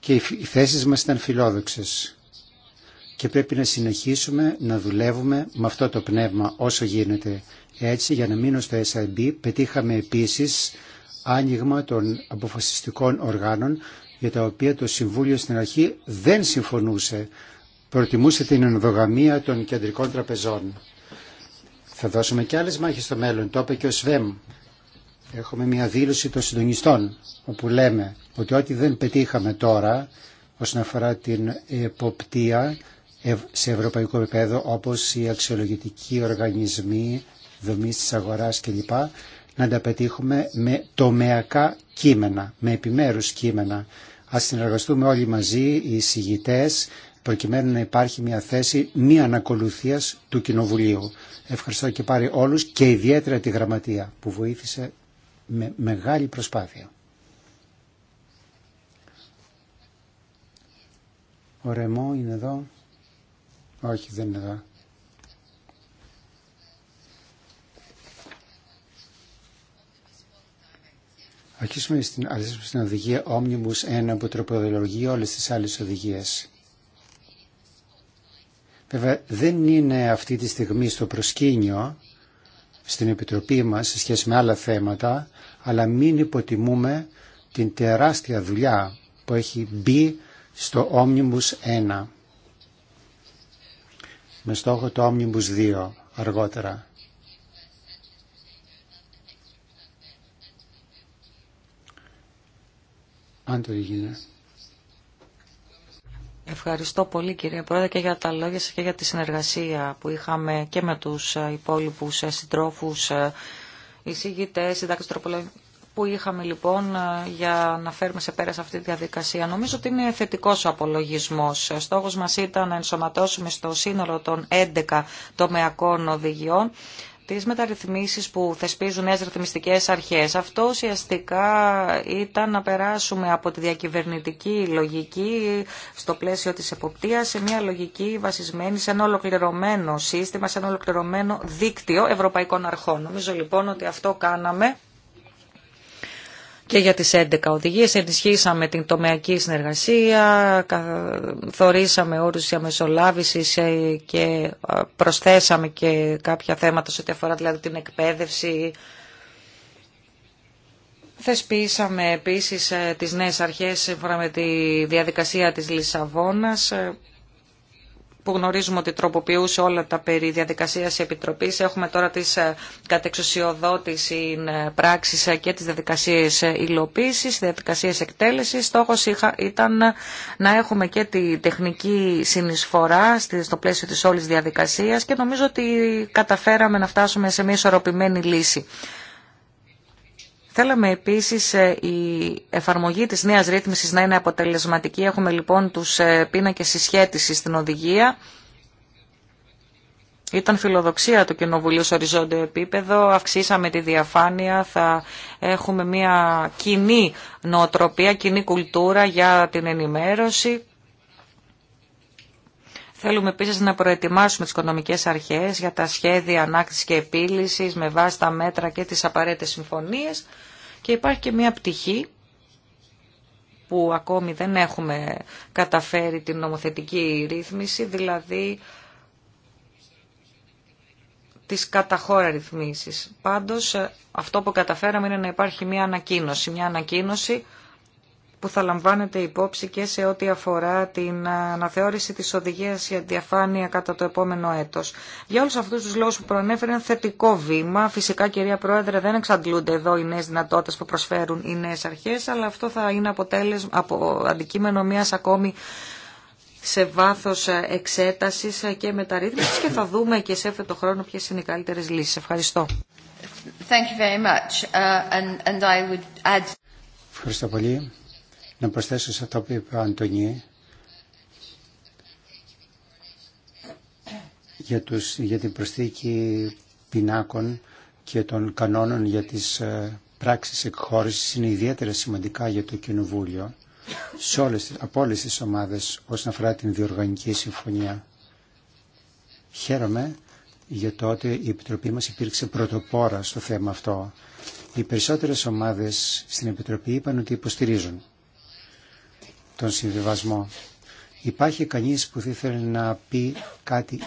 Και οι θέσεις μας ήταν φιλόδοξες. Και πρέπει να συνεχίσουμε να δουλεύουμε με αυτό το πνεύμα όσο γίνεται. Έτσι, για να μείνω στο SIB, πετύχαμε επίσης άνοιγμα των αποφασιστικών οργάνων για τα οποία το Συμβούλιο στην αρχή δεν συμφωνούσε. Προτιμούσε την ενδογαμία των κεντρικών τραπεζών. Θα δώσουμε και άλλες μάχες στο μέλλον, το είπε και ο ΣΒΕΜ. Έχουμε μια δήλωση των συντονιστών, όπου λέμε ότι ό,τι δεν πετύχαμε τώρα, όσον αφορά την εποπτεία σε ευρωπαϊκό επίπεδο, όπως οι αξιολογητικοί οργανισμοί, δομή της αγοράς κλπ, να τα πετύχουμε με τομεακά κείμενα, με επιμέρους κείμενα. Ας συνεργαστούμε όλοι μαζί, οι συγητές, προκειμένου να υπάρχει μια θέση μη ανακολουθίας του Κοινοβουλίου. Ευχαριστώ και πάρει όλους και ιδιαίτερα τη Γραμματεία που βοήθησε με μεγάλη προσπάθεια. Ο Ρεμό είναι εδώ. Όχι, δεν είναι εδώ. αρχίσουμε στην, αρχίσουμε στην οδηγία Omnibus 1 που τροποδολογεί όλες τις άλλες οδηγίες. Βέβαια δεν είναι αυτή τη στιγμή στο προσκήνιο στην Επιτροπή μας σε σχέση με άλλα θέματα, αλλά μην υποτιμούμε την τεράστια δουλειά που έχει μπει στο Omnibus 1 με στόχο το Omnibus 2 αργότερα. Ευχαριστώ πολύ κύριε Πρόεδρε και για τα λόγια σας και για τη συνεργασία που είχαμε και με τους ε, υπόλοιπους ε, συντρόφους ε, εισηγητές, συντάξεις τροπολογικών που είχαμε λοιπόν για να φέρουμε σε πέρα σε αυτή τη διαδικασία. Νομίζω ότι είναι θετικό ο απολογισμό. Στόχο μα ήταν να ενσωματώσουμε στο σύνολο των 11 τομεακών οδηγιών τις μεταρρυθμίσεις που θεσπίζουν νέε ρυθμιστικέ αρχές. Αυτό ουσιαστικά ήταν να περάσουμε από τη διακυβερνητική λογική στο πλαίσιο της εποπτείας σε μια λογική βασισμένη σε ένα ολοκληρωμένο σύστημα, σε ένα ολοκληρωμένο δίκτυο ευρωπαϊκών αρχών. Νομίζω λοιπόν ότι αυτό κάναμε και για τις 11 οδηγίες. Ενισχύσαμε την τομεακή συνεργασία, θορίσαμε όρους για μεσολάβηση ε, και ε, προσθέσαμε και κάποια θέματα σε ό,τι αφορά δηλαδή την εκπαίδευση. Θεσπίσαμε επίσης ε, τις νέες αρχές σύμφωνα με τη διαδικασία της Λισαβόνας που γνωρίζουμε ότι τροποποιούσε όλα τα περί διαδικασίας επιτροπής. Έχουμε τώρα τις ε, κατεξουσιοδότηση ε, πράξη ε, και τις διαδικασίες υλοποίησης, διαδικασίες εκτέλεσης. Στόχος ήταν να έχουμε και τη τεχνική συνεισφορά στο πλαίσιο της όλης διαδικασίας και νομίζω ότι καταφέραμε να φτάσουμε σε μια ισορροπημένη λύση. Θέλαμε επίσης ε, η εφαρμογή της νέας ρύθμισης να είναι αποτελεσματική. Έχουμε λοιπόν τους ε, πίνακες συσχέτιση στην οδηγία. Ήταν φιλοδοξία του Κοινοβουλίου σε οριζόντιο επίπεδο, αυξήσαμε τη διαφάνεια, θα έχουμε μια κοινή νοοτροπία, κοινή κουλτούρα για την ενημέρωση Θέλουμε επίσης να προετοιμάσουμε τις οικονομικές αρχές για τα σχέδια ανάκτησης και επίλυσης με βάση τα μέτρα και τις απαραίτητες συμφωνίες και υπάρχει και μια πτυχή που ακόμη δεν έχουμε καταφέρει την νομοθετική ρύθμιση, δηλαδή τις καταχώρα ρυθμίσεις. Πάντως αυτό που καταφέραμε είναι να υπάρχει μια ανακοίνωση, μια ανακοίνωση που θα λαμβάνεται υπόψη και σε ό,τι αφορά την αναθεώρηση της οδηγίας για διαφάνεια κατά το επόμενο έτος. Για όλους αυτούς τους λόγους που προανέφερε είναι θετικό βήμα. Φυσικά, κυρία Πρόεδρε, δεν εξαντλούνται εδώ οι νέες δυνατότητες που προσφέρουν οι νέες αρχές, αλλά αυτό θα είναι αποτέλεσμα, από αντικείμενο μιας ακόμη σε βάθος εξέτασης και μεταρρύθμισης και θα δούμε και σε αυτό το χρόνο ποιες είναι οι καλύτερες λύσεις. Ευχαριστώ. Thank you very much. Uh, and, and I would add... Ευχαριστώ πολύ να προσθέσω σε αυτό που είπε ο Αντωνιέ για, για την προσθήκη πινάκων και των κανόνων για τις ε, πράξεις εκχώρησης είναι ιδιαίτερα σημαντικά για το Κοινοβούλιο σε όλες, από όλες τις ομάδες όσον αφορά την διοργανική συμφωνία. Χαίρομαι για το ότι η Επιτροπή μας υπήρξε πρωτοπόρα στο θέμα αυτό. Οι περισσότερες ομάδες στην Επιτροπή είπαν ότι υποστηρίζουν τον συμβιβασμό. Υπάρχει κανείς που θα ήθελε να πει κάτι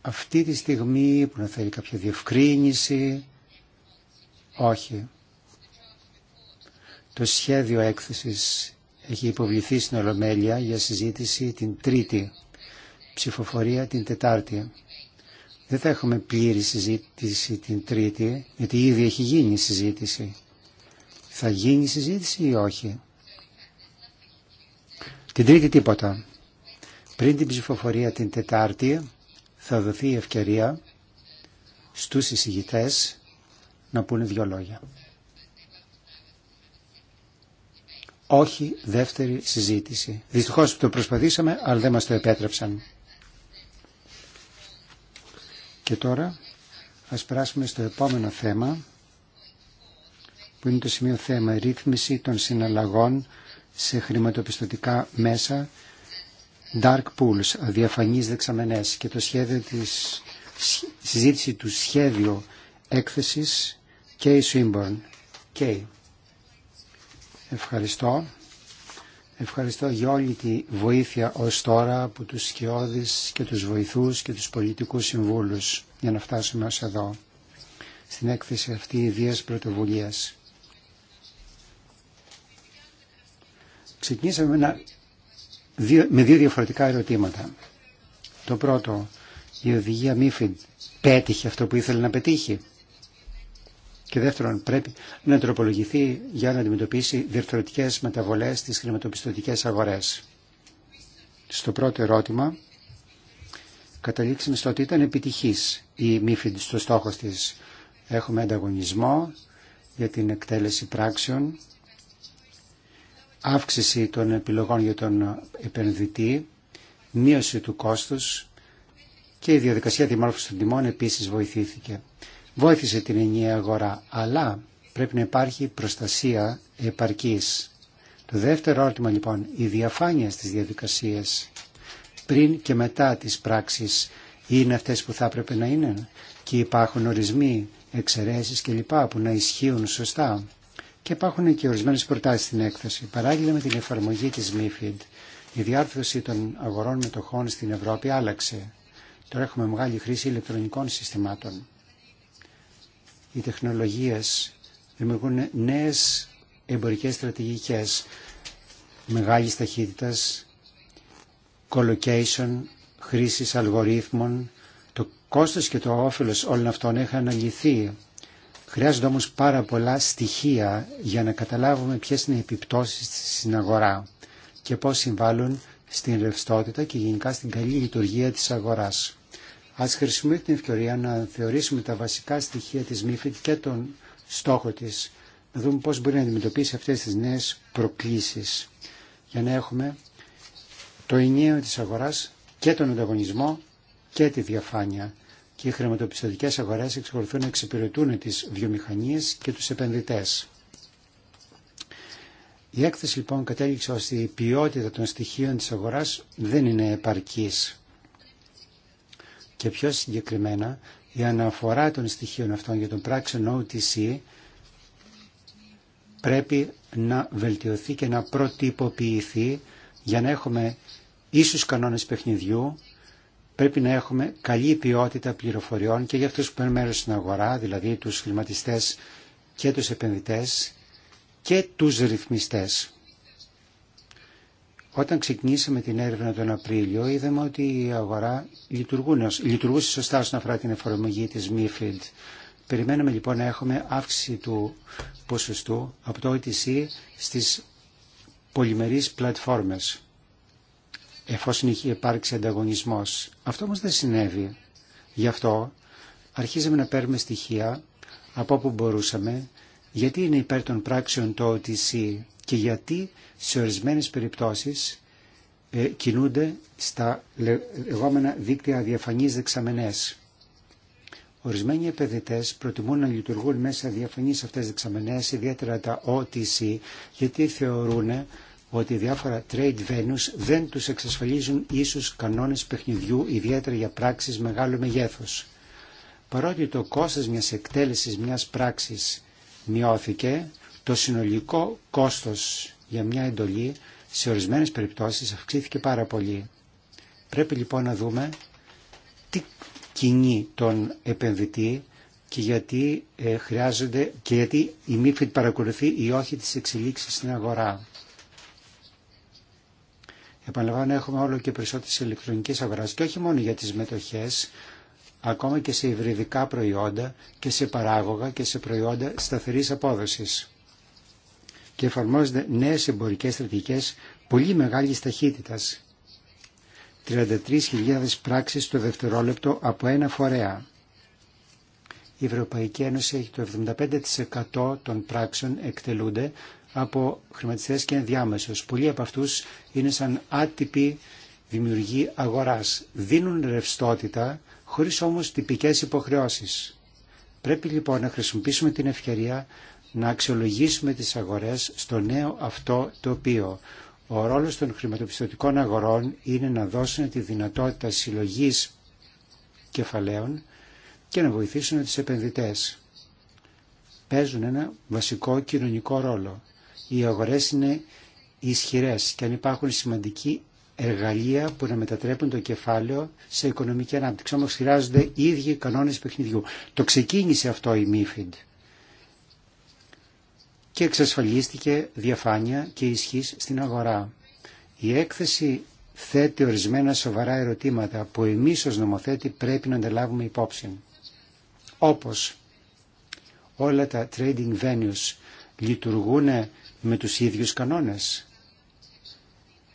αυτή τη στιγμή που να θέλει κάποια διευκρίνηση. Όχι. Το σχέδιο έκθεσης έχει υποβληθεί στην Ολομέλεια για συζήτηση την Τρίτη, ψηφοφορία την Τετάρτη. Δεν θα έχουμε πλήρη συζήτηση την Τρίτη, γιατί ήδη έχει γίνει συζήτηση. Θα γίνει συζήτηση ή όχι. Την τρίτη τίποτα. Πριν την ψηφοφορία την Τετάρτη θα δοθεί η ευκαιρία στους εισηγητές να πούνε δυο λόγια. Όχι δεύτερη συζήτηση. Δυστυχώς το προσπαθήσαμε, αλλά δεν μας το επέτρεψαν. Και τώρα ας περάσουμε στο επόμενο θέμα, που είναι το σημείο θέμα ρύθμιση των συναλλαγών σε χρηματοπιστωτικά μέσα dark pools, διαφανείς δεξαμενές και το σχέδιο της συζήτηση του σχέδιου έκθεσης K. Swinburne. K. Ευχαριστώ. Ευχαριστώ για όλη τη βοήθεια ως τώρα από τους σκιώδεις και τους βοηθούς και τους πολιτικούς συμβούλους για να φτάσουμε ως εδώ, στην έκθεση αυτή ιδίας πρωτοβουλίας. Ξεκινήσαμε με, δύο, με δύο διαφορετικά ερωτήματα. Το πρώτο, η οδηγία MIFID πέτυχε αυτό που ήθελε να πετύχει. Και δεύτερον, πρέπει να τροπολογηθεί για να αντιμετωπίσει διερθρωτικές μεταβολές στις χρηματοπιστωτικέ αγορέ. Στο πρώτο ερώτημα, καταλήξαμε στο ότι ήταν επιτυχής η MIFID στο στόχο της. Έχουμε ανταγωνισμό για την εκτέλεση πράξεων αύξηση των επιλογών για τον επενδυτή, μείωση του κόστους και η διαδικασία δημόρφωσης των τιμών επίσης βοηθήθηκε. Βόηθησε την ενιαία αγορά, αλλά πρέπει να υπάρχει προστασία επαρκής. Το δεύτερο όρτημα λοιπόν, η διαφάνεια στις διαδικασίες πριν και μετά τις πράξεις είναι αυτές που θα έπρεπε να είναι και υπάρχουν ορισμοί, εξαιρέσεις κλπ. που να ισχύουν σωστά. Και υπάρχουν και ορισμένε προτάσει στην έκθεση. Παράλληλα με την εφαρμογή τη MIFID, η διάρθρωση των αγορών μετοχών στην Ευρώπη άλλαξε. Τώρα έχουμε μεγάλη χρήση ηλεκτρονικών συστημάτων. Οι τεχνολογίες δημιουργούν νέες εμπορικές στρατηγικές μεγάλης ταχύτητας, collocation, χρήση αλγορίθμων. Το κόστο και το όφελος όλων αυτών έχουν αναλυθεί Χρειάζονται όμως πάρα πολλά στοιχεία για να καταλάβουμε ποιες είναι οι επιπτώσεις στην αγορά και πώς συμβάλλουν στην ρευστότητα και γενικά στην καλή λειτουργία της αγοράς. Ας χρησιμοποιούμε την ευκαιρία να θεωρήσουμε τα βασικά στοιχεία της ΜΥΦΙΤ και τον στόχο της, να δούμε πώς μπορεί να αντιμετωπίσει αυτές τις νέες προκλήσεις, για να έχουμε το ενίο της αγοράς και τον ανταγωνισμό και τη διαφάνεια και οι χρηματοπιστωτικές αγορές εξακολουθούν να εξυπηρετούν τις βιομηχανίες και τους επενδυτές. Η έκθεση λοιπόν κατέληξε ότι η ποιότητα των στοιχείων της αγοράς δεν είναι επαρκής. Και πιο συγκεκριμένα, η αναφορά των στοιχείων αυτών για τον πράξενο OTC πρέπει να βελτιωθεί και να προτυποποιηθεί για να έχουμε ίσους κανόνες παιχνιδιού πρέπει να έχουμε καλή ποιότητα πληροφοριών και για αυτούς που παίρνουν μέρος στην αγορά, δηλαδή τους χρηματιστές και τους επενδυτές και τους ρυθμιστές. Όταν ξεκινήσαμε την έρευνα τον Απρίλιο, είδαμε ότι η αγορά λειτουργούσε σωστά όσον αφορά την εφαρμογή της MIFID. περιμένουμε λοιπόν να έχουμε αύξηση του ποσοστού από το OTC στις πολυμερείς πλατφόρμες εφόσον είχε υπάρξει ανταγωνισμός. Αυτό όμως δεν συνέβη. Γι' αυτό αρχίζαμε να παίρνουμε στοιχεία από όπου μπορούσαμε, γιατί είναι υπέρ των πράξεων το OTC και γιατί σε ορισμένες περιπτώσεις ε, κινούνται στα λεγόμενα δίκτυα διαφανείς δεξαμενές. Ορισμένοι επενδυτέ προτιμούν να λειτουργούν μέσα διαφανεί αυτέ δεξαμενέ, ιδιαίτερα τα OTC, γιατί θεωρούν ότι διάφορα trade venues δεν τους εξασφαλίζουν ίσους κανόνες παιχνιδιού, ιδιαίτερα για πράξεις μεγάλου μεγέθους. Παρότι το κόστος μιας εκτέλεσης μιας πράξης μειώθηκε, το συνολικό κόστος για μια εντολή σε ορισμένες περιπτώσεις αυξήθηκε πάρα πολύ. Πρέπει λοιπόν να δούμε τι κινεί τον επενδυτή και γιατί, ε, χρειάζονται, γιατί η MIFID παρακολουθεί ή όχι τις εξελίξεις στην αγορά. Επαναλαμβάνω, έχουμε όλο και περισσότερες ηλεκτρονικές αγοράς και όχι μόνο για τις μετοχές, ακόμα και σε υβριδικά προϊόντα και σε παράγωγα και σε προϊόντα σταθερή απόδοση. Και εφαρμόζονται νέες εμπορικές στρατηγικέ πολύ μεγάλης ταχύτητας. 33.000 πράξεις το δευτερόλεπτο από ένα φορέα. Η Ευρωπαϊκή Ένωση έχει το 75% των πράξεων εκτελούνται από χρηματιστές και ενδιάμεσους. Πολλοί από αυτούς είναι σαν άτυποι δημιουργοί αγοράς. Δίνουν ρευστότητα χωρίς όμως τυπικές υποχρεώσεις. Πρέπει λοιπόν να χρησιμοποιήσουμε την ευκαιρία να αξιολογήσουμε τις αγορές στο νέο αυτό οποίο. Ο ρόλος των χρηματοπιστωτικών αγορών είναι να δώσουν τη δυνατότητα συλλογής κεφαλαίων και να βοηθήσουν τους επενδυτές. Παίζουν ένα βασικό κοινωνικό ρόλο οι αγορές είναι ισχυρές και αν υπάρχουν σημαντικοί εργαλεία που να μετατρέπουν το κεφάλαιο σε οικονομική ανάπτυξη. Όμως χρειάζονται οι ίδιοι κανόνες παιχνιδιού. Το ξεκίνησε αυτό η MIFID και εξασφαλίστηκε διαφάνεια και ισχύς στην αγορά. Η έκθεση θέτει ορισμένα σοβαρά ερωτήματα που εμείς ως νομοθέτη πρέπει να ανταλάβουμε υπόψη. Όπως όλα τα trading venues λειτουργούν με τους ίδιους κανόνες.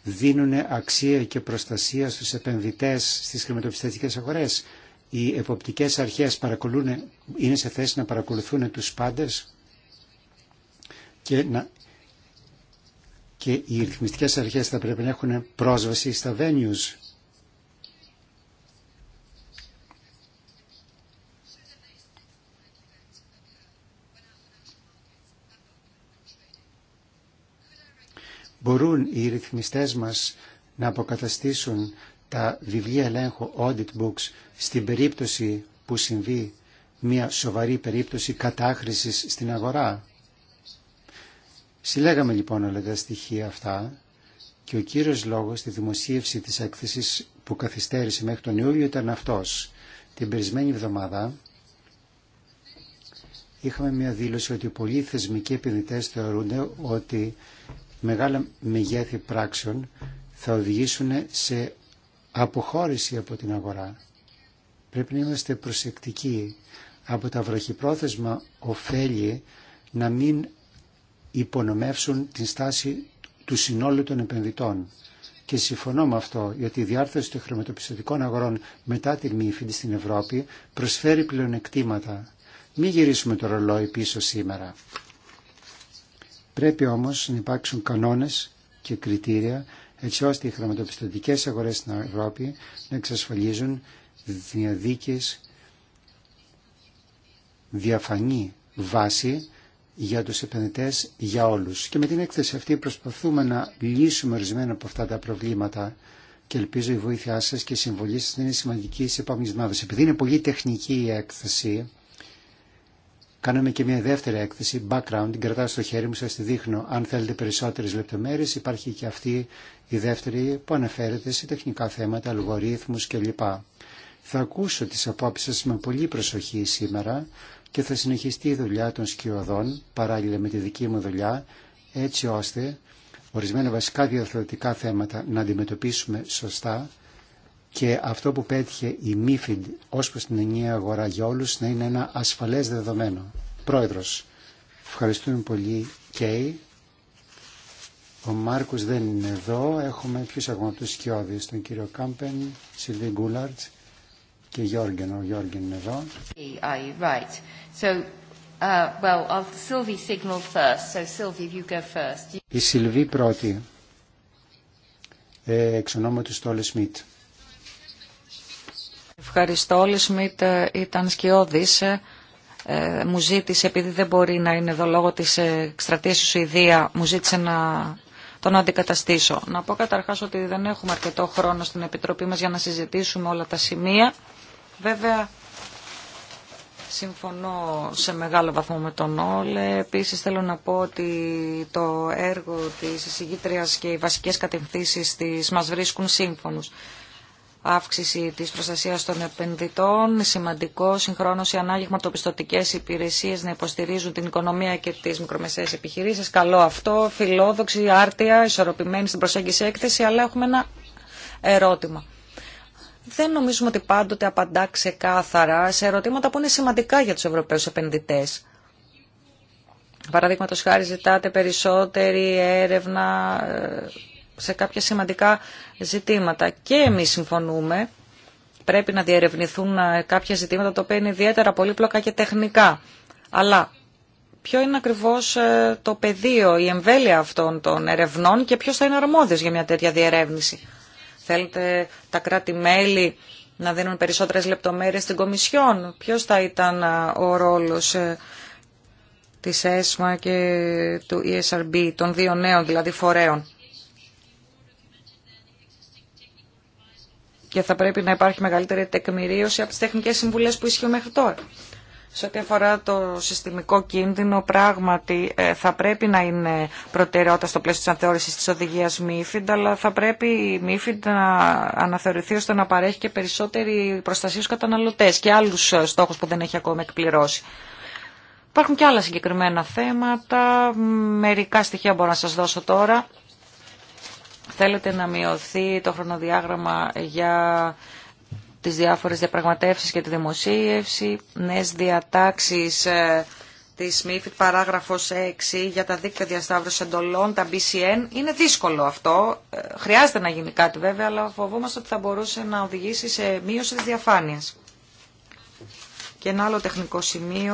Δίνουν αξία και προστασία στους επενδυτές στις χρηματοπιστωτικές αγορές. Οι εποπτικές αρχές παρακολούν, είναι σε θέση να παρακολουθούν τους πάντες και, να, και οι ρυθμιστικές αρχές θα πρέπει να έχουν πρόσβαση στα venues Μπορούν οι ρυθμιστές μας να αποκαταστήσουν τα βιβλία ελέγχου audit books στην περίπτωση που συμβεί μια σοβαρή περίπτωση κατάχρησης στην αγορά. Συλλέγαμε λοιπόν όλα τα στοιχεία αυτά και ο κύριος λόγος στη δημοσίευση της έκθεσης που καθυστέρησε μέχρι τον Ιούλιο ήταν αυτός. Την περισμένη εβδομάδα είχαμε μια δήλωση ότι πολλοί θεσμικοί επενδυτές θεωρούνται ότι μεγάλα μεγέθη πράξεων θα οδηγήσουν σε αποχώρηση από την αγορά. Πρέπει να είμαστε προσεκτικοί από τα βροχυπρόθεσμα ωφέλη να μην υπονομεύσουν την στάση του συνόλου των επενδυτών. Και συμφωνώ με αυτό, γιατί η διάρθρωση των χρηματοπιστωτικών αγορών μετά τη μύφη στην Ευρώπη προσφέρει πλεονεκτήματα. Μην γυρίσουμε το ρολόι πίσω σήμερα. Πρέπει όμως να υπάρξουν κανόνες και κριτήρια έτσι ώστε οι χρηματοπιστωτικές αγορές στην Ευρώπη να εξασφαλίζουν διαδίκες διαφανή βάση για τους επενδυτές, για όλους. Και με την έκθεση αυτή προσπαθούμε να λύσουμε ορισμένα από αυτά τα προβλήματα και ελπίζω η βοήθειά σας και η συμβολή σας να είναι σημαντική σε επόμενες Επειδή είναι πολύ τεχνική η έκθεση, Κάναμε και μια δεύτερη έκθεση, background, την κρατάω στο χέρι μου, σας τη δείχνω. Αν θέλετε περισσότερες λεπτομέρειες υπάρχει και αυτή η δεύτερη που αναφέρεται σε τεχνικά θέματα, αλγορίθμους κλπ. Θα ακούσω τις απόψεις σας με πολύ προσοχή σήμερα και θα συνεχιστεί η δουλειά των σκιωδών παράλληλα με τη δική μου δουλειά έτσι ώστε ορισμένα βασικά διαθροτικά θέματα να αντιμετωπίσουμε σωστά και αυτό που πέτυχε η MIFID ω προ την ενιαία αγορά για όλους να είναι ένα ασφαλές δεδομένο. Πρόεδρος, ευχαριστούμε πολύ Κέι. Ο Μάρκος δεν είναι εδώ. Έχουμε ποιους έχουμε από τους Τον κύριο Κάμπεν, Σιλβί Γκούλαρτ και Γιώργεν. Ο Γιώργεν είναι εδώ. Η Σιλβί πρώτη. Ε, εξ ονόματος Τόλε Σμιτ. Ευχαριστώ. Ο Σμιτ ε, ήταν σκιώδης. Ε, ε, μου ζήτησε, επειδή δεν μπορεί να είναι εδώ λόγω της ε, εκστρατείας στη Σουηδία, μου ζήτησε να τον αντικαταστήσω. Να πω καταρχάς ότι δεν έχουμε αρκετό χρόνο στην Επιτροπή μας για να συζητήσουμε όλα τα σημεία. Βέβαια, συμφωνώ σε μεγάλο βαθμό με τον Όλε. Επίσης θέλω να πω ότι το έργο της εισηγήτριας και οι βασικές κατευθύνσεις της μας βρίσκουν σύμφωνους αύξηση της προστασίας των επενδυτών, σημαντικό συγχρόνως οι των πιστοτικές υπηρεσίες να υποστηρίζουν την οικονομία και τις μικρομεσαίες επιχειρήσεις. Καλό αυτό, φιλόδοξη, άρτια, ισορροπημένη στην προσέγγιση έκθεση, αλλά έχουμε ένα ερώτημα. Δεν νομίζουμε ότι πάντοτε απαντά ξεκάθαρα σε ερωτήματα που είναι σημαντικά για τους Ευρωπαίους επενδυτές. Παραδείγματο χάρη ζητάτε περισσότερη έρευνα ε, σε κάποια σημαντικά ζητήματα. Και εμείς συμφωνούμε, πρέπει να διερευνηθούν ε, κάποια ζητήματα τα οποία είναι ιδιαίτερα πολύπλοκα και τεχνικά. Αλλά ποιο είναι ακριβώς ε, το πεδίο, η εμβέλεια αυτών των ερευνών και ποιος θα είναι αρμόδιος για μια τέτοια διερεύνηση. Θέλετε τα κράτη-μέλη να δίνουν περισσότερες λεπτομέρειες στην Κομισιόν. Ποιος θα ήταν ε, ο ρόλος της ΕΣΜΑ και του ESRB, των δύο νέων δηλαδή φορέων. και θα πρέπει να υπάρχει μεγαλύτερη τεκμηρίωση από τι τεχνικέ συμβουλέ που ισχύουν μέχρι τώρα. Σε ό,τι αφορά το συστημικό κίνδυνο, πράγματι ε, θα πρέπει να είναι προτεραιότητα στο πλαίσιο τη αναθεώρηση τη οδηγία MIFID, αλλά θα πρέπει η MIFID να αναθεωρηθεί ώστε να παρέχει και περισσότερη προστασία στου καταναλωτέ και άλλου ε, στόχου που δεν έχει ακόμα εκπληρώσει. Υπάρχουν και άλλα συγκεκριμένα θέματα, μερικά στοιχεία μπορώ να σα δώσω τώρα. Θέλετε να μειωθεί το χρονοδιάγραμμα για τις διάφορες διαπραγματεύσεις και τη δημοσίευση, νέες διατάξεις ε, της ΜΥΦΙΤ παράγραφος 6 για τα δίκτυα διασταύρωση εντολών, τα BCN. Είναι δύσκολο αυτό. Ε, χρειάζεται να γίνει κάτι βέβαια, αλλά φοβόμαστε ότι θα μπορούσε να οδηγήσει σε μείωση της διαφάνειας. Και ένα άλλο τεχνικό σημείο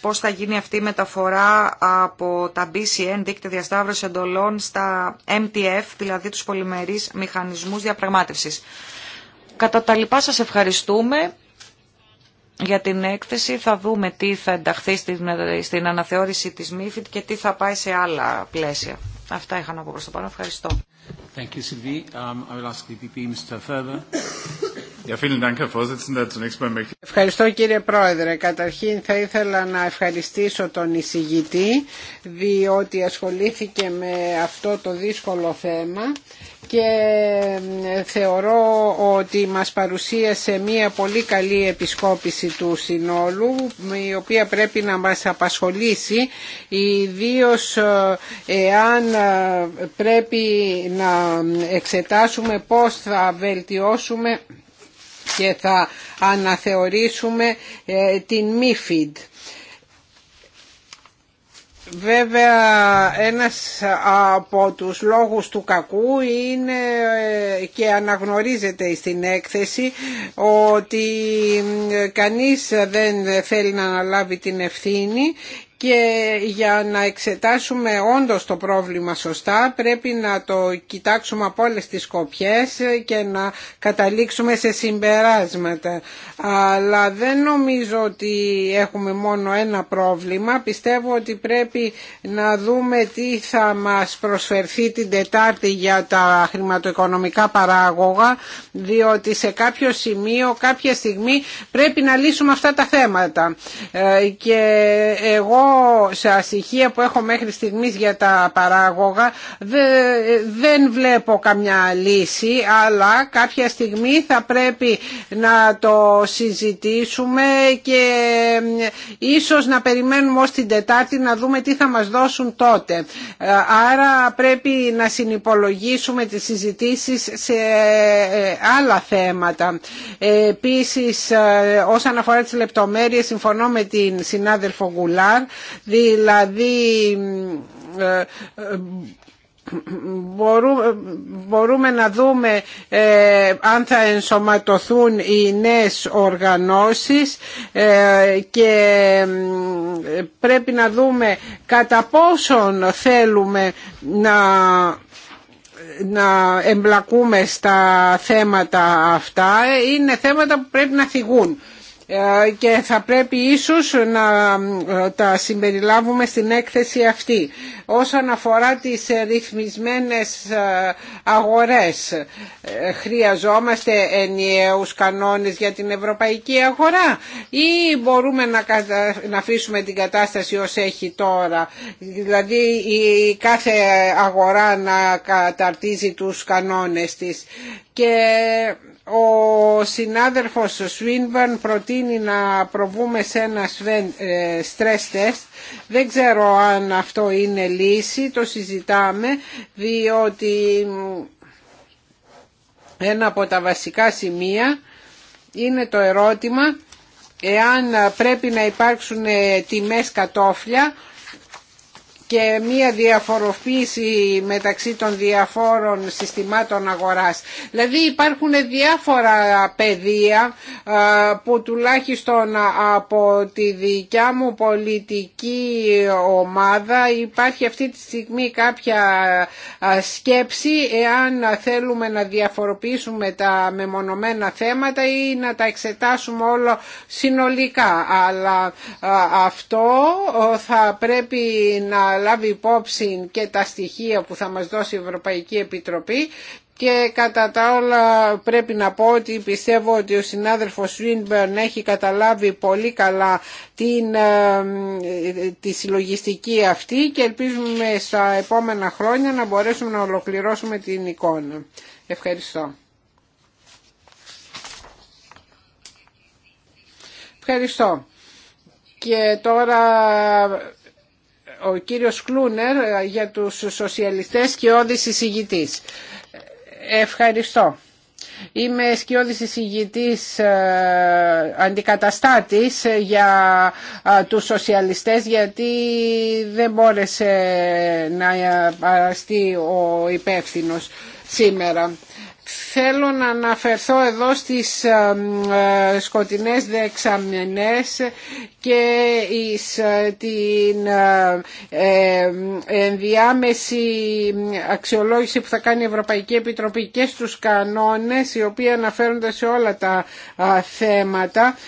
πώς θα γίνει αυτή η μεταφορά από τα BCN, δίκτυα διασταύρωση εντολών, στα MTF, δηλαδή τους πολυμερείς μηχανισμούς διαπραγμάτευσης. Κατά τα λοιπά σας ευχαριστούμε για την έκθεση. Θα δούμε τι θα ενταχθεί στην αναθεώρηση της MIFID και τι θα πάει σε άλλα πλαίσια. Αυτά είχα να πω προς το πάνω. Ευχαριστώ. Thank you, Sylvie. Um, I will ask the e Ευχαριστώ κύριε Πρόεδρε. Καταρχήν θα ήθελα να ευχαριστήσω τον εισηγητή διότι ασχολήθηκε με αυτό το δύσκολο θέμα και θεωρώ ότι μας παρουσίασε μία πολύ καλή επισκόπηση του συνόλου η οποία πρέπει να μας απασχολήσει ιδίω ε, εάν ε, πρέπει να εξετάσουμε πώς θα βελτιώσουμε και θα αναθεωρήσουμε ε, την Μίφιντ. Βέβαια ένας από τους λόγους του κακού είναι ε, και αναγνωρίζεται στην έκθεση ότι κανείς δεν θέλει να αναλάβει την ευθύνη και για να εξετάσουμε όντως το πρόβλημα σωστά πρέπει να το κοιτάξουμε από όλες τις κοπιές και να καταλήξουμε σε συμπεράσματα. Αλλά δεν νομίζω ότι έχουμε μόνο ένα πρόβλημα. Πιστεύω ότι πρέπει να δούμε τι θα μας προσφερθεί την Τετάρτη για τα χρηματοοικονομικά παράγωγα διότι σε κάποιο σημείο, κάποια στιγμή πρέπει να λύσουμε αυτά τα θέματα. Ε, και εγώ σε ασυχία που έχω μέχρι στιγμής για τα παράγωγα δεν βλέπω καμιά λύση αλλά κάποια στιγμή θα πρέπει να το συζητήσουμε και ίσως να περιμένουμε ως την Τετάρτη να δούμε τι θα μας δώσουν τότε. Ε, άρα πρέπει να συνυπολογίσουμε τις συζητήσεις σε ε, άλλα θέματα. Επίσης ε, όσον αφορά τις λεπτομέρειες συμφωνώ με την συνάδελφο Γουλάρ Δηλαδή ε, ε, Μπορούμε, μπορούμε να δούμε ε, αν θα ενσωματωθούν οι νέες οργανώσεις ε, και πρέπει να δούμε κατά πόσον θέλουμε να να εμπλακούμε στα θέματα αυτά. Είναι θέματα που πρέπει να θυγούν. Ε, και θα πρέπει ίσως να ε, τα συμπεριλάβουμε στην έκθεση αυτή. Όσον αφορά τις ρυθμισμένες ε, αγορές, χρειαζόμαστε ενιαίους κανόνες για την ευρωπαϊκή αγορά ή μπορούμε να αφήσουμε την κατάσταση ως έχει τώρα, δηλαδή η κάθε αγορά να καταρτίζει τους κανόνες της και ο συνάδελφος Σουίνβαν προτείνει να προβούμε σε ένα ε, stress test. Δεν ξέρω αν αυτό είναι λύση, το συζητάμε, διότι ένα από τα βασικά σημεία είναι το ερώτημα εάν πρέπει να υπάρξουν ε, τιμές κατόφλια και μία διαφοροποίηση μεταξύ των διαφόρων συστημάτων αγοράς. Δηλαδή υπάρχουν διάφορα πεδία που τουλάχιστον από τη δικιά μου πολιτική ομάδα υπάρχει αυτή τη στιγμή κάποια σκέψη εάν θέλουμε να διαφοροποιήσουμε τα μεμονωμένα θέματα ή να τα εξετάσουμε όλο συνολικά. Αλλά αυτό θα πρέπει να λάβει υπόψη και τα στοιχεία που θα μας δώσει η Ευρωπαϊκή Επιτροπή και κατά τα όλα πρέπει να πω ότι πιστεύω ότι ο συνάδελφος Σουίνμπερν έχει καταλάβει πολύ καλά την, ε, τη συλλογιστική αυτή και ελπίζουμε στα επόμενα χρόνια να μπορέσουμε να ολοκληρώσουμε την εικόνα. Ευχαριστώ. Ευχαριστώ. Και τώρα ο κύριος Κλούνερ ε, για τους σοσιαλιστές και όδης εισηγητής. Ευχαριστώ. Είμαι σκιώδης εισηγητής ε, αντικαταστάτης ε, για τους σοσιαλιστές γιατί δεν μπόρεσε να παραστεί ο υπεύθυνος σήμερα. Θέλω να αναφερθώ εδώ στις ε, ε, σκοτεινές δεξαμενές και ε, την ενδιάμεση αξιολόγηση που θα κάνει η Ευρωπαϊκή Επιτροπή και στους κανόνες οι οποίοι αναφέρονται σε όλα τα θέματα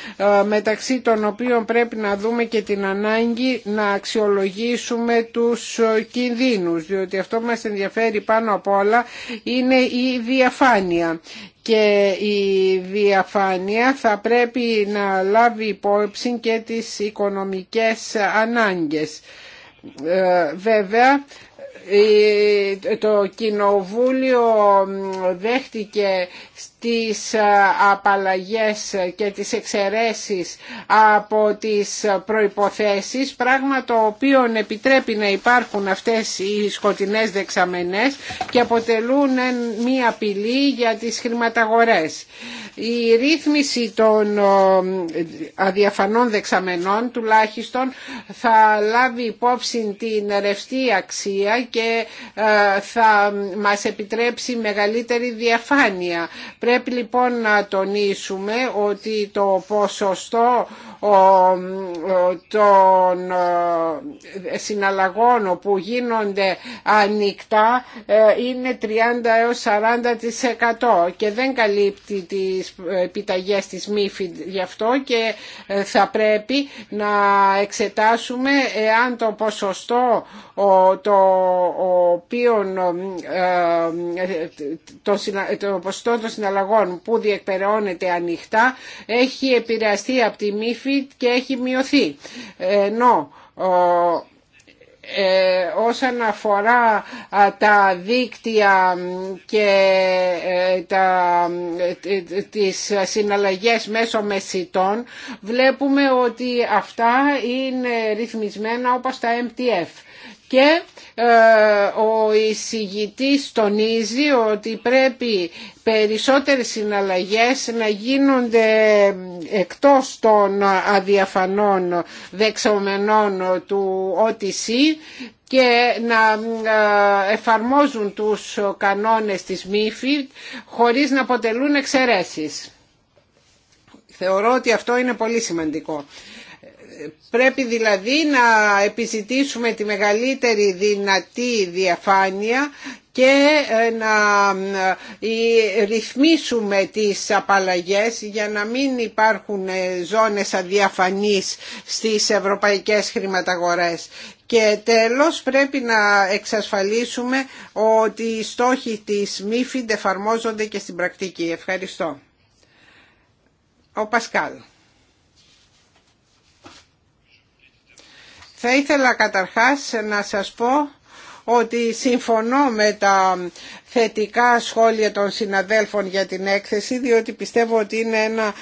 μεταξύ των οποίων πρέπει να δούμε και την ανάγκη να αξιολογήσουμε τους κινδύνους διότι αυτό μας ενδιαφέρει πάνω απ' όλα είναι η διαφάνεια και η διαφάνεια θα πρέπει να λάβει υπόψη και τις οικονομικές ανάγκες. Ε, βέβαια, το Κοινοβούλιο δέχτηκε τις ε, απαλλαγές και τις εξαιρέσεις από τις προϋποθέσεις, πράγμα το οποίο επιτρέπει να υπάρχουν αυτές οι σκοτεινές δεξαμενές και αποτελούν μία απειλή για τις χρηματαγορές. Η ρύθμιση των ε, αδιαφανών δεξαμενών τουλάχιστον θα λάβει υπόψη την ρευστή αξία και ε, θα μας επιτρέψει μεγαλύτερη διαφάνεια. Πρέπει λοιπόν να τονίσουμε ότι το ποσοστό των συναλλαγών που γίνονται ανοιχτά ε, είναι 30 έως 40% και δεν καλύπτει τις επιταγές της ΜΥΦΗ γι' αυτό και ε, θα πρέπει να εξετάσουμε εάν το ποσοστό το οποίο ε, το, το ποσοστό των συναλλαγών που διεκπεραιώνεται ανοιχτά έχει επηρεαστεί από τη μύφη και έχει μειωθεί. Ενώ ε, όσον αφορά τα δίκτυα και ε, τα, ε, τις συναλλαγές μέσω μεσητών βλέπουμε ότι αυτά είναι ρυθμισμένα όπως τα MTF και ε, ο εισηγητής τονίζει ότι πρέπει περισσότερες συναλλαγές να γίνονται εκτός των αδιαφανών δεξαμενών του OTC και να ε, εφαρμόζουν τους κανόνες της MIFID χωρίς να αποτελούν εξαιρέσεις. Θεωρώ ότι αυτό είναι πολύ σημαντικό. Πρέπει δηλαδή να επιζητήσουμε τη μεγαλύτερη δυνατή διαφάνεια και ε, να ε, ρυθμίσουμε τις απαλλαγές για να μην υπάρχουν ε, ζώνες αδιαφανείς στις ευρωπαϊκές χρηματαγορές. Και τέλος πρέπει να εξασφαλίσουμε ότι οι στόχοι της ΜΥΦΙΝΤ εφαρμόζονται και στην πρακτική. Ευχαριστώ. Ο Πασκάλ. Θα ήθελα καταρχάς να σας πω ότι συμφωνώ με τα θετικά σχόλια των συναδέλφων για την έκθεση διότι πιστεύω ότι είναι ένα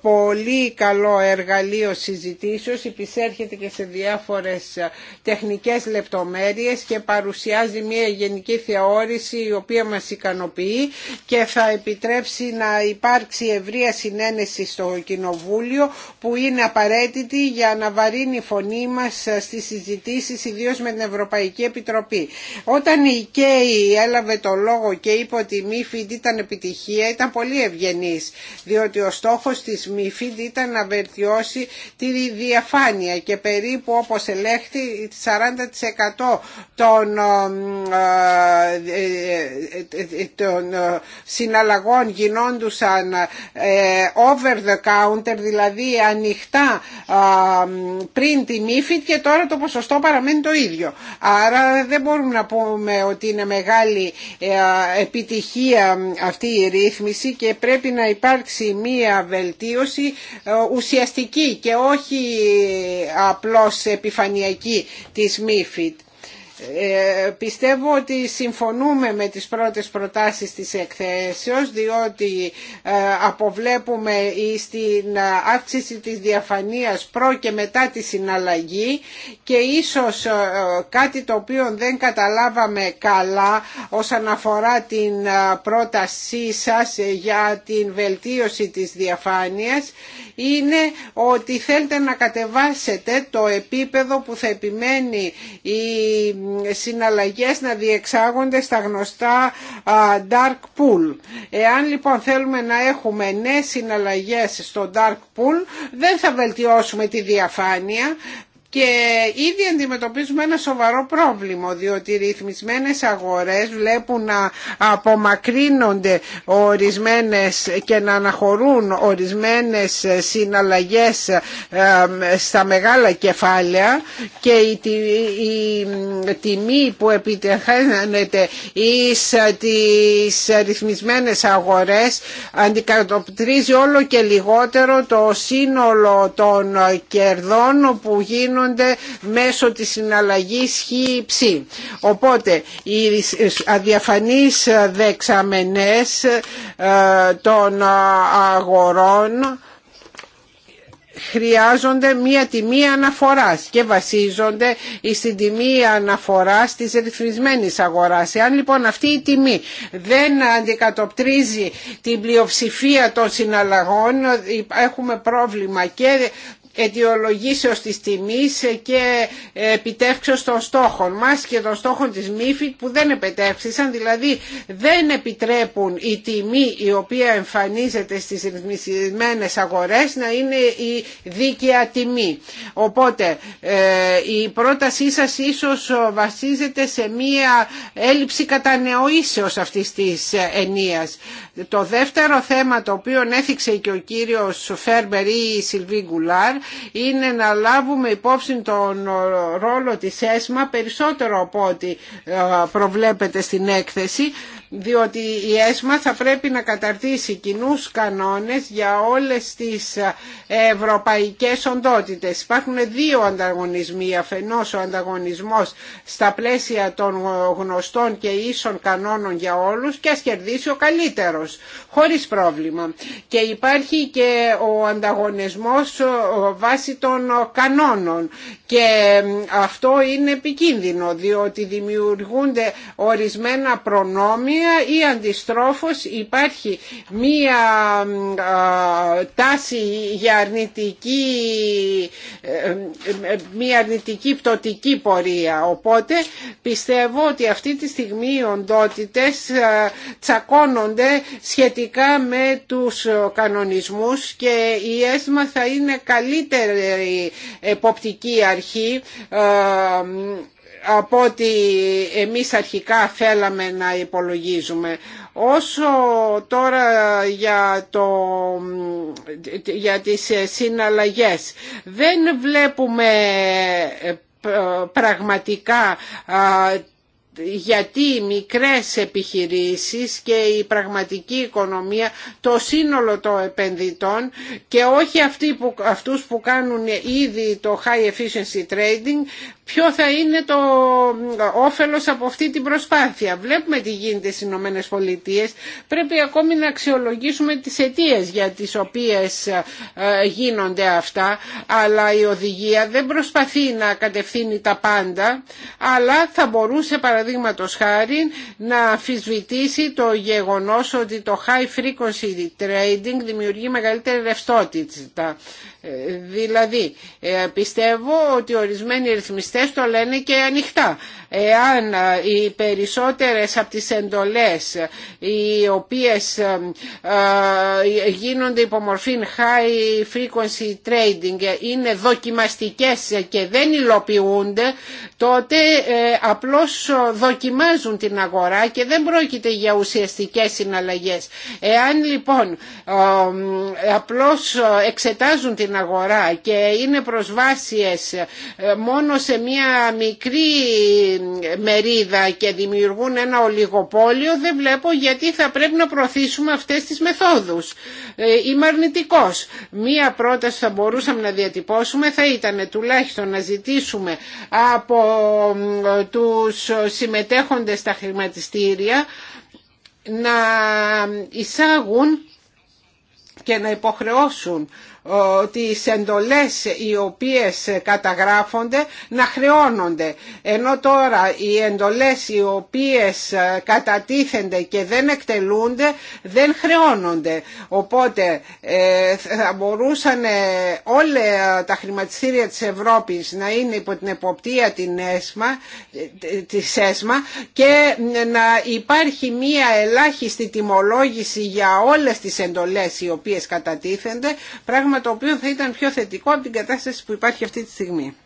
πολύ καλό εργαλείο συζητήσεως υπησέρχεται και σε διάφορες τεχνικές λεπτομέρειες και παρουσιάζει μια γενική θεώρηση η οποία μας ικανοποιεί και θα επιτρέψει να υπάρξει ευρεία συνένεση στο Κοινοβούλιο που είναι απαραίτητη για να βαρύνει η φωνή μας στις συζητήσεις ιδίως με την Ευρωπαϊκή Επιτροπή. Όταν η ΚΕΙ έλαβε το λόγο και είπε ότι η MIFID ήταν επιτυχία ήταν πολύ ευγενής διότι ο στόχος της MIFID ήταν να βελτιώσει τη διαφάνεια και περίπου όπως ελέγχθη 40% των, ε, ε, ε, των συναλλαγών γινόντουσαν over the counter δηλαδή ανοιχτά πριν τη MIFID και τώρα το ποσοστό παραμένει το ίδιο. Άρα δεν μπορούμε να πούμε ότι είναι μεγάλη ε, επιτυχία αυτή η ρύθμιση και πρέπει να υπάρξει μία βελτίωση ε, ουσιαστική και όχι απλώς επιφανειακή της ΜΥΦΙΤ. Ε, πιστεύω ότι συμφωνούμε με τις πρώτες προτάσεις της εκθέσεως διότι ε, αποβλέπουμε στην αύξηση της διαφανείας προ και μετά τη συναλλαγή και ίσως ε, κάτι το οποίο δεν καταλάβαμε καλά όσον αφορά την πρότασή σας για την βελτίωση της διαφάνειας είναι ότι θέλετε να κατεβάσετε το επίπεδο που θα επιμένει η συναλλαγές να διεξάγονται στα γνωστά dark pool. Εάν λοιπόν θέλουμε να έχουμε νέες συναλλαγές στο dark pool δεν θα βελτιώσουμε τη διαφάνεια, και ήδη αντιμετωπίζουμε ένα σοβαρό πρόβλημα διότι οι ρυθμισμένες αγορές βλέπουν να απομακρύνονται ορισμένες και να αναχωρούν ορισμένες συναλλαγές στα μεγάλα κεφάλαια και η, τιμή που επιτεχάνεται εις τις ρυθμισμένες αγορές αντικατοπτρίζει όλο και λιγότερο το σύνολο των κερδών που γίνονται μέσω της συναλλαγής χ Οπότε οι αδιαφανείς δεξαμενές ε, των αγορών χρειάζονται μία τιμή αναφοράς και βασίζονται στην τιμή αναφοράς της ρυθμισμένης αγοράς. Εάν λοιπόν αυτή η τιμή δεν αντικατοπτρίζει την πλειοψηφία των συναλλαγών ε, έχουμε πρόβλημα και αιτιολογήσεως της τιμής και επιτεύξεως των στόχων μας και των στόχων της MIFID που δεν επιτεύξησαν, δηλαδή δεν επιτρέπουν η τιμή η οποία εμφανίζεται στις ρυθμισμένες αγορές να είναι η δίκαια τιμή. Οπότε ε, η πρότασή σας ίσως βασίζεται σε μία έλλειψη κατανεωήσεως αυτής της ενίας. Το δεύτερο θέμα το οποίο έθιξε και ο κύριος Φέρμπερ ή η η σιλβη Γκουλάρ είναι να λάβουμε υπόψη τον ε, ρόλο της ΕΣΜΑ περισσότερο από ό,τι ε, προβλέπεται στην έκθεση διότι η ΕΣΜΑ θα πρέπει να καταρτήσει κοινούς κανόνες για όλες τις ευρωπαϊκές οντότητες. Υπάρχουν δύο ανταγωνισμοί, αφενός ο ανταγωνισμός στα πλαίσια των γνωστών και ίσων κανόνων για όλους και ας κερδίσει ο καλύτερος, χωρίς πρόβλημα. Και υπάρχει και ο ανταγωνισμός βάσει των κανόνων και αυτό είναι επικίνδυνο διότι δημιουργούνται ορισμένα προνόμια ή αντιστρόφως υπάρχει μία τάση για αρνητική, ε, ε, μία αρνητική πτωτική πορεία. Οπότε πιστεύω ότι αυτή τη στιγμή οι οντότητες ε, τσακώνονται σχετικά με τους κανονισμούς και η ΕΣΜΑ θα είναι καλύτερη εποπτική αρχή από ό,τι εμείς αρχικά θέλαμε να υπολογίζουμε. Όσο τώρα για, το, για τις συναλλαγές δεν βλέπουμε πραγματικά γιατί οι μικρές επιχειρήσεις και η πραγματική οικονομία, το σύνολο των επενδυτών και όχι αυτοί αυτούς που κάνουν ήδη το high efficiency trading ποιο θα είναι το όφελος από αυτή την προσπάθεια. Βλέπουμε τι γίνεται στις Ηνωμένε Πολιτείε. Πρέπει ακόμη να αξιολογήσουμε τις αιτίε για τις οποίες ε, γίνονται αυτά, αλλά η οδηγία δεν προσπαθεί να κατευθύνει τα πάντα, αλλά θα μπορούσε παραδείγματο χάρη να αφισβητήσει το γεγονός ότι το high frequency trading δημιουργεί μεγαλύτερη ρευστότητα. Ε, δηλαδή, ε, πιστεύω ότι ορισμένοι ρυθμιστές το λένε και ανοιχτά. Εάν ε, οι περισσότερες από τις εντολές οι οποίες ε, ε, γίνονται υπομορφήν high frequency trading είναι δοκιμαστικές και δεν υλοποιούνται τότε απλώς δοκιμάζουν την αγορά και δεν πρόκειται για ουσιαστικές συναλλαγές. Εάν λοιπόν απλώς εξετάζουν την αγορά και είναι προσβάσιες μόνο σε μια μικρή μερίδα και δημιουργούν ένα ολιγοπόλιο δεν βλέπω γιατί θα πρέπει να προωθήσουμε αυτές τις μεθόδους. Ε, είμαι αρνητικό. Μία πρόταση θα μπορούσαμε να διατυπώσουμε θα ήταν τουλάχιστον να ζητήσουμε από τους συμμετέχοντες στα χρηματιστήρια να εισάγουν και να υποχρεώσουν τις εντολές οι οποίες καταγράφονται να χρεώνονται. Ενώ τώρα οι εντολές οι οποίες κατατίθενται και δεν εκτελούνται δεν χρεώνονται. Οπότε ε, θα μπορούσαν ε, όλα τα χρηματιστήρια της Ευρώπης να είναι υπό την εποπτεία της ΕΣΜΑ και να υπάρχει μία ελάχιστη τιμολόγηση για όλες τις εντολές οι οποίες κατατίθενται, πράγμα το οποίο θα ήταν πιο θετικό από την κατάσταση που υπάρχει αυτή τη στιγμή.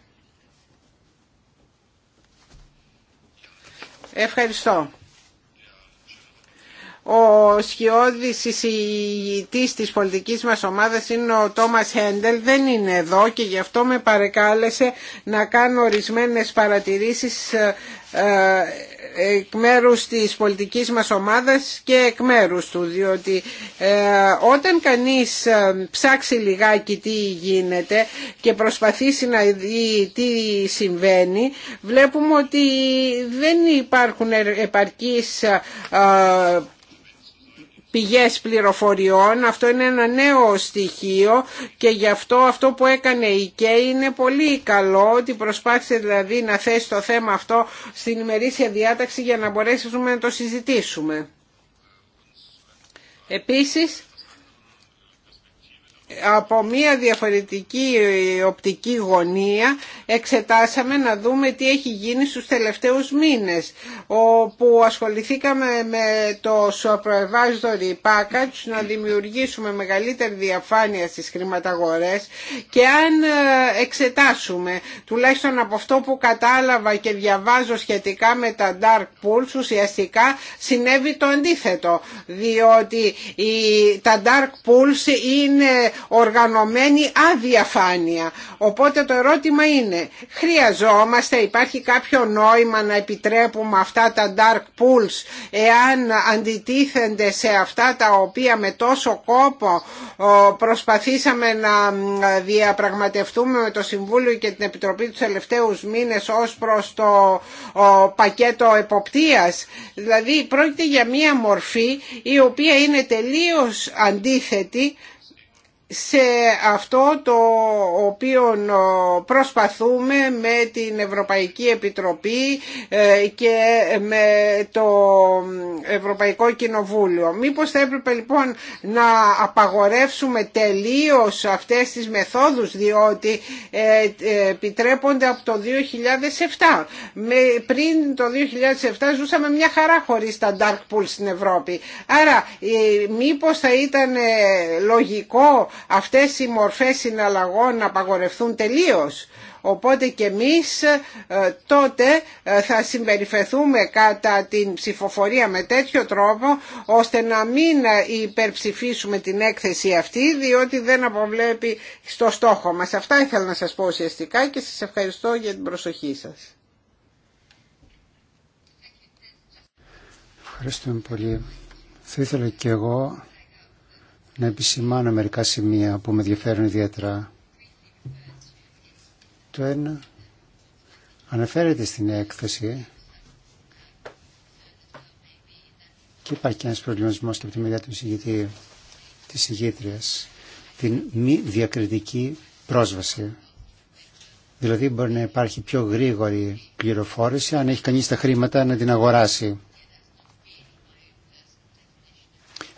Ευχαριστώ. Ο σχιώδης εισηγητής της πολιτικής μας ομάδας είναι ο Τόμας Χέντελ, δεν είναι εδώ και γι' αυτό με παρεκάλεσε να κάνω ορισμένες παρατηρήσεις ε, ε, εκ μέρους της πολιτικής μας ομάδας και εκ μέρους του διότι ε, όταν κανείς ψάξει λιγάκι τι γίνεται και προσπαθήσει να δει τι συμβαίνει βλέπουμε ότι δεν υπάρχουν επαρκείς πηγές πληροφοριών. Αυτό είναι ένα νέο στοιχείο και γι' αυτό αυτό που έκανε η ΚΕΙ είναι πολύ καλό ότι προσπάθησε δηλαδή να θέσει το θέμα αυτό στην ημερήσια διάταξη για να μπορέσουμε να το συζητήσουμε. Επίσης, από μια διαφορετική οπτική γωνία εξετάσαμε να δούμε τι έχει γίνει στους τελευταίους μήνες όπου ασχοληθήκαμε με το Σοπροεβάζδορη package να δημιουργήσουμε μεγαλύτερη διαφάνεια στις χρηματαγορές και αν ε, εξετάσουμε τουλάχιστον από αυτό που κατάλαβα και διαβάζω σχετικά με τα dark pools ουσιαστικά συνέβη το αντίθετο διότι τα dark pools είναι οργανωμένη αδιαφάνεια. Οπότε το ερώτημα είναι, χρειαζόμαστε, υπάρχει κάποιο νόημα να επιτρέπουμε αυτά τα dark pools εάν αντιτίθενται σε αυτά τα οποία με τόσο κόπο προσπαθήσαμε να διαπραγματευτούμε με το Συμβούλιο και την Επιτροπή τους τελευταίους μήνες ως προς το πακέτο εποπτείας. Δηλαδή πρόκειται για μία μορφή η οποία είναι τελείως αντίθετη σε αυτό το οποίο ε, προσπαθούμε με την Ευρωπαϊκή Επιτροπή ε, και με το Ευρωπαϊκό Κοινοβούλιο. Μήπως θα έπρεπε λοιπόν να απαγορεύσουμε τελείως αυτές τις μεθόδους διότι ε, επιτρέπονται από το 2007. Πριν το 2007 ζούσαμε μια χαρά χωρίς τα dark pools στην Ευρώπη. Άρα μήπως θα ήταν λογικό αυτές οι μορφές συναλλαγών να απαγορευτούν τελείως. Οπότε και εμείς ε, τότε ε, θα συμπεριφεθούμε κατά την ψηφοφορία με τέτοιο τρόπο ώστε να μην ε, υπερψηφίσουμε την έκθεση αυτή διότι δεν αποβλέπει στο στόχο μας. Αυτά ήθελα να σας πω ουσιαστικά και σας ευχαριστώ για την προσοχή σας. Ευχαριστούμε πολύ. Θα ήθελα και εγώ να επισημάνω μερικά σημεία που με ενδιαφέρουν ιδιαίτερα. Το ένα αναφέρεται στην έκθεση και υπάρχει ένα ένας και από τη μεριά του συγγητή, της συγγήτριας, την μη διακριτική πρόσβαση. Δηλαδή μπορεί να υπάρχει πιο γρήγορη πληροφόρηση αν έχει κανείς τα χρήματα να την αγοράσει.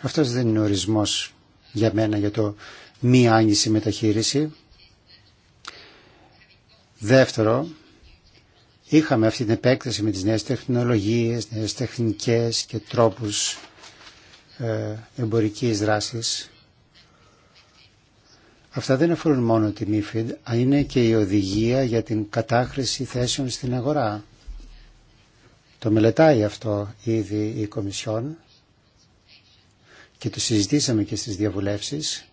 Αυτός δεν είναι ο ορισμός για μένα για το μη άνηση μεταχείριση. Δεύτερο, είχαμε αυτή την επέκταση με τις νέες τεχνολογίες, νέες τεχνικές και τρόπους ε, εμπορικής δράσης. Αυτά δεν αφορούν μόνο τη MIFID, αλλά είναι και η οδηγία για την κατάχρηση θέσεων στην αγορά. Το μελετάει αυτό ήδη η Κομισιόν και το συζητήσαμε και στις διαβουλεύσεις,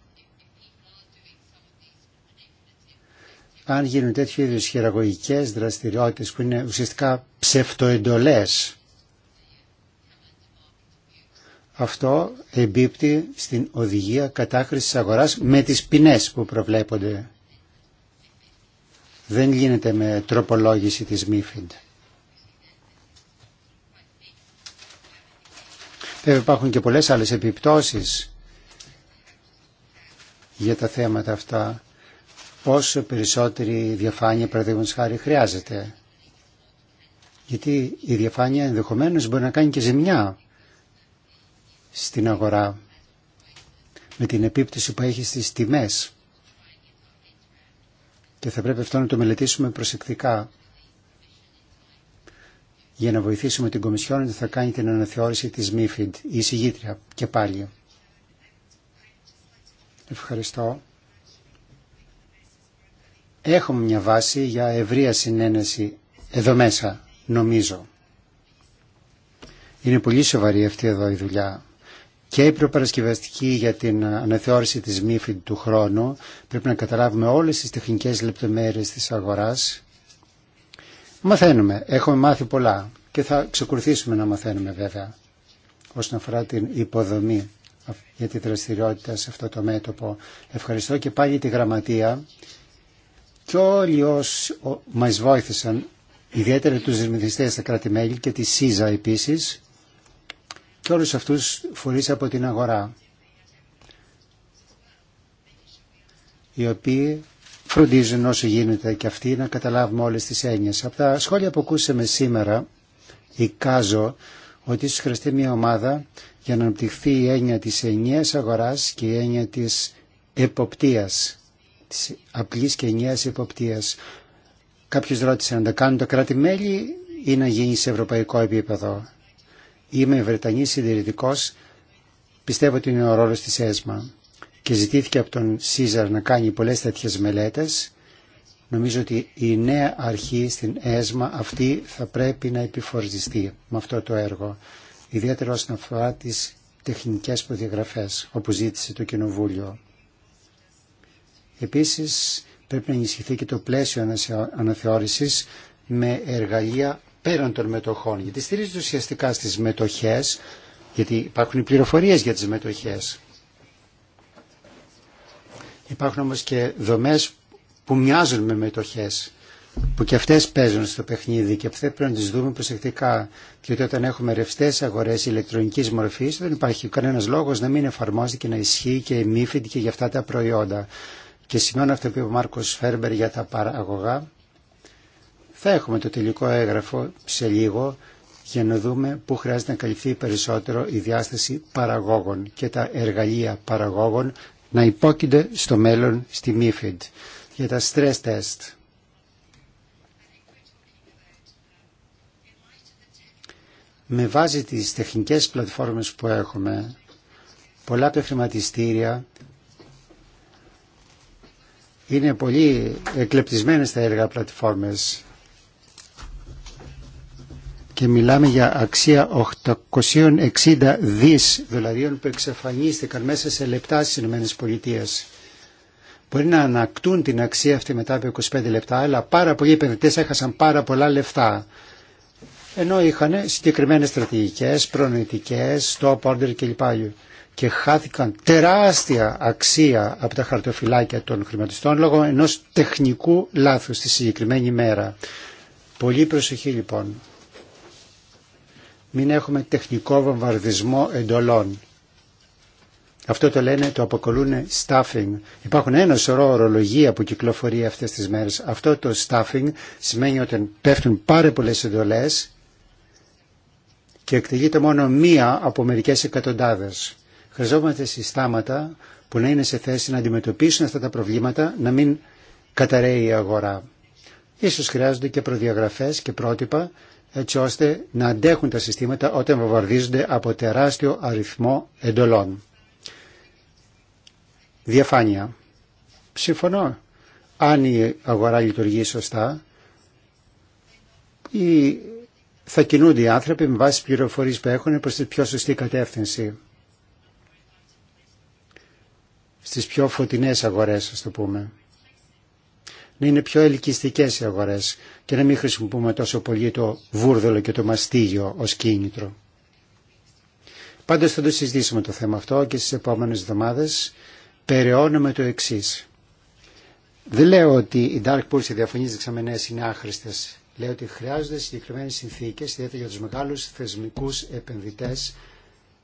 αν γίνουν τέτοιου είδους χειραγωγικές δραστηριότητες που είναι ουσιαστικά ψευτοεντολές, αυτό εμπίπτει στην οδηγία κατάχρησης αγοράς με τις ποινές που προβλέπονται. Δεν γίνεται με τροπολόγηση της MIFID. Βέβαια ε, υπάρχουν και πολλές άλλες επιπτώσεις για τα θέματα αυτά. Πόσο περισσότερη διαφάνεια, παραδείγματο χάρη, χρειάζεται. Γιατί η διαφάνεια ενδεχομένως μπορεί να κάνει και ζημιά στην αγορά με την επίπτωση που έχει στις τιμές. Και θα πρέπει αυτό να το μελετήσουμε προσεκτικά για να βοηθήσουμε την Κομισιόν ότι θα κάνει την αναθεώρηση της MIFID, η εισηγήτρια και πάλι. Ευχαριστώ. Έχουμε μια βάση για ευρεία συνένεση εδώ μέσα, νομίζω. Είναι πολύ σοβαρή αυτή εδώ η δουλειά. Και η προπαρασκευαστική για την αναθεώρηση της MIFID του χρόνου πρέπει να καταλάβουμε όλες τις τεχνικές λεπτομέρειες της αγοράς Μαθαίνουμε, έχουμε μάθει πολλά και θα ξεκουρθήσουμε να μαθαίνουμε βέβαια όσον αφορά την υποδομή για τη δραστηριότητα σε αυτό το μέτωπο. Ευχαριστώ και πάλι τη γραμματεία και όλοι όσοι μας βοήθησαν, ιδιαίτερα τους ρυθμιστές στα κράτη-μέλη και τη ΣΥΖΑ επίσης και όλους αυτούς φορείς από την αγορά οι οποίοι φροντίζουν όσο γίνεται και αυτοί να καταλάβουμε όλες τις έννοιες. Από τα σχόλια που ακούσαμε σήμερα, εικάζω ότι ίσως χρειαστεί μια ομάδα για να αναπτυχθεί η έννοια της ενιαίας αγοράς και η έννοια της εποπτείας, της απλής και ενιαίας εποπτείας. Κάποιος ρώτησε να τα κάνουν το κράτη-μέλη ή να γίνει σε ευρωπαϊκό επίπεδο. Είμαι Βρετανής συντηρητικός, πιστεύω ότι είναι ο ρόλος της ΕΣΜΑ και ζητήθηκε από τον Σίζαρ να κάνει πολλές τέτοιες μελέτες, νομίζω ότι η νέα αρχή στην ΕΣΜΑ αυτή θα πρέπει να επιφορτιστεί με αυτό το έργο, ιδιαίτερα όσον αφορά τις τεχνικές προδιαγραφές, όπου ζήτησε το Κοινοβούλιο. Επίσης, πρέπει να ενισχυθεί και το πλαίσιο αναθεώρησης με εργαλεία πέραν των μετοχών, γιατί στηρίζεται ουσιαστικά στις μετοχές, γιατί υπάρχουν οι πληροφορίες για τις μετοχές. Υπάρχουν όμως και δομές που μοιάζουν με μετοχές που και αυτές παίζουν στο παιχνίδι και αυτές πρέπει να τις δούμε προσεκτικά διότι όταν έχουμε ρευστέ αγορές ηλεκτρονικής μορφής δεν υπάρχει κανένας λόγος να μην εφαρμόζεται και να ισχύει και η και για αυτά τα προϊόντα και σημαίνω αυτό που είπε ο Μάρκος Φέρμπερ για τα παραγωγά θα έχουμε το τελικό έγγραφο σε λίγο για να δούμε πού χρειάζεται να καλυφθεί περισσότερο η διάσταση παραγόγων και τα εργαλεία παραγόγων να υπόκεινται στο μέλλον στη MIFID για τα stress test. Με βάση τις τεχνικές πλατφόρμες που έχουμε, πολλά από χρηματιστήρια είναι πολύ εκλεπτισμένες τα έργα πλατφόρμες και μιλάμε για αξία 860 δις δολαρίων δηλαδή που εξαφανίστηκαν μέσα σε λεπτά στις Πολιτείες. Μπορεί να ανακτούν την αξία αυτή μετά από 25 λεπτά, αλλά πάρα πολλοί επενδυτές έχασαν πάρα πολλά λεφτά. Ενώ είχαν συγκεκριμένες στρατηγικές, προνοητικές, stop order κλπ. Και χάθηκαν τεράστια αξία από τα χαρτοφυλάκια των χρηματιστών λόγω ενός τεχνικού λάθους στη συγκεκριμένη μέρα. Πολύ προσοχή λοιπόν μην έχουμε τεχνικό βομβαρδισμό εντολών. Αυτό το λένε, το αποκολούν staffing. Υπάρχουν ένα σωρό ορολογία που κυκλοφορεί αυτές τις μέρες. Αυτό το staffing σημαίνει ότι πέφτουν πάρα πολλέ εντολές και εκτελείται μόνο μία από μερικές εκατοντάδες. Χρειαζόμαστε συστάματα που να είναι σε θέση να αντιμετωπίσουν αυτά τα προβλήματα, να μην καταραίει η αγορά. Ίσως χρειάζονται και προδιαγραφές και πρότυπα έτσι ώστε να αντέχουν τα συστήματα όταν βομβαρδίζονται από τεράστιο αριθμό εντολών. Διαφάνεια. Συμφωνώ. Αν η αγορά λειτουργεί σωστά, θα κινούνται οι άνθρωποι με βάση πληροφορίες που έχουν προς τη πιο σωστή κατεύθυνση. Στις πιο φωτεινές αγορές, ας το πούμε. Να είναι πιο ελκυστικές οι αγορές και να μην χρησιμοποιούμε τόσο πολύ το βούρδολο και το μαστίγιο ως κίνητρο. Πάντως θα το συζητήσουμε το θέμα αυτό και στις επόμενες εβδομάδες περαιώνουμε το εξή. Δεν λέω ότι οι dark pools, οι διαφωνίες δεξαμενές είναι άχρηστες. Λέω ότι χρειάζονται συγκεκριμένες συνθήκες, ιδιαίτερα για τους μεγάλους θεσμικούς επενδυτές,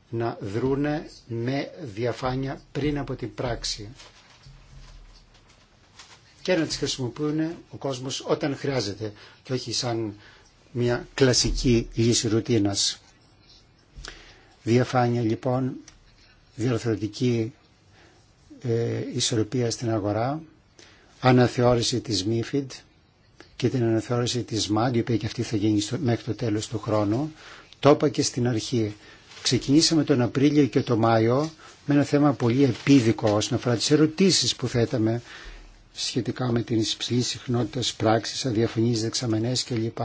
να δρούνε με διαφάνεια πριν από την πράξη και να τις χρησιμοποιούν ο κόσμος όταν χρειάζεται και όχι σαν μια κλασική λύση ρουτίνας. Διαφάνεια λοιπόν, διορθωτική ε, ισορροπία στην αγορά, αναθεώρηση της MIFID και την αναθεώρηση της MAD, η οποία και αυτή θα γίνει στο, μέχρι το τέλος του χρόνου. Το είπα και στην αρχή. Ξεκινήσαμε τον Απρίλιο και τον Μάιο με ένα θέμα πολύ επίδικο όσον αφορά τις ερωτήσεις που θέταμε σχετικά με την υψηλή συχνότητα πράξης, αδιαφωνίες δεξαμενές κλπ.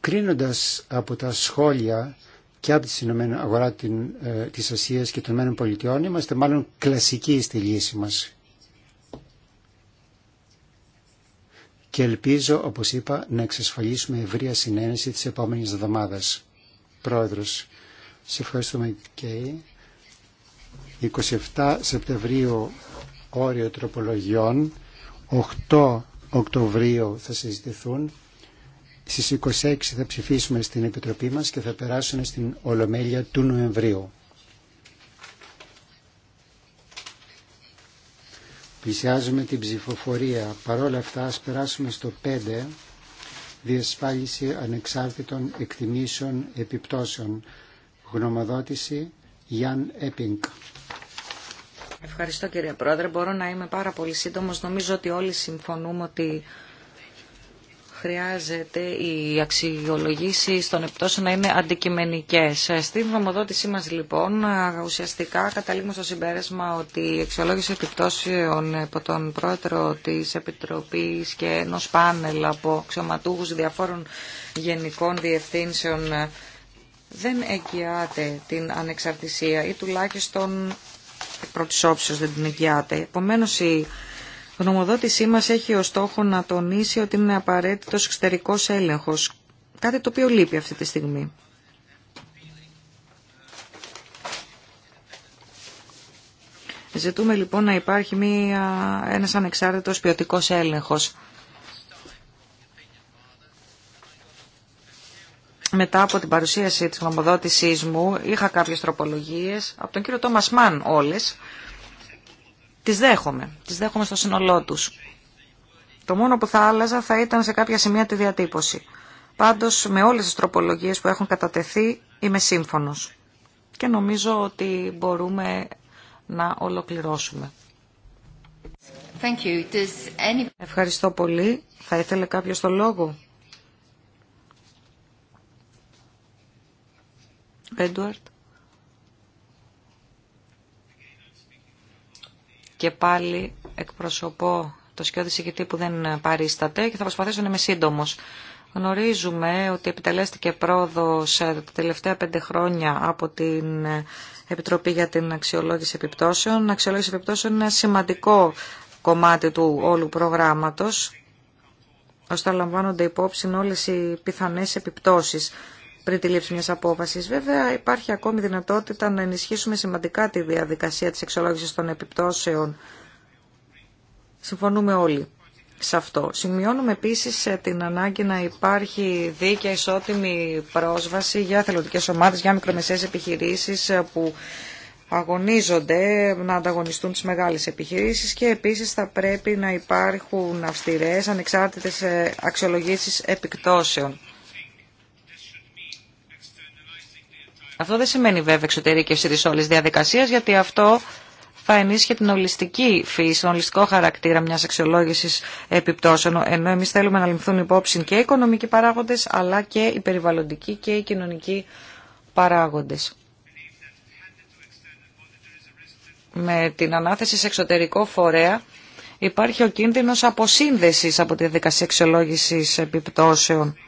Κρίνοντας από τα σχόλια και από την αγορά ε, της Ασίας και των Πολιτειών είμαστε μάλλον κλασικοί στη λύση μας. Και ελπίζω, όπως είπα, να εξασφαλίσουμε ευρεία συνένεση της επόμενης εβδομάδας. Πρόεδρος, σε ευχαριστούμε και 27 Σεπτεμβρίου όριο τροπολογιών. 8 Οκτωβρίου θα συζητηθούν. Στις 26 θα ψηφίσουμε στην Επιτροπή μας και θα περάσουν στην Ολομέλεια του Νοεμβρίου. Πλησιάζουμε την ψηφοφορία. Παρόλα αυτά ας περάσουμε στο 5 διασφάλιση ανεξάρτητων εκτιμήσεων επιπτώσεων. Γνωμοδότηση Γιάνν Έπινγκ. Ευχαριστώ κύριε Πρόεδρε. Μπορώ να είμαι πάρα πολύ σύντομος. Νομίζω ότι όλοι συμφωνούμε ότι χρειάζεται οι αξιολογήσει των επιπτώσεων να είναι αντικειμενικέ. Στην γνωμοδότησή μα, λοιπόν, ουσιαστικά καταλήγουμε στο συμπέρασμα ότι η αξιολόγηση επιπτώσεων από τον πρόεδρο τη Επιτροπή και ενό πάνελ από αξιωματούχου διαφόρων γενικών διευθύνσεων δεν εγγυάται την ανεξαρτησία ή τουλάχιστον πρώτης όψης δεν την εγγυάται. Επομένω η γνωμοδότησή μα έχει ως στόχο να τονίσει ότι είναι απαραίτητος εξωτερικό έλεγχος, κάτι το οποίο λείπει αυτή τη στιγμή. Ζητούμε λοιπόν να υπάρχει μία, ένας ανεξάρτητος ποιοτικός έλεγχος μετά από την παρουσίαση της γνωμοδότησής μου είχα κάποιες τροπολογίες, από τον κύριο Τόμας Μαν όλες, τις δέχομαι, τις δέχομαι στο σύνολό τους. Το μόνο που θα άλλαζα θα ήταν σε κάποια σημεία τη διατύπωση. Πάντως με όλες τις τροπολογίες που έχουν κατατεθεί είμαι σύμφωνος και νομίζω ότι μπορούμε να ολοκληρώσουμε. Ευχαριστώ πολύ. Θα ήθελε κάποιος το λόγο. Έντουαρτ. Και πάλι εκπροσωπώ το σκιώδη συγκητή που δεν παρίσταται και θα προσπαθήσω να είμαι σύντομο. Γνωρίζουμε ότι επιτελέστηκε πρόοδος τα τελευταία πέντε χρόνια από την Επιτροπή για την Αξιολόγηση Επιπτώσεων. Αξιολόγηση Επιπτώσεων είναι ένα σημαντικό κομμάτι του όλου προγράμματος, ώστε να λαμβάνονται υπόψη όλες οι πιθανές επιπτώσεις πριν τη λήψη μια απόφαση, Βέβαια υπάρχει ακόμη δυνατότητα να ενισχύσουμε σημαντικά τη διαδικασία τη εξολόγησης των επιπτώσεων. Συμφωνούμε όλοι σε αυτό. Σημειώνουμε επίση ε, την ανάγκη να υπάρχει δίκαια ισότιμη πρόσβαση για θελοντικέ ομάδε, για μικρομεσαίες επιχειρήσει ε, που αγωνίζονται να ανταγωνιστούν τις μεγάλες επιχειρήσεις και επίσης θα πρέπει να υπάρχουν αυστηρές, ανεξάρτητες ε, αξιολογήσεις επιπτώσεων. Αυτό δεν σημαίνει βέβαια εξωτερική τη όλη διαδικασία, γιατί αυτό θα ενίσχυε την ολιστική φύση, τον ολιστικό χαρακτήρα μια αξιολόγηση επιπτώσεων, ενώ εμεί θέλουμε να ληφθούν υπόψη και οι οικονομικοί παράγοντε, αλλά και οι περιβαλλοντικοί και οι κοινωνικοί παράγοντε. Με την ανάθεση σε εξωτερικό φορέα υπάρχει ο κίνδυνος αποσύνδεσης από τη διαδικασία αξιολόγηση επιπτώσεων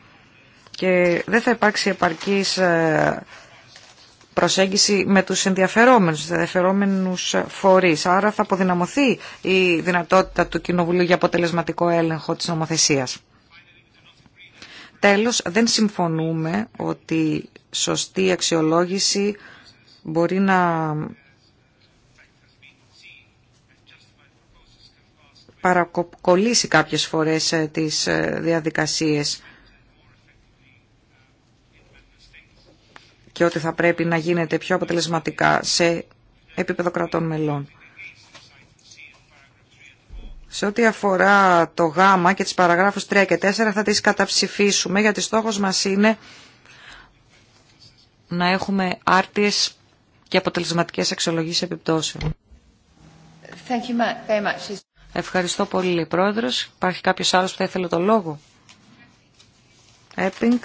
και δεν θα υπάρξει επαρκής ε, προσέγγιση με τους ενδιαφερόμενους, τους ενδιαφερόμενους φορείς. Άρα θα αποδυναμωθεί η δυνατότητα του Κοινοβουλίου για αποτελεσματικό έλεγχο της νομοθεσίας. Τέλος, δεν συμφωνούμε ότι σωστή αξιολόγηση μπορεί να παρακολλήσει κάποιες φορές ε, τις ε, διαδικασίες και ότι θα πρέπει να γίνεται πιο αποτελεσματικά σε επίπεδο κρατών μελών. Σε ό,τι αφορά το γάμα και τις παραγράφους 3 και 4 θα τις καταψηφίσουμε γιατί στόχος μας είναι να έχουμε άρτιες και αποτελεσματικές αξιολογήσεις επιπτώσεων. Thank you very much. Ευχαριστώ πολύ, Πρόεδρος. Υπάρχει κάποιος άλλος που θα ήθελε το λόγο. Έπινγκ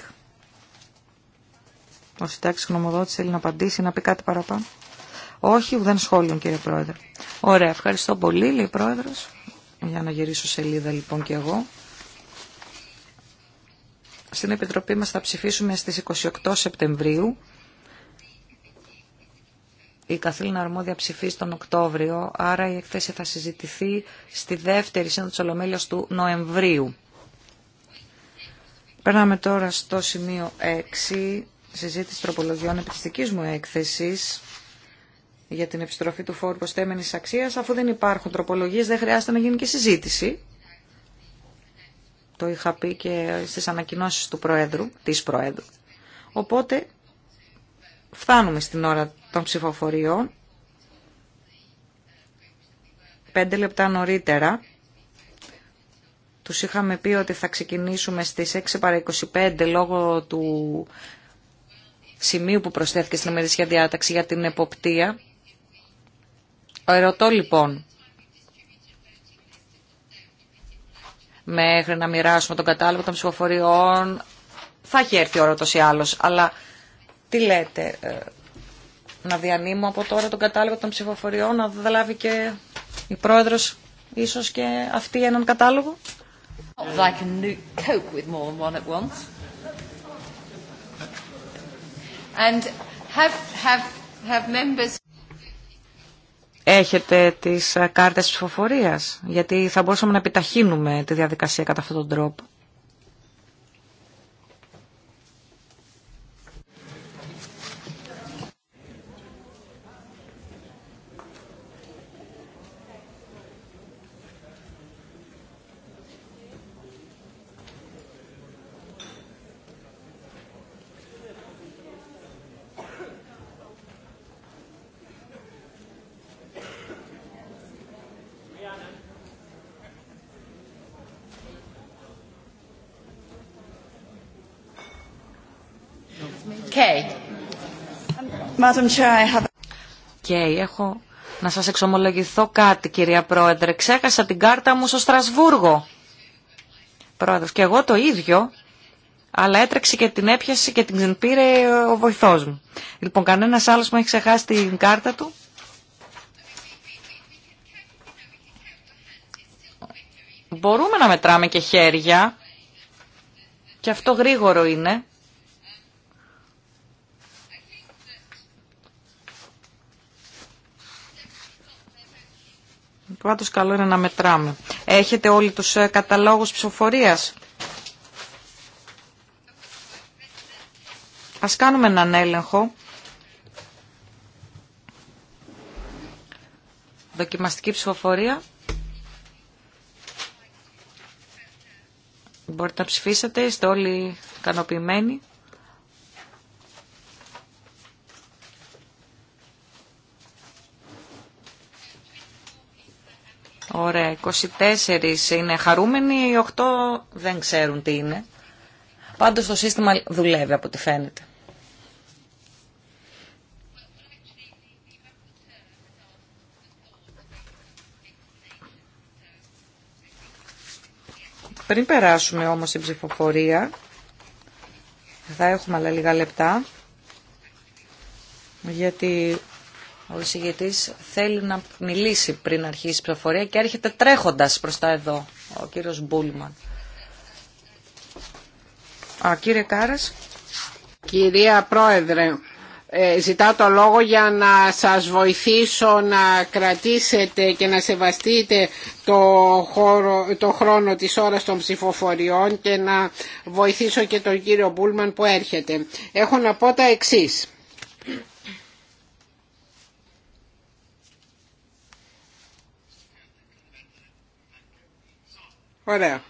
ο συντάξη γνωμοδότη θέλει να απαντήσει, να πει κάτι παραπάνω. Όχι, δεν σχόλιο κύριε Πρόεδρε. Ωραία, ευχαριστώ πολύ, λέει Πρόεδρο. Για να γυρίσω σελίδα λοιπόν και εγώ. Στην Επιτροπή μας θα ψηφίσουμε στις 28 Σεπτεμβρίου. Η Καθήλυνα Αρμόδια ψηφίσει τον Οκτώβριο, άρα η εκθέση θα συζητηθεί στη δεύτερη σύνοδο της Ολομέλειας του Νοεμβρίου. Περνάμε τώρα στο σημείο 6 συζήτηση τροπολογιών επιστικής μου έκθεσης για την επιστροφή του φόρου προστέμενης αξίας. Αφού δεν υπάρχουν τροπολογίες δεν χρειάζεται να γίνει και συζήτηση. Το είχα πει και στις ανακοινώσεις του Προέδρου, της Προέδρου. Οπότε φτάνουμε στην ώρα των ψηφοφοριών. Πέντε λεπτά νωρίτερα τους είχαμε πει ότι θα ξεκινήσουμε στις 6 παρα 25 λόγω του σημείου που προσθέθηκε στην ημερήσια διάταξη για την εποπτεία. Ερωτώ λοιπόν, μέχρι να μοιράσουμε τον κατάλογο των ψηφοφοριών, θα έχει έρθει ρώτο ή άλλος αλλά τι λέτε, ε, να διανύμω από τώρα τον κατάλογο των ψηφοφοριών, να δεν και η πρόεδρος ίσως και αυτή έναν κατάλογο. And have, have, have members... Έχετε τις ε, κάρτες ψηφοφορίας, γιατί θα μπορούσαμε να επιταχύνουμε τη διαδικασία κατά αυτόν τον τρόπο. Και έχω να σας εξομολογηθώ κάτι κυρία Πρόεδρε. Ξέχασα την κάρτα μου στο Στρασβούργο. Πρόεδρος, και εγώ το ίδιο, αλλά έτρεξε και την έπιασε και την πήρε ο βοηθός μου. Λοιπόν, κανένας άλλος που έχει ξεχάσει την κάρτα του. Μπορούμε να μετράμε και χέρια. Και αυτό γρήγορο είναι. Πάντως καλό είναι να μετράμε. Έχετε όλοι τους ε, καταλόγους ψηφοφορίας. Ας κάνουμε έναν έλεγχο. Δοκιμαστική ψηφοφορία. Μπορείτε να ψηφίσετε, είστε όλοι ικανοποιημένοι. Ωραία, 24 είναι χαρούμενοι, οι 8 δεν ξέρουν τι είναι. Πάντως το σύστημα δουλεύει από ό,τι φαίνεται. Πριν περάσουμε όμως στην ψηφοφορία, θα έχουμε άλλα λίγα λεπτά, γιατί ο εισηγητή θέλει να μιλήσει πριν αρχίσει η ψηφοφορία και έρχεται τρέχοντα προς τα εδώ ο κύριο Μπούλμαν. Α, κύριε Κάρα. Κυρία Πρόεδρε, ε, ζητάω το λόγο για να σας βοηθήσω να κρατήσετε και να σεβαστείτε το, το χρόνο της ώρας των ψηφοφοριών και να βοηθήσω και τον κύριο Μπούλμαν που έρχεται. Έχω να πω τα εξής. Ωραία.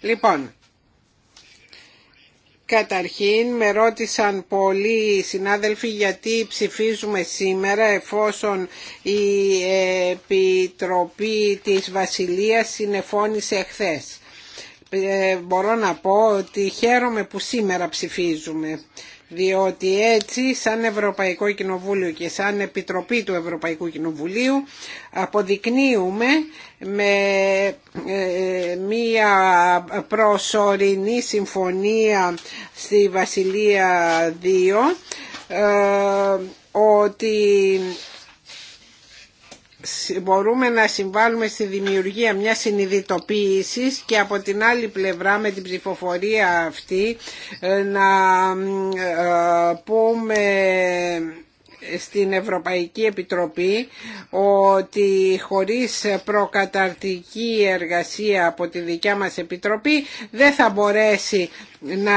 Λοιπόν, Καταρχήν με ρώτησαν πολλοί συνάδελφοι γιατί ψηφίζουμε σήμερα εφόσον η Επιτροπή της Βασιλείας συνεφώνησε εχθές. Ε, μπορώ να πω ότι χαίρομαι που σήμερα ψηφίζουμε διότι έτσι σαν Ευρωπαϊκό Κοινοβούλιο και σαν Επιτροπή του Ευρωπαϊκού Κοινοβουλίου αποδεικνύουμε με ε, μία προσωρινή συμφωνία στη Βασιλεία 2 ε, ότι μπορούμε να συμβάλλουμε στη δημιουργία μιας συνειδητοποίηση και από την άλλη πλευρά με την ψηφοφορία αυτή ε, να ε, ε, πούμε στην Ευρωπαϊκή Επιτροπή ότι χωρίς προκαταρτική εργασία από τη δικιά μας Επιτροπή δεν θα μπορέσει να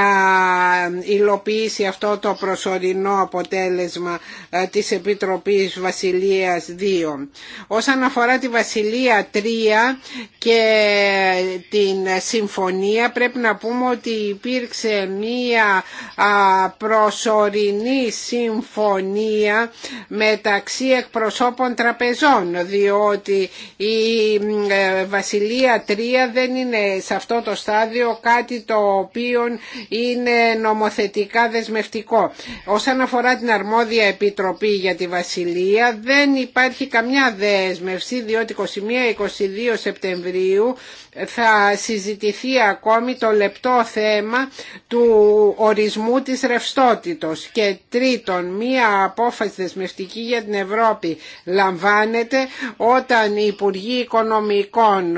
υλοποιήσει αυτό το προσωρινό αποτέλεσμα ε, της Επιτροπής Βασιλείας 2. Όσον αφορά τη Βασιλεία 3 και την συμφωνία πρέπει να πούμε ότι υπήρξε μία προσωρινή συμφωνία μεταξύ εκπροσώπων τραπεζών διότι η ε, Βασιλεία 3 δεν είναι σε αυτό το στάδιο κάτι το οποίο είναι νομοθετικά δεσμευτικό. Όσον αφορά την αρμόδια επιτροπή για τη Βασιλεία δεν υπάρχει καμιά δέσμευση διότι 21-22 Σεπτεμβρίου θα συζητηθεί ακόμη το λεπτό θέμα του ορισμού της ρευστότητος και τρίτον μία απόφαση δεσμευτική για την Ευρώπη λαμβάνεται όταν οι Υπουργοί Οικονομικών,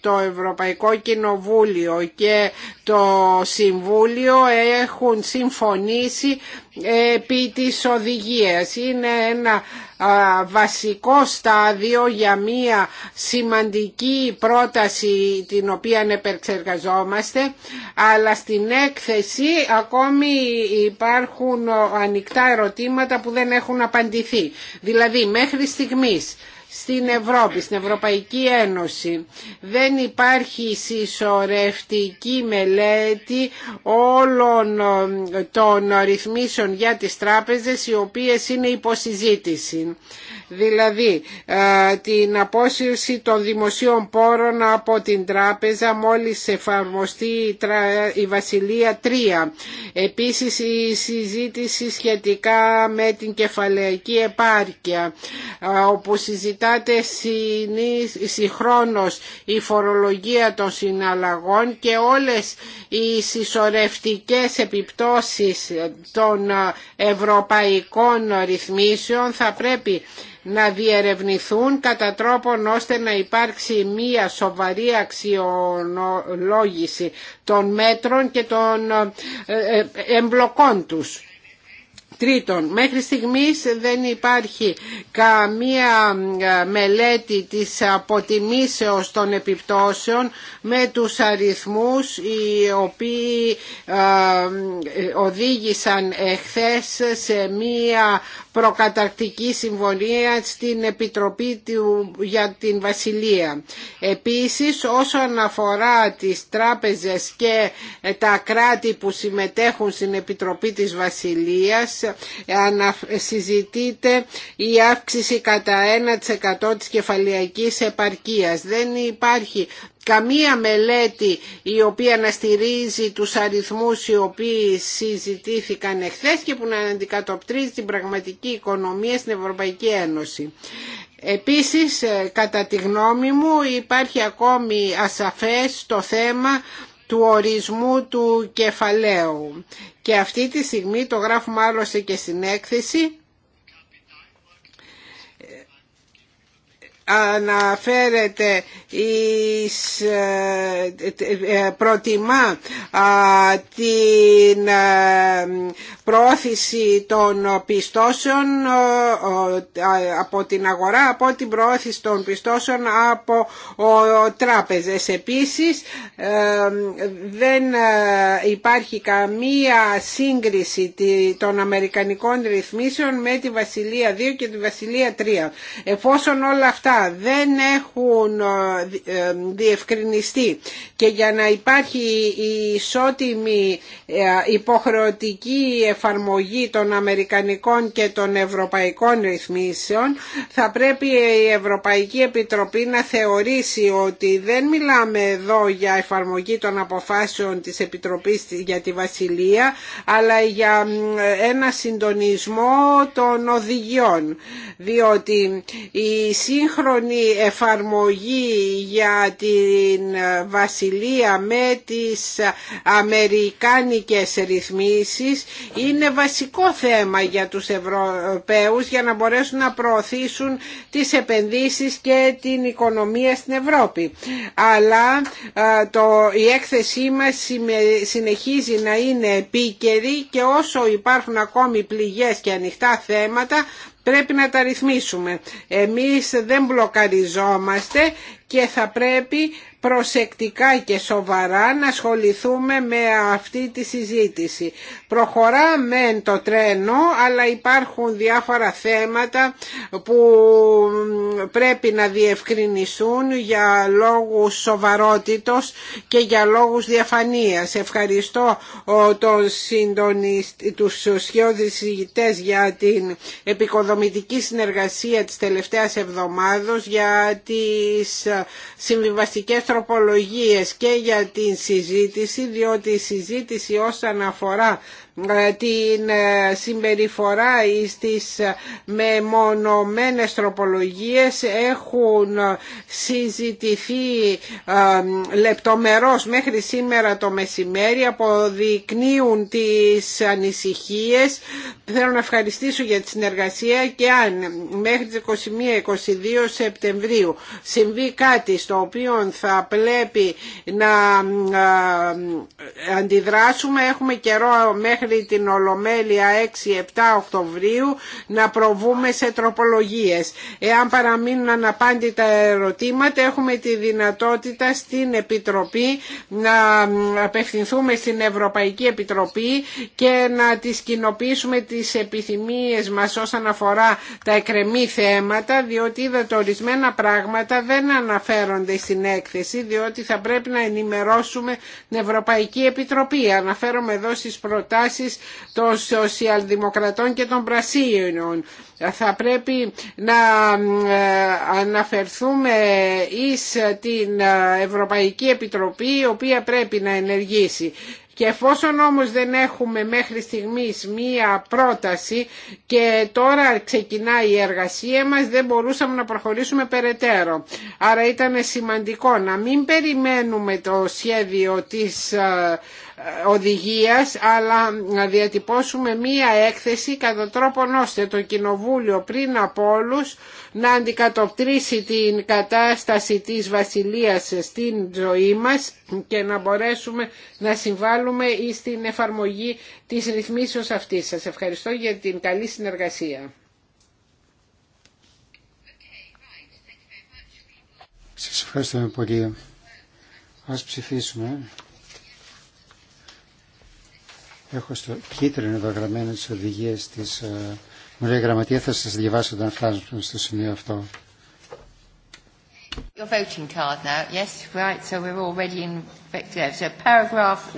το Ευρωπαϊκό Κοινοβούλιο και το Συμβούλιο έχουν συμφωνήσει επί της οδηγίας. Είναι ένα βασικό στάδιο για μία σημαντική πρόταση την οποία επεξεργαζόμαστε αλλά στην έκθεση ακόμη υπάρχουν ανοιχτά ερωτήματα που δεν έχουν απαντηθεί. Δηλαδή μέχρι στιγμής στην Ευρώπη, στην Ευρωπαϊκή Ένωση. Δεν υπάρχει συσσωρευτική μελέτη όλων ε, των ρυθμίσεων για τις τράπεζες οι οποίες είναι υποσυζήτηση δηλαδή ε, την απόσυρση των δημοσίων πόρων από την τράπεζα μόλις εφαρμοστεί η Βασιλεία 3. Επίσης η συζήτηση σχετικά με την κεφαλαϊκή επάρκεια ε, όπου συζητάται συγχρόνως η φορολογία των συναλλαγών και όλες οι συσσωρευτικές επιπτώσεις των ε, ευρωπαϊκών ρυθμίσεων θα πρέπει να διερευνηθούν κατά τρόπον ώστε να υπάρξει μία σοβαρή αξιολόγηση των μέτρων και των ε, ε, εμπλοκών τους. Τρίτον, μέχρι στιγμής δεν υπάρχει καμία ε, μελέτη της αποτιμήσεως των επιπτώσεων με τους αριθμούς οι οποίοι οδήγησαν εχθές σε μία προκαταρκτική συμβολία στην Επιτροπή για την Βασιλεία. Επίσης όσον αφορά τις τράπεζες και ε, τα κράτη που συμμετέχουν στην Επιτροπή της Βασιλείας συζητείται η αύξηση κατά 1% της κεφαλιακής επαρκίας. Δεν υπάρχει καμία μελέτη η οποία να στηρίζει τους αριθμούς οι οποίοι συζητήθηκαν εχθές και που να αντικατοπτρίζει την πραγματική οικονομία στην Ευρωπαϊκή Ένωση. Επίσης, ε, κατά τη γνώμη μου, υπάρχει ακόμη ασαφές το θέμα του ορισμού του κεφαλαίου. Και αυτή τη στιγμή, το γράφουμε άλλωστε και στην έκθεση, αναφέρεται εις, ε, ε, προτιμά την ε, προώθηση των πιστώσεων από την αγορά από την προώθηση των πιστώσεων από τράπεζες. Επίσης δεν υπάρχει καμία σύγκριση των Αμερικανικών ρυθμίσεων με τη Βασιλεία 2 και τη Βασιλεία 3. Εφόσον όλα αυτά δεν έχουν ε, ε, διευκρινιστεί και για να υπάρχει η ισότιμη ε, υποχρεωτική εφαρμογή των Αμερικανικών και των Ευρωπαϊκών ρυθμίσεων θα πρέπει η Ευρωπαϊκή Επιτροπή να θεωρήσει ότι δεν μιλάμε εδώ για εφαρμογή των αποφάσεων της Επιτροπής για τη Βασιλεία αλλά για ένα συντονισμό των οδηγιών διότι η σύγχρονη σύγχρονη εφαρμογή για την Βασιλεία με τις αμερικάνικες ρυθμίσεις είναι βασικό θέμα για τους Ευρωπαίους για να μπορέσουν να προωθήσουν τις επενδύσεις και την οικονομία στην Ευρώπη. Αλλά το, η έκθεσή μας συνεχίζει να είναι επίκαιρη και όσο υπάρχουν ακόμη πληγές και ανοιχτά θέματα πρέπει να τα ρυθμίσουμε. Εμείς δεν μπλοκαριζόμαστε και θα πρέπει προσεκτικά και σοβαρά να ασχοληθούμε με αυτή τη συζήτηση. Προχωράμε το τρένο, αλλά υπάρχουν διάφορα θέματα που πρέπει να διευκρινιστούν για λόγους σοβαρότητος και για λόγους διαφανείας. Ευχαριστώ τον τους σχεδιστές για την επικοδομητική συνεργασία της τελευταίας εβδομάδος, για τις συμβιβαστικές τροπολογίες και για την συζήτηση διότι η συζήτηση όσον αφορά ε, την ε, συμπεριφορά στις ε, μεμονωμένες τροπολογίες έχουν συζητηθεί λεπτομερώς μέχρι σήμερα το μεσημέρι αποδεικνύουν τις ανησυχίες θέλω να ευχαριστήσω για τη συνεργασία και αν μέχρι τις 21-22 Σεπτεμβρίου συμβεί κάτι στο οποίο θα πρέπει να αντιδράσουμε έχουμε καιρό μέχρι μέχρι την Ολομέλεια 6-7 Οκτωβρίου να προβούμε σε τροπολογίες. Εάν παραμείνουν αναπάντητα ερωτήματα έχουμε τη δυνατότητα στην Επιτροπή να απευθυνθούμε στην Ευρωπαϊκή Επιτροπή και να τις κοινοποιήσουμε τις επιθυμίες μας όσον αφορά τα εκρεμή θέματα διότι είδατε ορισμένα πράγματα δεν αναφέρονται στην έκθεση διότι θα πρέπει να ενημερώσουμε την Ευρωπαϊκή Επιτροπή. Αναφέρομαι εδώ στις προτάσεις των σοσιαλδημοκρατών και των πρασίνων. Θα πρέπει να ε, αναφερθούμε εις την Ευρωπαϊκή Επιτροπή η οποία πρέπει να ενεργήσει. Και εφόσον όμως δεν έχουμε μέχρι στιγμής μία πρόταση και τώρα ξεκινά η εργασία μας δεν μπορούσαμε να προχωρήσουμε περαιτέρω. Άρα ήταν σημαντικό να μην περιμένουμε το σχέδιο της ε, ε, οδηγίας αλλά να διατυπώσουμε μία έκθεση κατά τρόπον ώστε το Κοινοβούλιο πριν από όλους να αντικατοπτρίσει την κατάσταση της Βασιλείας στην ζωή μας και να μπορέσουμε να συμβάλλουμε στην εφαρμογή της ρυθμίσεως αυτής. Σας ευχαριστώ για την καλή συνεργασία. Σας ευχαριστούμε πολύ. Ας ψηφίσουμε. Έχω στο κίτρινο εδώ γραμμένο τις οδηγίες της... Ε, Μου λέει γραμματεία, θα σα διαβάσω όταν φτάσουμε στο σημείο αυτό. Your card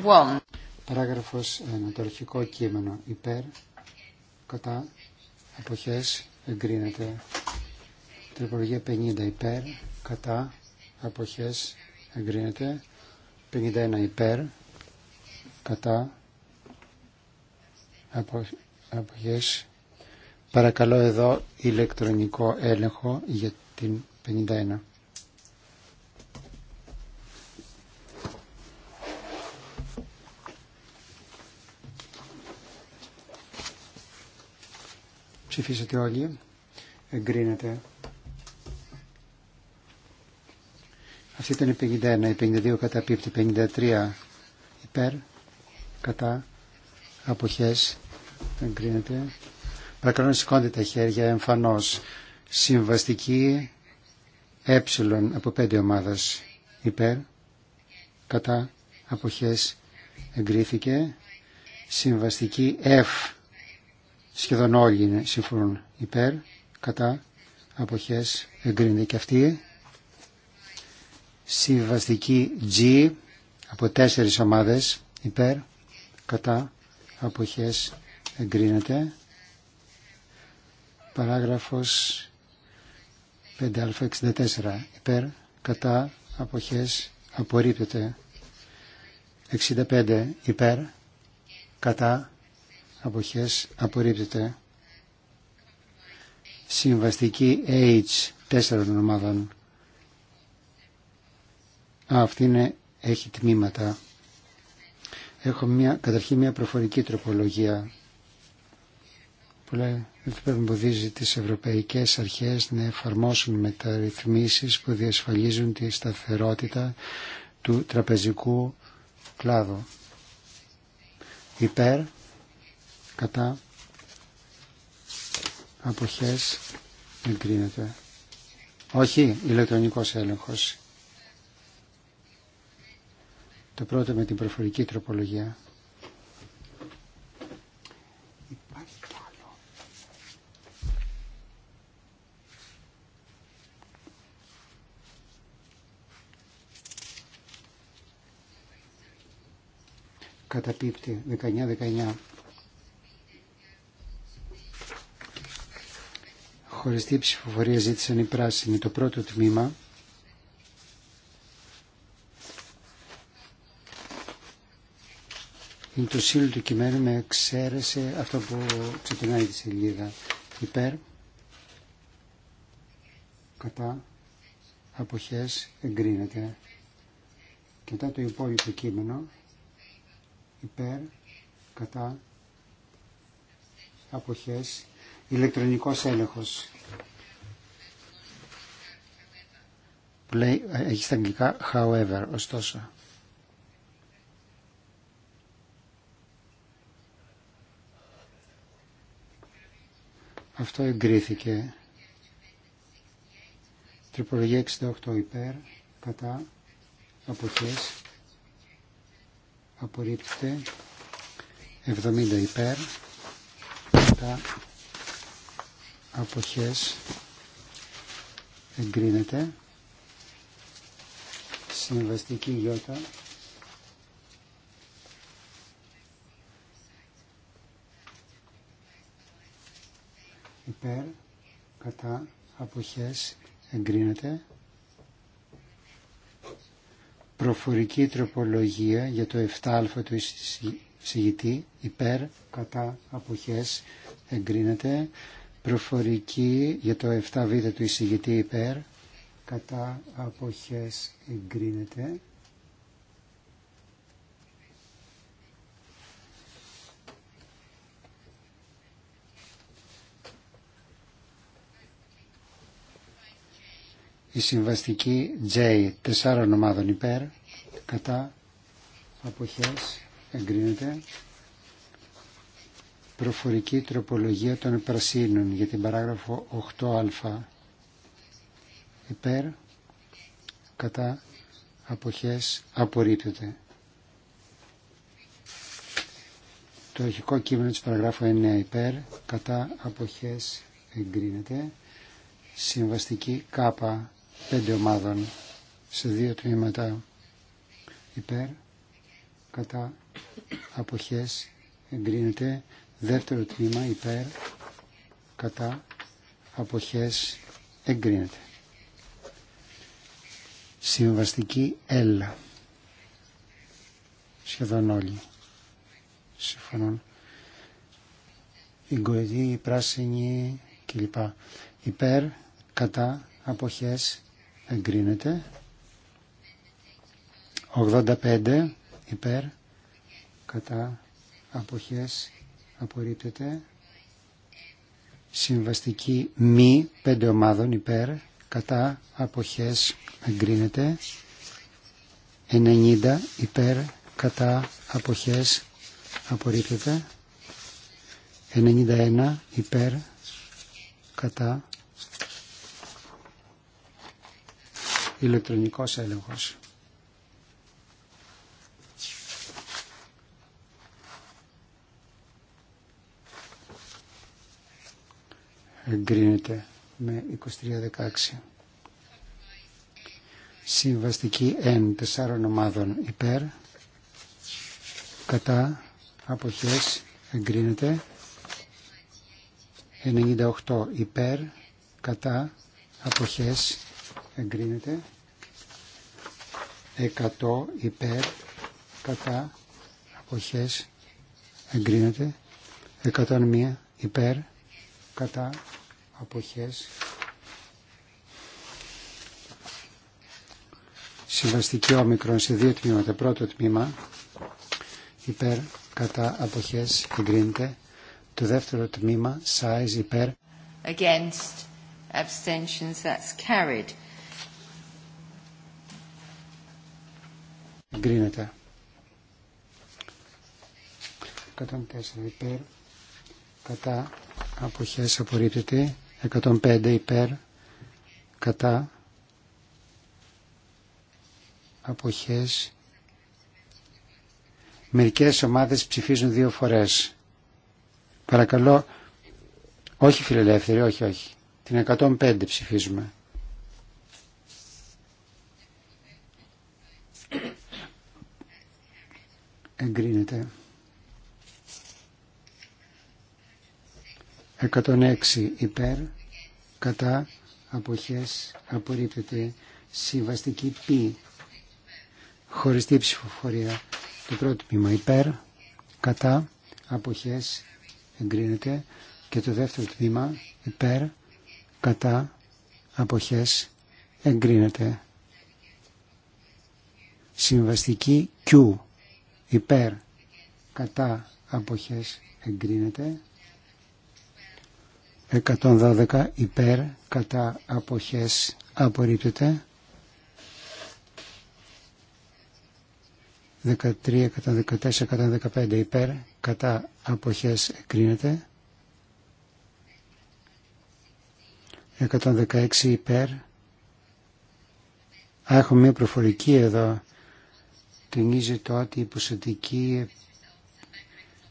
1. Παράγραφος το αρχικό κείμενο, υπέρ, κατά, αποχές, εγκρίνεται. Τροπολογία 50, υπέρ, κατά, αποχές, εγκρίνεται. 51, υπέρ, κατά, απογές. Παρακαλώ εδώ ηλεκτρονικό έλεγχο για την 51. Ψηφίσατε όλοι. Εγκρίνεται. Αυτή ήταν η 51, η 52 κατά πίπτη, 53 υπέρ, κατά, αποχές, εγκρίνεται. Παρακαλώ να τα χέρια εμφανώς. Συμβαστική ε από πέντε ομάδες υπέρ, κατά, αποχές εγκρίθηκε. Συμβαστική F σχεδόν όλοι είναι, συμφωνούν υπέρ, κατά, αποχές εγκρίνεται και αυτή. Συμβαστική G από τέσσερις ομάδες υπέρ, κατά, αποχές εγκρίνεται. Παράγραφος 5α64 υπέρ κατά αποχές απορρίπτεται. 65 υπέρ κατά αποχές απορρίπτεται. Συμβαστική H τέσσερων ομάδων. Α, αυτή είναι, έχει τμήματα. Έχω μια, καταρχήν μια προφορική τροπολογία πρέπει να εμποδίζει τις ευρωπαϊκές αρχές να εφαρμόσουν μεταρρυθμίσεις που διασφαλίζουν τη σταθερότητα του τραπεζικού κλάδου. Υπέρ, κατά, αποχές, εγκρίνεται. Όχι, ηλεκτρονικός έλεγχος. Το πρώτο με την προφορική τροπολογία. καταπίπτει 19-19. Χωριστή ψηφοφορία ζήτησαν οι πράσινοι το πρώτο τμήμα. Είναι το σύλλογο του κειμένου με εξαίρεση αυτό που ξεκινάει τη σελίδα. Υπέρ, κατά, αποχές, εγκρίνεται. Και μετά το υπόλοιπο κείμενο υπέρ, κατά, αποχές, ηλεκτρονικός έλεγχος. λέει, ε, έχει στα αγγλικά, however, ωστόσο. Αυτό εγκρίθηκε. Τρυπολογία 68 υπέρ, κατά, αποχές, απορρίπτεται 70 υπέρ κατά αποχές εγκρίνεται συμβαστική γιώτα υπέρ κατά αποχές εγκρίνεται προφορική τροπολογία για το 7α του εισηγητή υπέρ κατά αποχές εγκρίνεται προφορική για το 7β του εισηγητή υπέρ κατά αποχές εγκρίνεται Η συμβαστική J τεσσάρων ομάδων υπέρ κατά αποχές εγκρίνεται προφορική τροπολογία των πρασίνων για την παράγραφο 8α υπέρ κατά αποχές απορρίπτεται. Το αρχικό κείμενο της παραγράφου 9 υπέρ κατά αποχές εγκρίνεται. Συμβαστική κάπα πέντε ομάδων σε δύο τμήματα υπέρ κατά αποχές εγκρίνεται δεύτερο τμήμα υπέρ κατά αποχές εγκρίνεται συμβαστική έλα σχεδόν όλοι συμφωνούν η γκοειδή, η πράσινη κλπ υπέρ κατά αποχές εγκρίνεται 85 υπέρ κατά αποχές απορρίπτεται συμβαστική μη πέντε ομάδων υπέρ κατά αποχές εγκρίνεται 90 υπέρ κατά αποχές απορρίπτεται 91 υπέρ κατά ηλεκτρονικός έλεγχος. Εγκρίνεται με 23-16. Συμβαστική εν τεσσάρων ομάδων υπέρ, κατά, αποχές, εγκρίνεται. 98 υπέρ, κατά, αποχές, εγκρίνεται 100 υπέρ κατά αποχές εγκρίνεται 101 υπέρ κατά αποχές συμβαστική όμικρον σε δύο τμήματα πρώτο τμήμα υπέρ κατά αποχές εγκρίνεται το δεύτερο τμήμα size υπέρ against abstentions that's carried Εγκρίνεται. 104 υπέρ. Κατά αποχές απορρίπτεται. 105 υπέρ. Κατά αποχές. Μερικές ομάδες ψηφίζουν δύο φορές. Παρακαλώ. Όχι φιλελεύθεροι, όχι, όχι. Την 105 ψηφίζουμε. εγκρίνεται. 106 υπέρ, κατά, αποχές, απορρίπτεται. Συμβαστική π, χωριστή ψηφοφορία. Το πρώτο τμήμα υπέρ, κατά, αποχές, εγκρίνεται. Και το δεύτερο τμήμα υπέρ, κατά, αποχές, εγκρίνεται. Συμβαστική Q υπέρ κατά αποχές εγκρίνεται 112 υπέρ κατά αποχές απορρίπτεται 13 114, 115, υπέρ κατά αποχές εγκρίνεται 116 υπέρ Α, έχουμε μια προφορική εδώ τονίζεται ότι η ποσοτική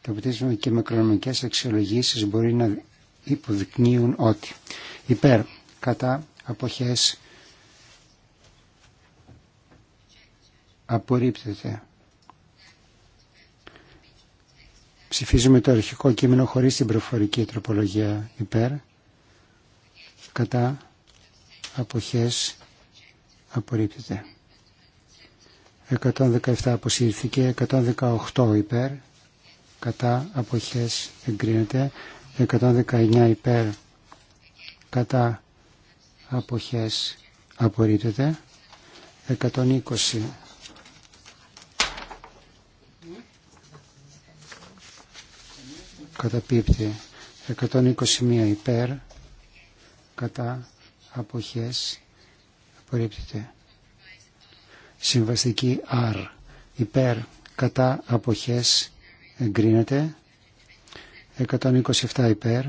το και και μακρονομικές αξιολογήσεις μπορεί να υποδεικνύουν ότι υπέρ κατά αποχές απορρίπτεται. Ψηφίζουμε το αρχικό κείμενο χωρίς την προφορική τροπολογία υπέρ κατά αποχές απορρίπτεται. 117 αποσύρθηκε, 118 υπέρ, κατά αποχές εγκρίνεται, 119 υπέρ, κατά αποχές απορρίπτεται, 120 καταπίπτει 121 υπέρ κατά αποχές απορρίπτεται Συμβαστική R. Υπέρ κατά αποχές εγκρίνεται. 127 υπέρ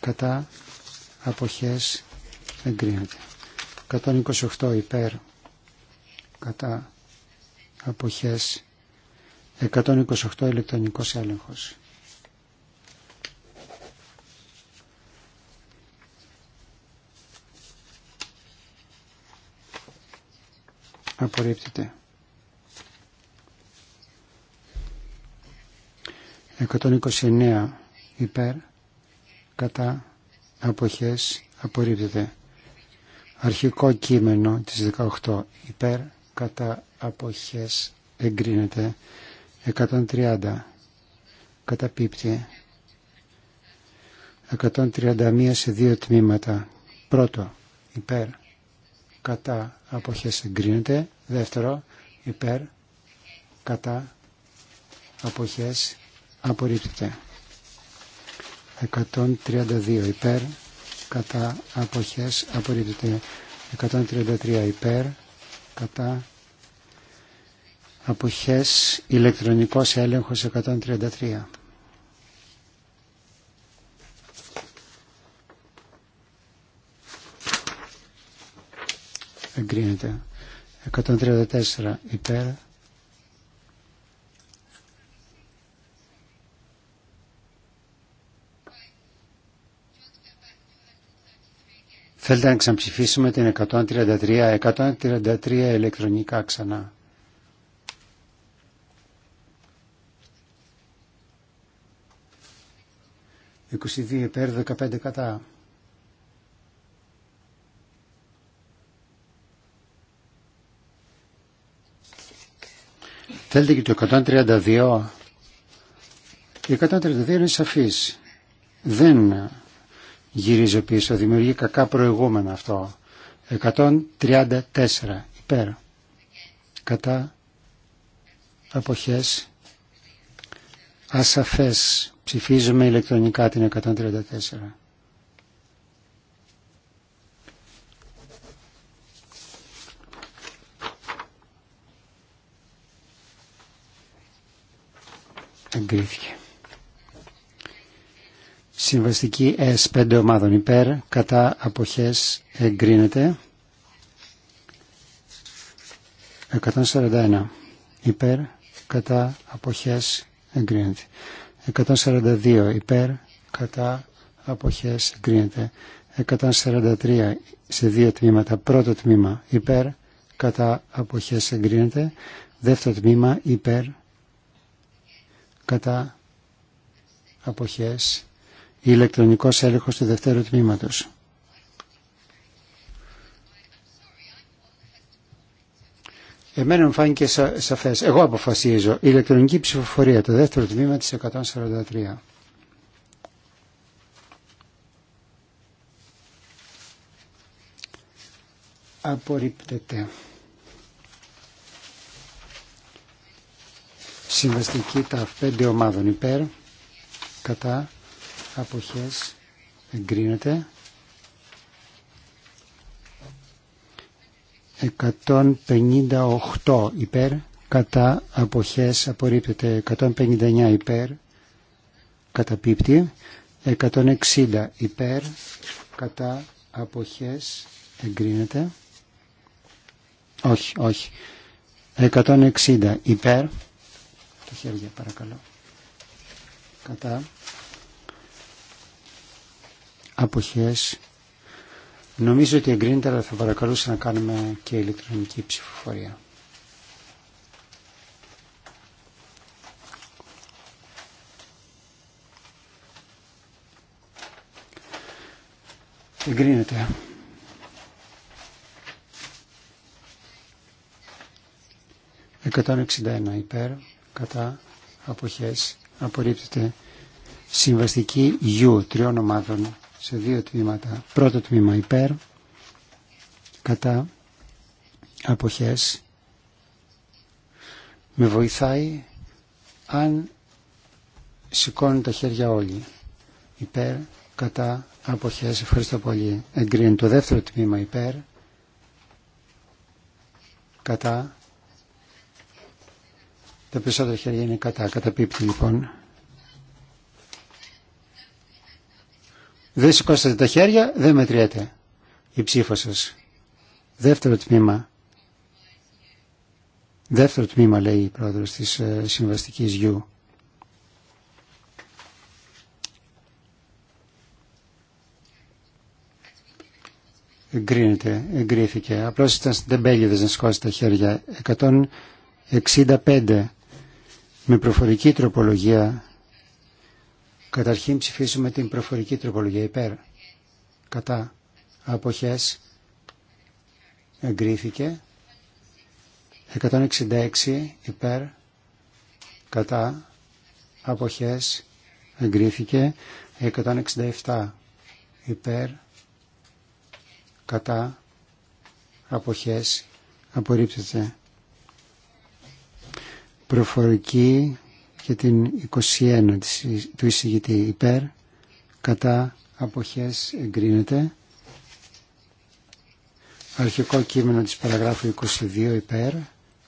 κατά αποχές εγκρίνεται. 128 υπέρ κατά αποχές 128 ηλεκτρονικός έλεγχος. απορρίπτεται. 129 υπέρ κατά αποχές απορρίπτεται. Αρχικό κείμενο της 18 υπέρ κατά αποχές εγκρίνεται. 130 καταπίπτει. 131 σε δύο τμήματα. Πρώτο υπέρ κατά αποχές εγκρίνεται. Δεύτερο, υπέρ, κατά, αποχές, απορρίπτεται. 132 υπέρ, κατά, αποχές, απορρίπτεται. 133 υπέρ, κατά, αποχές, ηλεκτρονικός έλεγχος 133. Εγκρίνεται. 134 υπέρ Θέλετε να ξαναψηφίσουμε την 133, 133 ηλεκτρονικά ξανά. «22 υπέρ 15 κατά». Θέλετε και το 132. Η 132 είναι σαφής. Δεν γυρίζει πίσω. Δημιουργεί κακά προηγούμενα αυτό. 134 υπέρ. Κατά αποχές ασαφές. Ψηφίζουμε ηλεκτρονικά την 134. εγκρίθηκε. Συμβαστική S5 ομάδων υπέρ, κατά αποχές εγκρίνεται. 141 υπέρ, κατά αποχές εγκρίνεται. 142 υπέρ, κατά αποχές εγκρίνεται. 143 σε δύο τμήματα. Πρώτο τμήμα υπέρ, κατά αποχές εγκρίνεται. Δεύτερο τμήμα υπέρ, κατά αποχές ηλεκτρονικός έλεγχος του δευτέρου τμήματος. Εμένα μου φάνηκε σα, σαφές. Εγώ αποφασίζω. Η ηλεκτρονική ψηφοφορία, το δεύτερο τμήμα της 143. Απορρίπτεται. Συμβαστική τα 5 ομάδων υπέρ, κατά, αποχές, εγκρίνεται. 158 υπέρ, κατά, αποχές, απορρίπτεται. 159 υπέρ, κατά πίπτη. 160 υπέρ, κατά, αποχές, εγκρίνεται. Όχι, όχι. 160 υπέρ, χέρια παρακαλώ. Κατά αποχές νομίζω ότι εγκρίνεται αλλά θα παρακαλούσα να κάνουμε και ηλεκτρονική ψηφοφορία. Εγκρίνεται. 161 υπέρ κατά αποχές απορρίπτεται συμβαστική U τριών ομάδων σε δύο τμήματα πρώτο τμήμα υπέρ κατά αποχές με βοηθάει αν σηκώνουν τα χέρια όλοι υπέρ κατά αποχές ευχαριστώ πολύ εγκρίνει το δεύτερο τμήμα υπέρ κατά τα περισσότερα χέρια είναι κατά. Καταπίπτει λοιπόν. Δεν σηκώσατε τα χέρια, δεν μετριέται η ψήφο σας. Δεύτερο τμήμα. Δεύτερο τμήμα λέει η πρόεδρος της ε, συμβαστικής γιου. Εγκρίνεται, εγκρίθηκε. Απλώς ήταν στην τεμπέλιδες να σηκώσει τα χέρια. 165 με προφορική τροπολογία. Καταρχήν ψηφίσουμε την προφορική τροπολογία υπέρ. Κατά αποχές εγκρίθηκε. 166 υπέρ. Κατά αποχές εγκρίθηκε. 167 υπέρ. Κατά αποχές απορρίπτεται προφορική για την 21 του εισηγητή υπέρ κατά αποχές εγκρίνεται αρχικό κείμενο της παραγράφου 22 υπέρ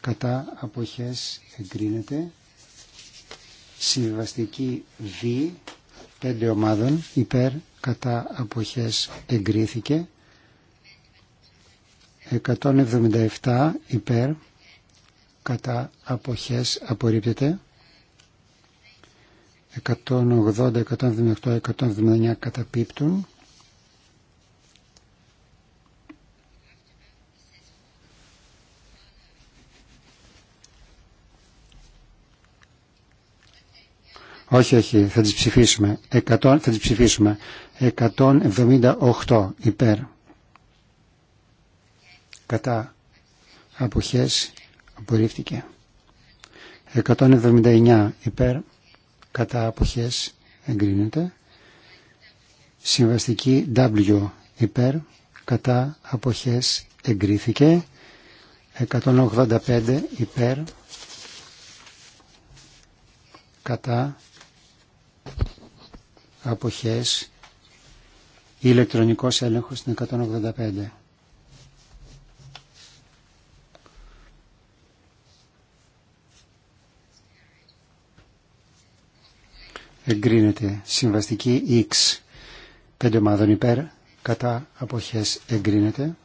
κατά αποχές εγκρίνεται συμβιβαστική Β πέντε ομάδων υπέρ κατά αποχές εγκρίθηκε 177 υπέρ κατά αποχές απορρίπτεται 180, 178, 179 καταπίπτουν Όχι, όχι, θα τις ψηφίσουμε. 100, θα τις ψηφίσουμε. 178 υπέρ. Κατά αποχές απορρίφθηκε 179 υπέρ κατά αποχές εγκρίνεται συμβαστική W υπέρ κατά αποχές εγκρίθηκε 185 υπέρ κατά αποχές ηλεκτρονικός έλεγχος στην 185 εγκρίνεται. Συμβαστική X. Πέντε ομάδων υπέρ. Κατά αποχές εγκρίνεται.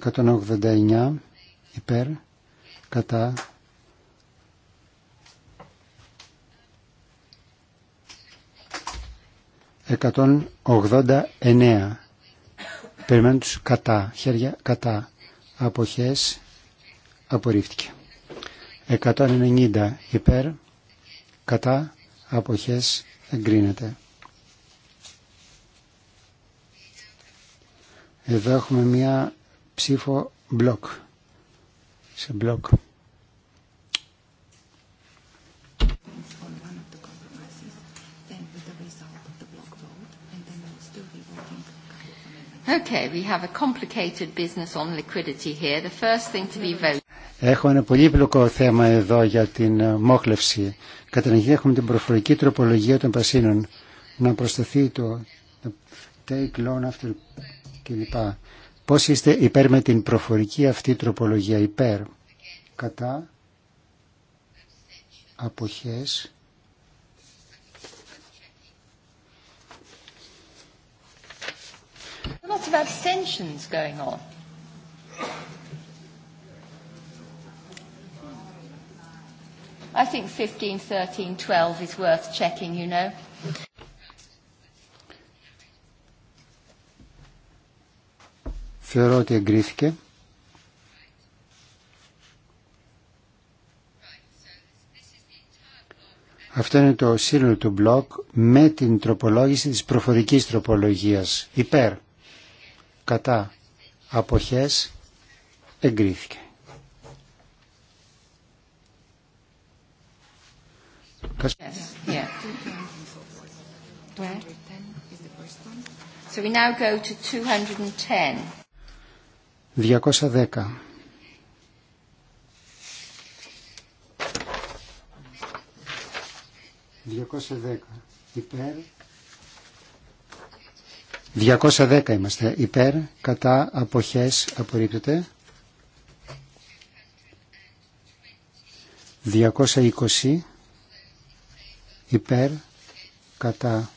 189 υπέρ. Κατά 189. ογδόντα Περιμένουν τους κατά, χέρια κατά. Αποχές απορρίφθηκε. 190 υπέρ κατά αποχές εγκρίνεται. Εδώ έχουμε μία ψήφο μπλοκ. Σε μπλοκ. Okay, we have a complicated business on liquidity here. The first thing to be voted. Έχω ένα πολύ πολύπλοκο θέμα εδώ για την ε, μόχλευση. Καταρχήν έχουμε την προφορική τροπολογία των πασίνων. Να προσταθεί το take loan after κλπ. Πώς είστε υπέρ με την προφορική αυτή τροπολογία. Υπέρ. Κατά. Αποχές. I think 15, 13, 12 is worth checking, you know. Θεωρώ ότι εγκρίθηκε. Αυτό είναι το σύνολο του μπλοκ με την τροπολόγηση της προφορικής τροπολογίας. Υπέρ, κατά, αποχές, εγκρίθηκε. Yes, yeah. So we now go to 210. 210. Υπέρ. 210 είμαστε. Υπέρ, κατά, αποχές, απορρίπτεται. 220 υπέρ κατά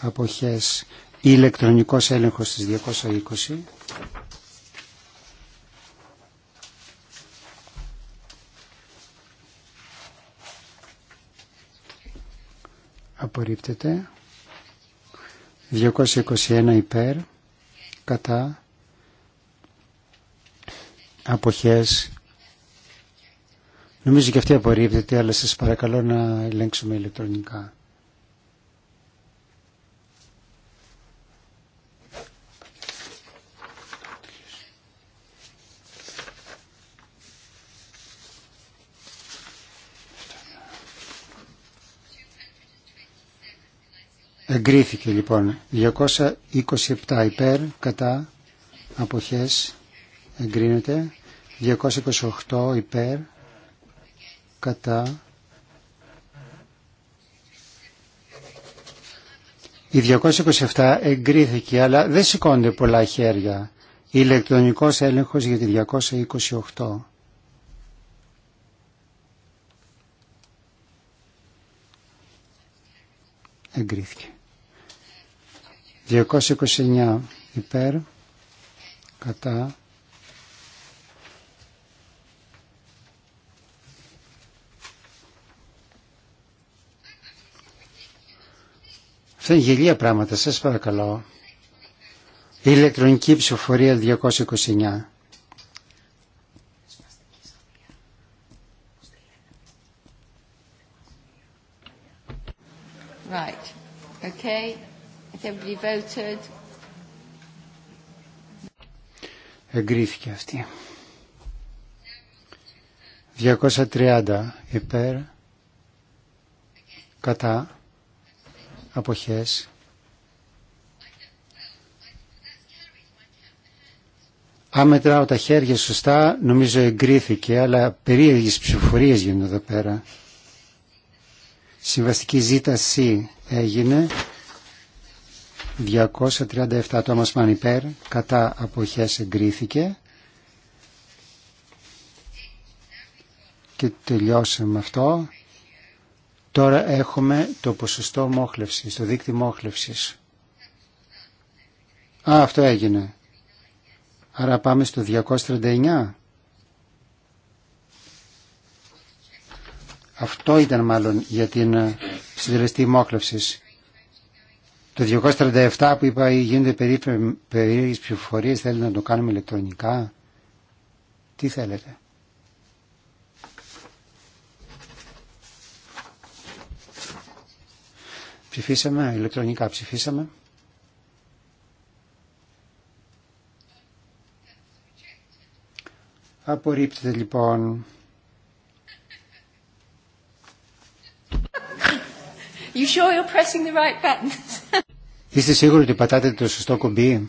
αποχές ηλεκτρονικός έλεγχος της 220 απορρίπτεται 221 υπέρ κατά αποχές Νομίζω και αυτή απορρίπτεται, αλλά σας παρακαλώ να ελέγξουμε ηλεκτρονικά. Εγκρίθηκε λοιπόν 227 υπέρ κατά αποχές εγκρίνεται 228 υπέρ κατά η 227 εγκρίθηκε αλλά δεν σηκώνται πολλά χέρια ηλεκτρονικός έλεγχος για τη 228 εγκρίθηκε 229 υπέρ κατά Αυτά είναι γελία πράγματα, σας παρακαλώ. Η ηλεκτρονική ψηφοφορία 229. Right. Okay. voted. Εγκρίθηκε αυτή. 230 υπέρ κατά αποχές Αν μετράω τα χέρια σωστά, νομίζω εγκρίθηκε, αλλά περίεργες ψηφοφορίες γίνονται εδώ πέρα. Συμβαστική ζήταση έγινε 237 άτομα σπανιπέρ. κατά αποχές εγκρίθηκε. Και τελειώσαμε αυτό. Τώρα έχουμε το ποσοστό μόχλευσης, το δίκτυ μόχλευσης. Α, αυτό έγινε. Άρα πάμε στο 239. Αυτό ήταν μάλλον για την ε, συντελεστή μόχλευσης. Το 237 που είπα γίνονται περίεργες πληροφορίες, θέλετε να το κάνουμε ηλεκτρονικά. Τι θέλετε. Ψηφίσαμε, ηλεκτρονικά ψηφίσαμε. Απορρίπτεται λοιπόν. You sure you're pressing the right buttons? Είστε σίγουροι ότι πατάτε το σωστό κουμπί.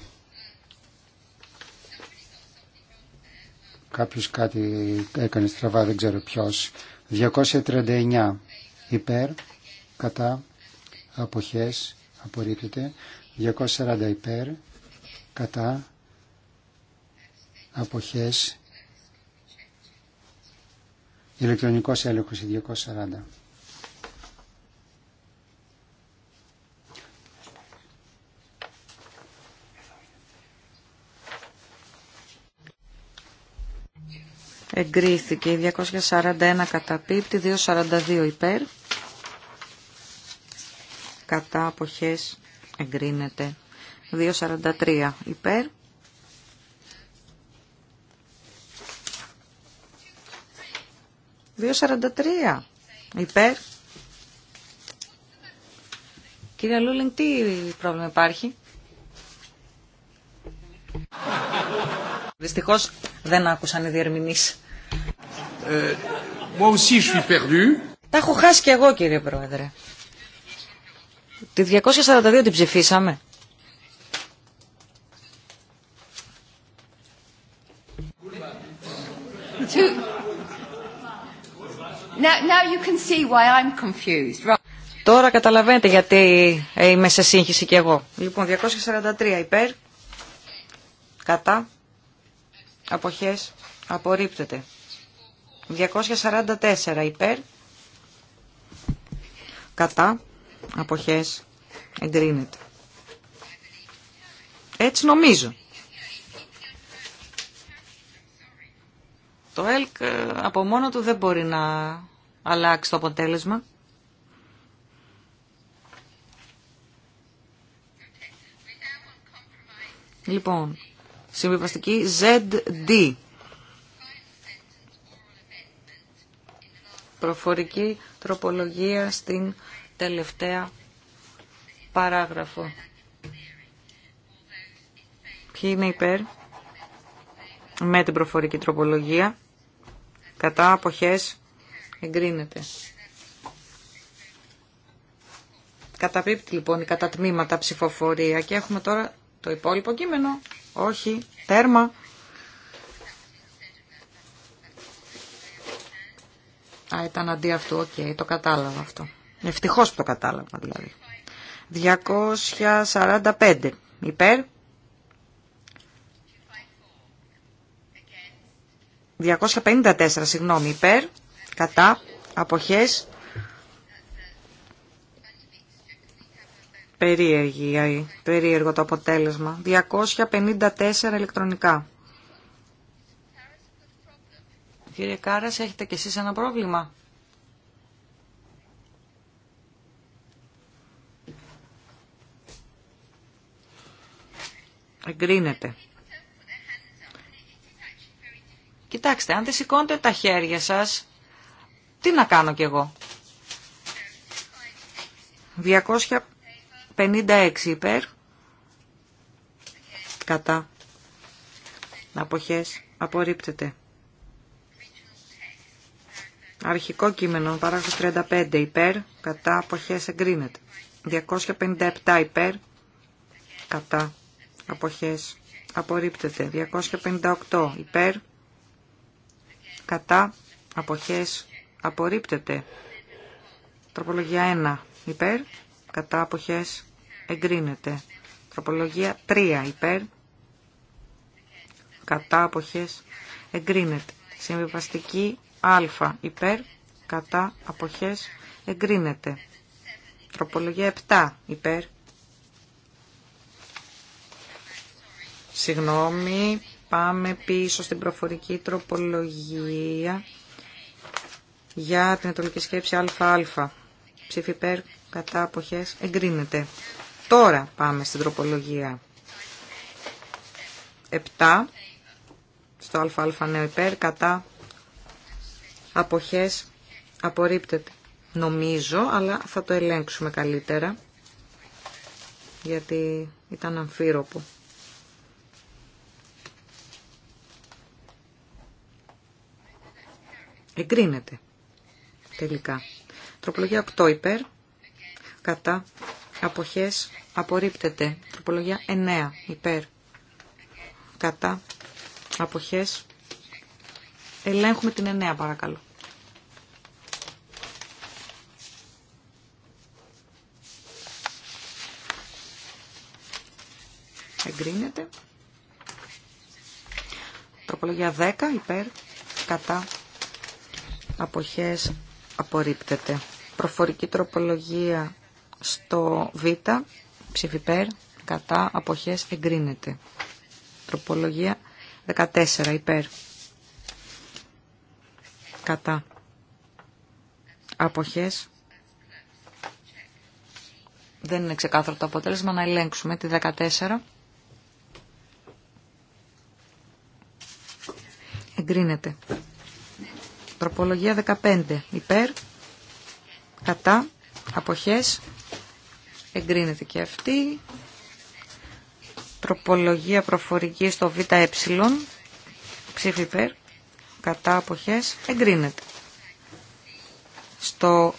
Κάποιος κάτι έκανε στραβά, δεν ξέρω ποιος. 239 υπέρ, κατά, αποχές απορρίπτεται 240 υπέρ κατά αποχές ηλεκτρονικός έλεγχος 240 Εγκρίθηκε 241 καταπίπτει, 242 υπέρ κατά αποχές εγκρίνεται. 2.43 υπέρ. Δύο υπέρ. Κύριε Λούλιν, τι πρόβλημα υπάρχει. Δυστυχώς δεν άκουσαν οι διερμηνείς. Ε, Τα έχω χάσει κι εγώ κύριε Πρόεδρε. Τη 242 την ψηφίσαμε. Τώρα καταλαβαίνετε γιατί ε, είμαι σε σύγχυση κι εγώ. Λοιπόν, 243 υπέρ, κατά, αποχές, απορρίπτεται. 244 υπέρ, κατά, αποχές, Εγκρίνεται. Έτσι νομίζω. Το ΕΛΚ ε, από μόνο του δεν μπορεί να αλλάξει το αποτέλεσμα. Λοιπόν, συμβιβαστική ZD. Προφορική τροπολογία στην τελευταία παράγραφο. Ποιοι είναι υπέρ με την προφορική τροπολογία. Κατά αποχές εγκρίνεται. Καταπίπτει λοιπόν η κατατμήματα ψηφοφορία και έχουμε τώρα το υπόλοιπο κείμενο. Όχι, τέρμα. Α, ήταν αντί αυτού, οκ, το κατάλαβα αυτό. Ευτυχώς που το κατάλαβα δηλαδή. 245 υπέρ. 254, συγγνώμη, υπέρ, κατά, αποχές, περίεργη, ε, περίεργο το αποτέλεσμα. 254 ηλεκτρονικά. Κύριε Κάρας, έχετε κι εσείς ένα πρόβλημα. Εγκρίνεται. Κοιτάξτε, αν δεν σηκώνετε τα χέρια σας, τι να κάνω κι εγώ. 256 υπέρ. Κατά. Αποχές. Απορρίπτεται. Αρχικό κείμενο, παράγραφος 35 υπέρ. Κατά. Αποχές εγκρίνεται. 257 υπέρ. Κατά αποχές απορρίπτεται. 258 υπέρ κατά αποχές απορρίπτεται. Τροπολογία 1 υπέρ κατά αποχές εγκρίνεται. Τροπολογία 3 υπέρ κατά αποχές εγκρίνεται. Συμβιβαστική α υπέρ κατά αποχές εγκρίνεται. Τροπολογία 7 υπέρ Συγγνώμη, πάμε πίσω στην προφορική τροπολογία για την ετολική σκέψη ΑΑ. Ψήφι υπέρ, κατά αποχές, εγκρίνεται. Τώρα πάμε στην τροπολογία 7, στο ΑΑ νέο υπέρ, κατά αποχές, απορρίπτεται. Νομίζω, αλλά θα το ελέγξουμε καλύτερα, γιατί ήταν αμφίροπο. Εγκρίνεται. Τελικά. Τροπολογία 8 υπέρ. Κατά. Αποχές. Απορρίπτεται. Τροπολογία 9 υπέρ. Κατά. Αποχές. Ελέγχουμε την 9 παρακαλώ. Εγκρίνεται. Τροπολογία 10 υπέρ. Κατά αποχές απορρίπτεται. Προφορική τροπολογία στο Β, ψηφιπέρ, κατά, αποχές εγκρίνεται. Τροπολογία 14, υπέρ, κατά, αποχές δεν είναι ξεκάθαρο το αποτέλεσμα, να ελέγξουμε τη 14. Εγκρίνεται. Τροπολογία 15. Υπέρ. Κατά. Αποχές. Εγκρίνεται και αυτή. Τροπολογία προφορική στο ΒΕ. Ψήφι υπέρ. Κατά. Αποχές. Εγκρίνεται. Στο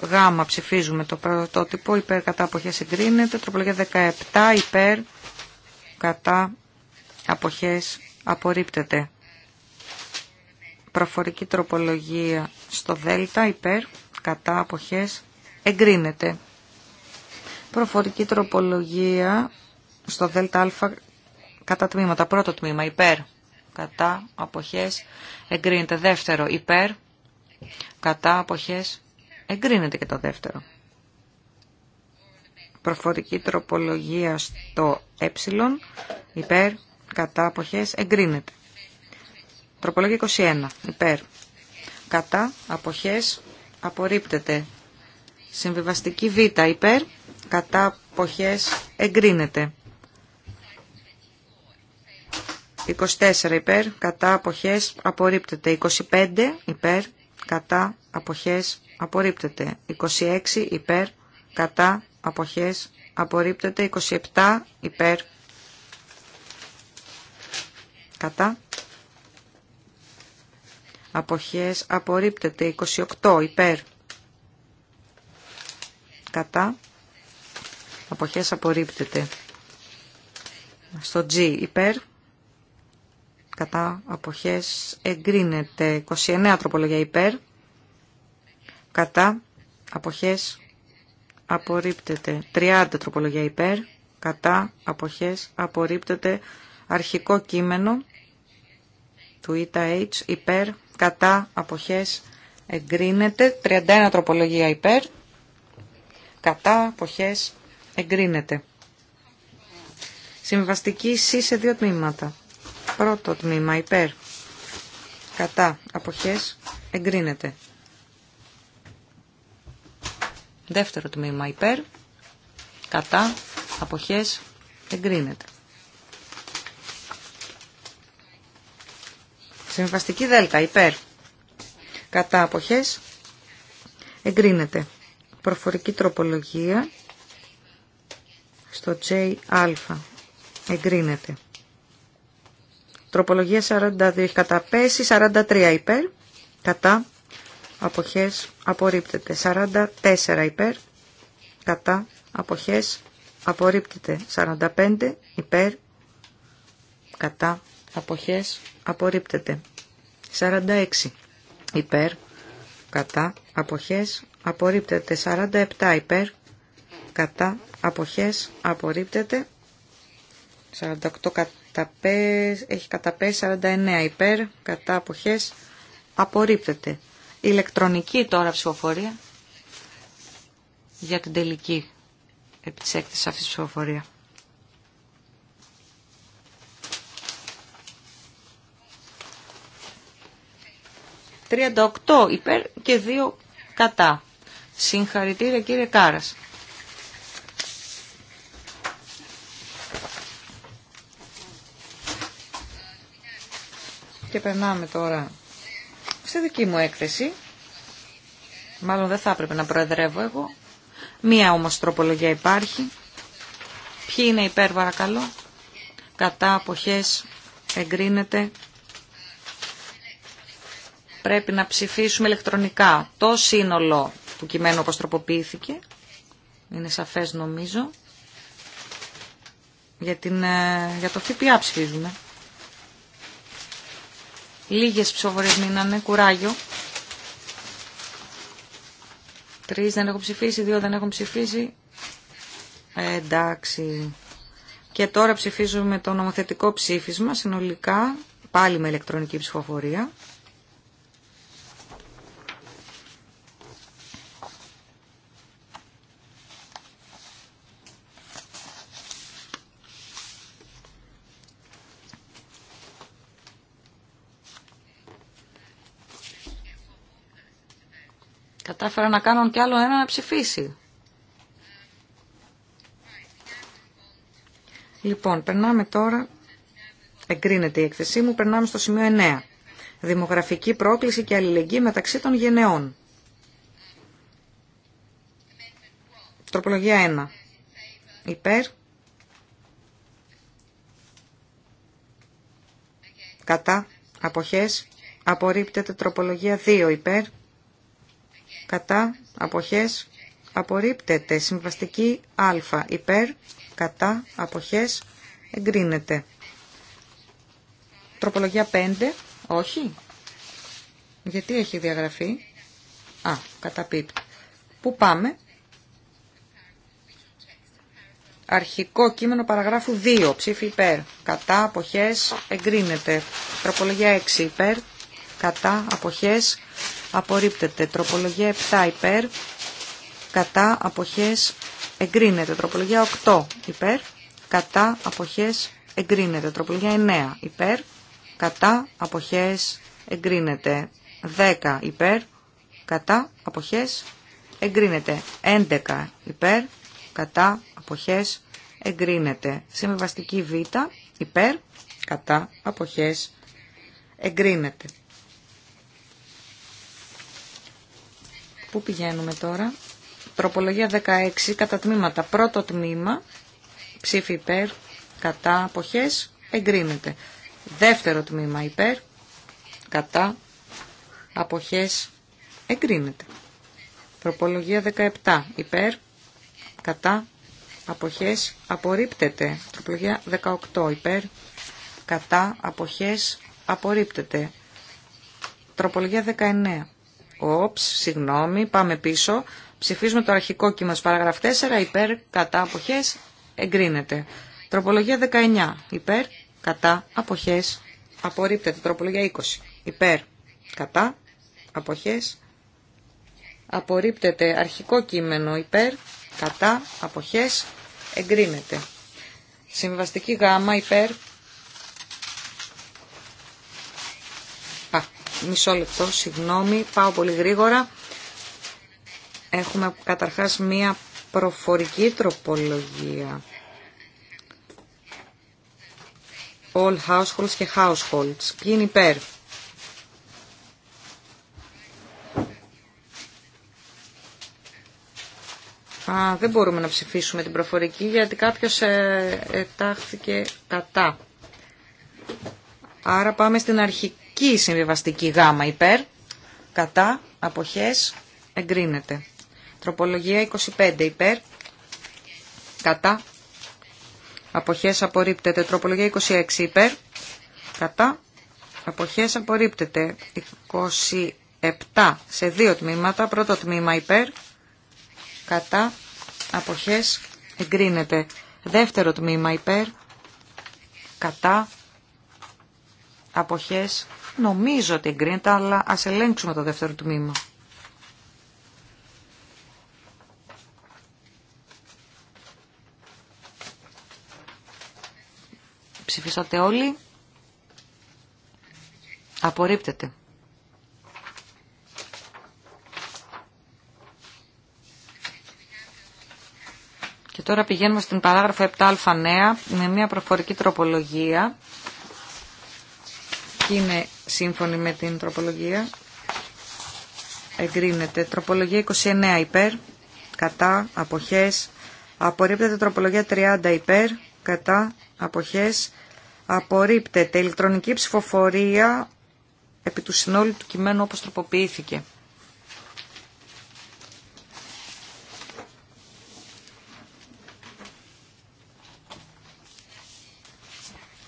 Γ ψηφίζουμε το πρωτότυπο. Υπέρ. Κατά. Αποχές. Εγκρίνεται. Τροπολογία 17. Υπέρ. Κατά. Αποχές. Απορρίπτεται. Προφορική τροπολογία στο δέλτα υπέρ κατά αποχές εγκρίνεται. Προφορική τροπολογία στο δέλτα α κατά τμήματα. Πρώτο τμήμα υπέρ κατά αποχές εγκρίνεται. Δεύτερο υπέρ κατά αποχές εγκρίνεται και το δεύτερο. Προφορική τροπολογία στο ε υπέρ κατά αποχές εγκρίνεται. Τροπολογία 21. Υπέρ. Κατά. Αποχές. Απορρίπτεται. Συμβιβαστική Β. Υπέρ. Κατά. Αποχές. Εγκρίνεται. 24 υπέρ, κατά αποχές απορρίπτεται. 25 υπέρ, κατά αποχές απορρίπτεται. 26 υπέρ, κατά αποχές απορρίπτεται. 27 υπέρ, κατά αποχές απορρίπτεται 28 υπέρ κατά αποχές απορρίπτεται στο G υπέρ κατά αποχές εγκρίνεται 29 τροπολογία υπέρ κατά αποχές απορρίπτεται 30 τροπολογία υπέρ κατά αποχές απορρίπτεται αρχικό κείμενο του ΙΤΑ υπέρ κατά αποχές εγκρίνεται. 31 τροπολογία υπέρ, κατά αποχές εγκρίνεται. Συμβαστική ΣΥ σε δύο τμήματα. Πρώτο τμήμα υπέρ, κατά αποχές εγκρίνεται. Δεύτερο τμήμα υπέρ, κατά αποχές εγκρίνεται. Συμβαστική δέλτα υπέρ. Κατά αποχές εγκρίνεται. Προφορική τροπολογία στο J εγκρίνεται. Τροπολογία 42 έχει καταπέσει, 43 υπέρ, κατά, αποχές, απορρίπτεται. 44 υπέρ, κατά, αποχές, απορρίπτεται. 45 υπέρ, κατά, αποχές απορρίπτεται. 46 υπέρ, κατά, αποχές απορρίπτεται. 47 υπέρ, κατά, αποχές απορρίπτεται. 48 κατά, έχει καταπέσει 49 υπέρ, κατά, αποχές απορρίπτεται. Ηλεκτρονική τώρα ψηφοφορία για την τελική επί της έκτησης αυτής της 38 υπέρ και 2 κατά. Συγχαρητήρια κύριε Κάρας. Και περνάμε τώρα στη δική μου έκθεση. Μάλλον δεν θα έπρεπε να προεδρεύω εγώ. Μία όμως τροπολογία υπάρχει. Ποιοι είναι υπέρ παρακαλώ. Κατά αποχές εγκρίνεται πρέπει να ψηφίσουμε ηλεκτρονικά το σύνολο του κειμένου όπως τροποποιήθηκε. Είναι σαφές νομίζω. Για, την, ε, για το ΦΠΑ ψηφίζουμε. Λίγες ψηφοφορίες μείνανε, κουράγιο. Τρεις δεν έχουν ψηφίσει, δύο δεν έχουν ψηφίσει. Ε, εντάξει. Και τώρα ψηφίζουμε το νομοθετικό ψήφισμα συνολικά, πάλι με ηλεκτρονική ψηφοφορία. Θα κατάφερα να κάνουν κι άλλο ένα να ψηφίσει. Λοιπόν, περνάμε τώρα, εγκρίνεται η έκθεσή μου, περνάμε στο σημείο 9. Δημογραφική πρόκληση και αλληλεγγύη μεταξύ των γενεών. Τροπολογία 1. Υπέρ. Κατά. Αποχές. Απορρίπτεται τροπολογία 2 υπέρ κατά αποχές απορρίπτεται. Συμβαστική α υπέρ κατά αποχές εγκρίνεται. Τροπολογία 5, όχι. Γιατί έχει διαγραφεί. Α, κατά πιπ. Πού πάμε. Αρχικό κείμενο παραγράφου 2. Ψήφι υπέρ. Κατά αποχές εγκρίνεται. Τροπολογία 6 υπέρ. Κατά αποχές απορρίπτεται. Τροπολογία 7 υπέρ, κατά αποχές εγκρίνεται. Τροπολογία 8 υπέρ, κατά αποχές εγκρίνεται. Τροπολογία 9 υπέρ, κατά αποχές εγκρίνεται. 10 υπέρ, κατά αποχές εγκρίνεται. 11 υπέρ, κατά αποχές εγκρίνεται. Συμβαστική β, υπέρ, κατά αποχές εγκρίνεται. Πού πηγαίνουμε τώρα. Τροπολογία 16 κατά τμήματα. Πρώτο τμήμα, ψήφι υπέρ, κατά, αποχές, εγκρίνεται. Δεύτερο τμήμα υπέρ, κατά, αποχές, εγκρίνεται. Τροπολογία 17 υπέρ, κατά, αποχές, απορρίπτεται. Τροπολογία 18 υπέρ, κατά, αποχές, απορρίπτεται. Τροπολογία 19 Οψ, συγγνώμη, πάμε πίσω. Ψηφίζουμε το αρχικό κείμενο παράγραφ 4, υπέρ, κατά, αποχές, εγκρίνεται. Τροπολογία 19, υπέρ, κατά, αποχές, απορρίπτεται. Τροπολογία 20, υπέρ, κατά, αποχές, απορρίπτεται. Αρχικό κείμενο, υπέρ, κατά, αποχές, εγκρίνεται. Συμβαστική γάμα, υπέρ, Μισό λεπτό, συγγνώμη, πάω πολύ γρήγορα. Έχουμε καταρχάς μία προφορική τροπολογία. All households και households. Ποιοι είναι υπέρ. Α, δεν μπορούμε να ψηφίσουμε την προφορική γιατί κάποιος ε, ετάχθηκε κατά. Άρα πάμε στην αρχική και η συμβιβαστική γάμα υπέρ, κατά, αποχές, εγκρίνεται. Τροπολογία 25 υπέρ, κατά, αποχές απορρίπτεται. Τροπολογία 26 υπέρ, κατά, αποχές απορρίπτεται. 27 σε δύο τμήματα, πρώτο τμήμα υπέρ, κατά, αποχές εγκρίνεται. Δεύτερο τμήμα υπέρ, κατά, αποχές Νομίζω ότι εγκρίνεται, αλλά ας ελέγξουμε το δεύτερο τμήμα. Ψηφίσατε όλοι. Απορρίπτεται. Και τώρα πηγαίνουμε στην παράγραφο 7α νέα με μια προφορική τροπολογία και είναι σύμφωνοι με την τροπολογία. Εγκρίνεται. Τροπολογία 29 υπέρ. Κατά. Αποχές. Απορρίπτεται τροπολογία 30 υπέρ. Κατά. Αποχές. Απορρίπτεται ηλεκτρονική ψηφοφορία επί του συνόλου του κειμένου όπως τροποποιήθηκε.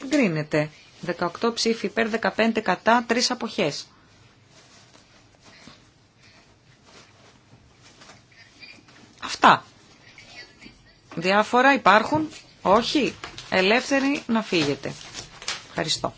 Εγκρίνεται. 18 ψήφοι υπέρ, 15 κατά, 3 αποχές. Αυτά. Διάφορα υπάρχουν. Όχι. Ελεύθεροι να φύγετε. Ευχαριστώ.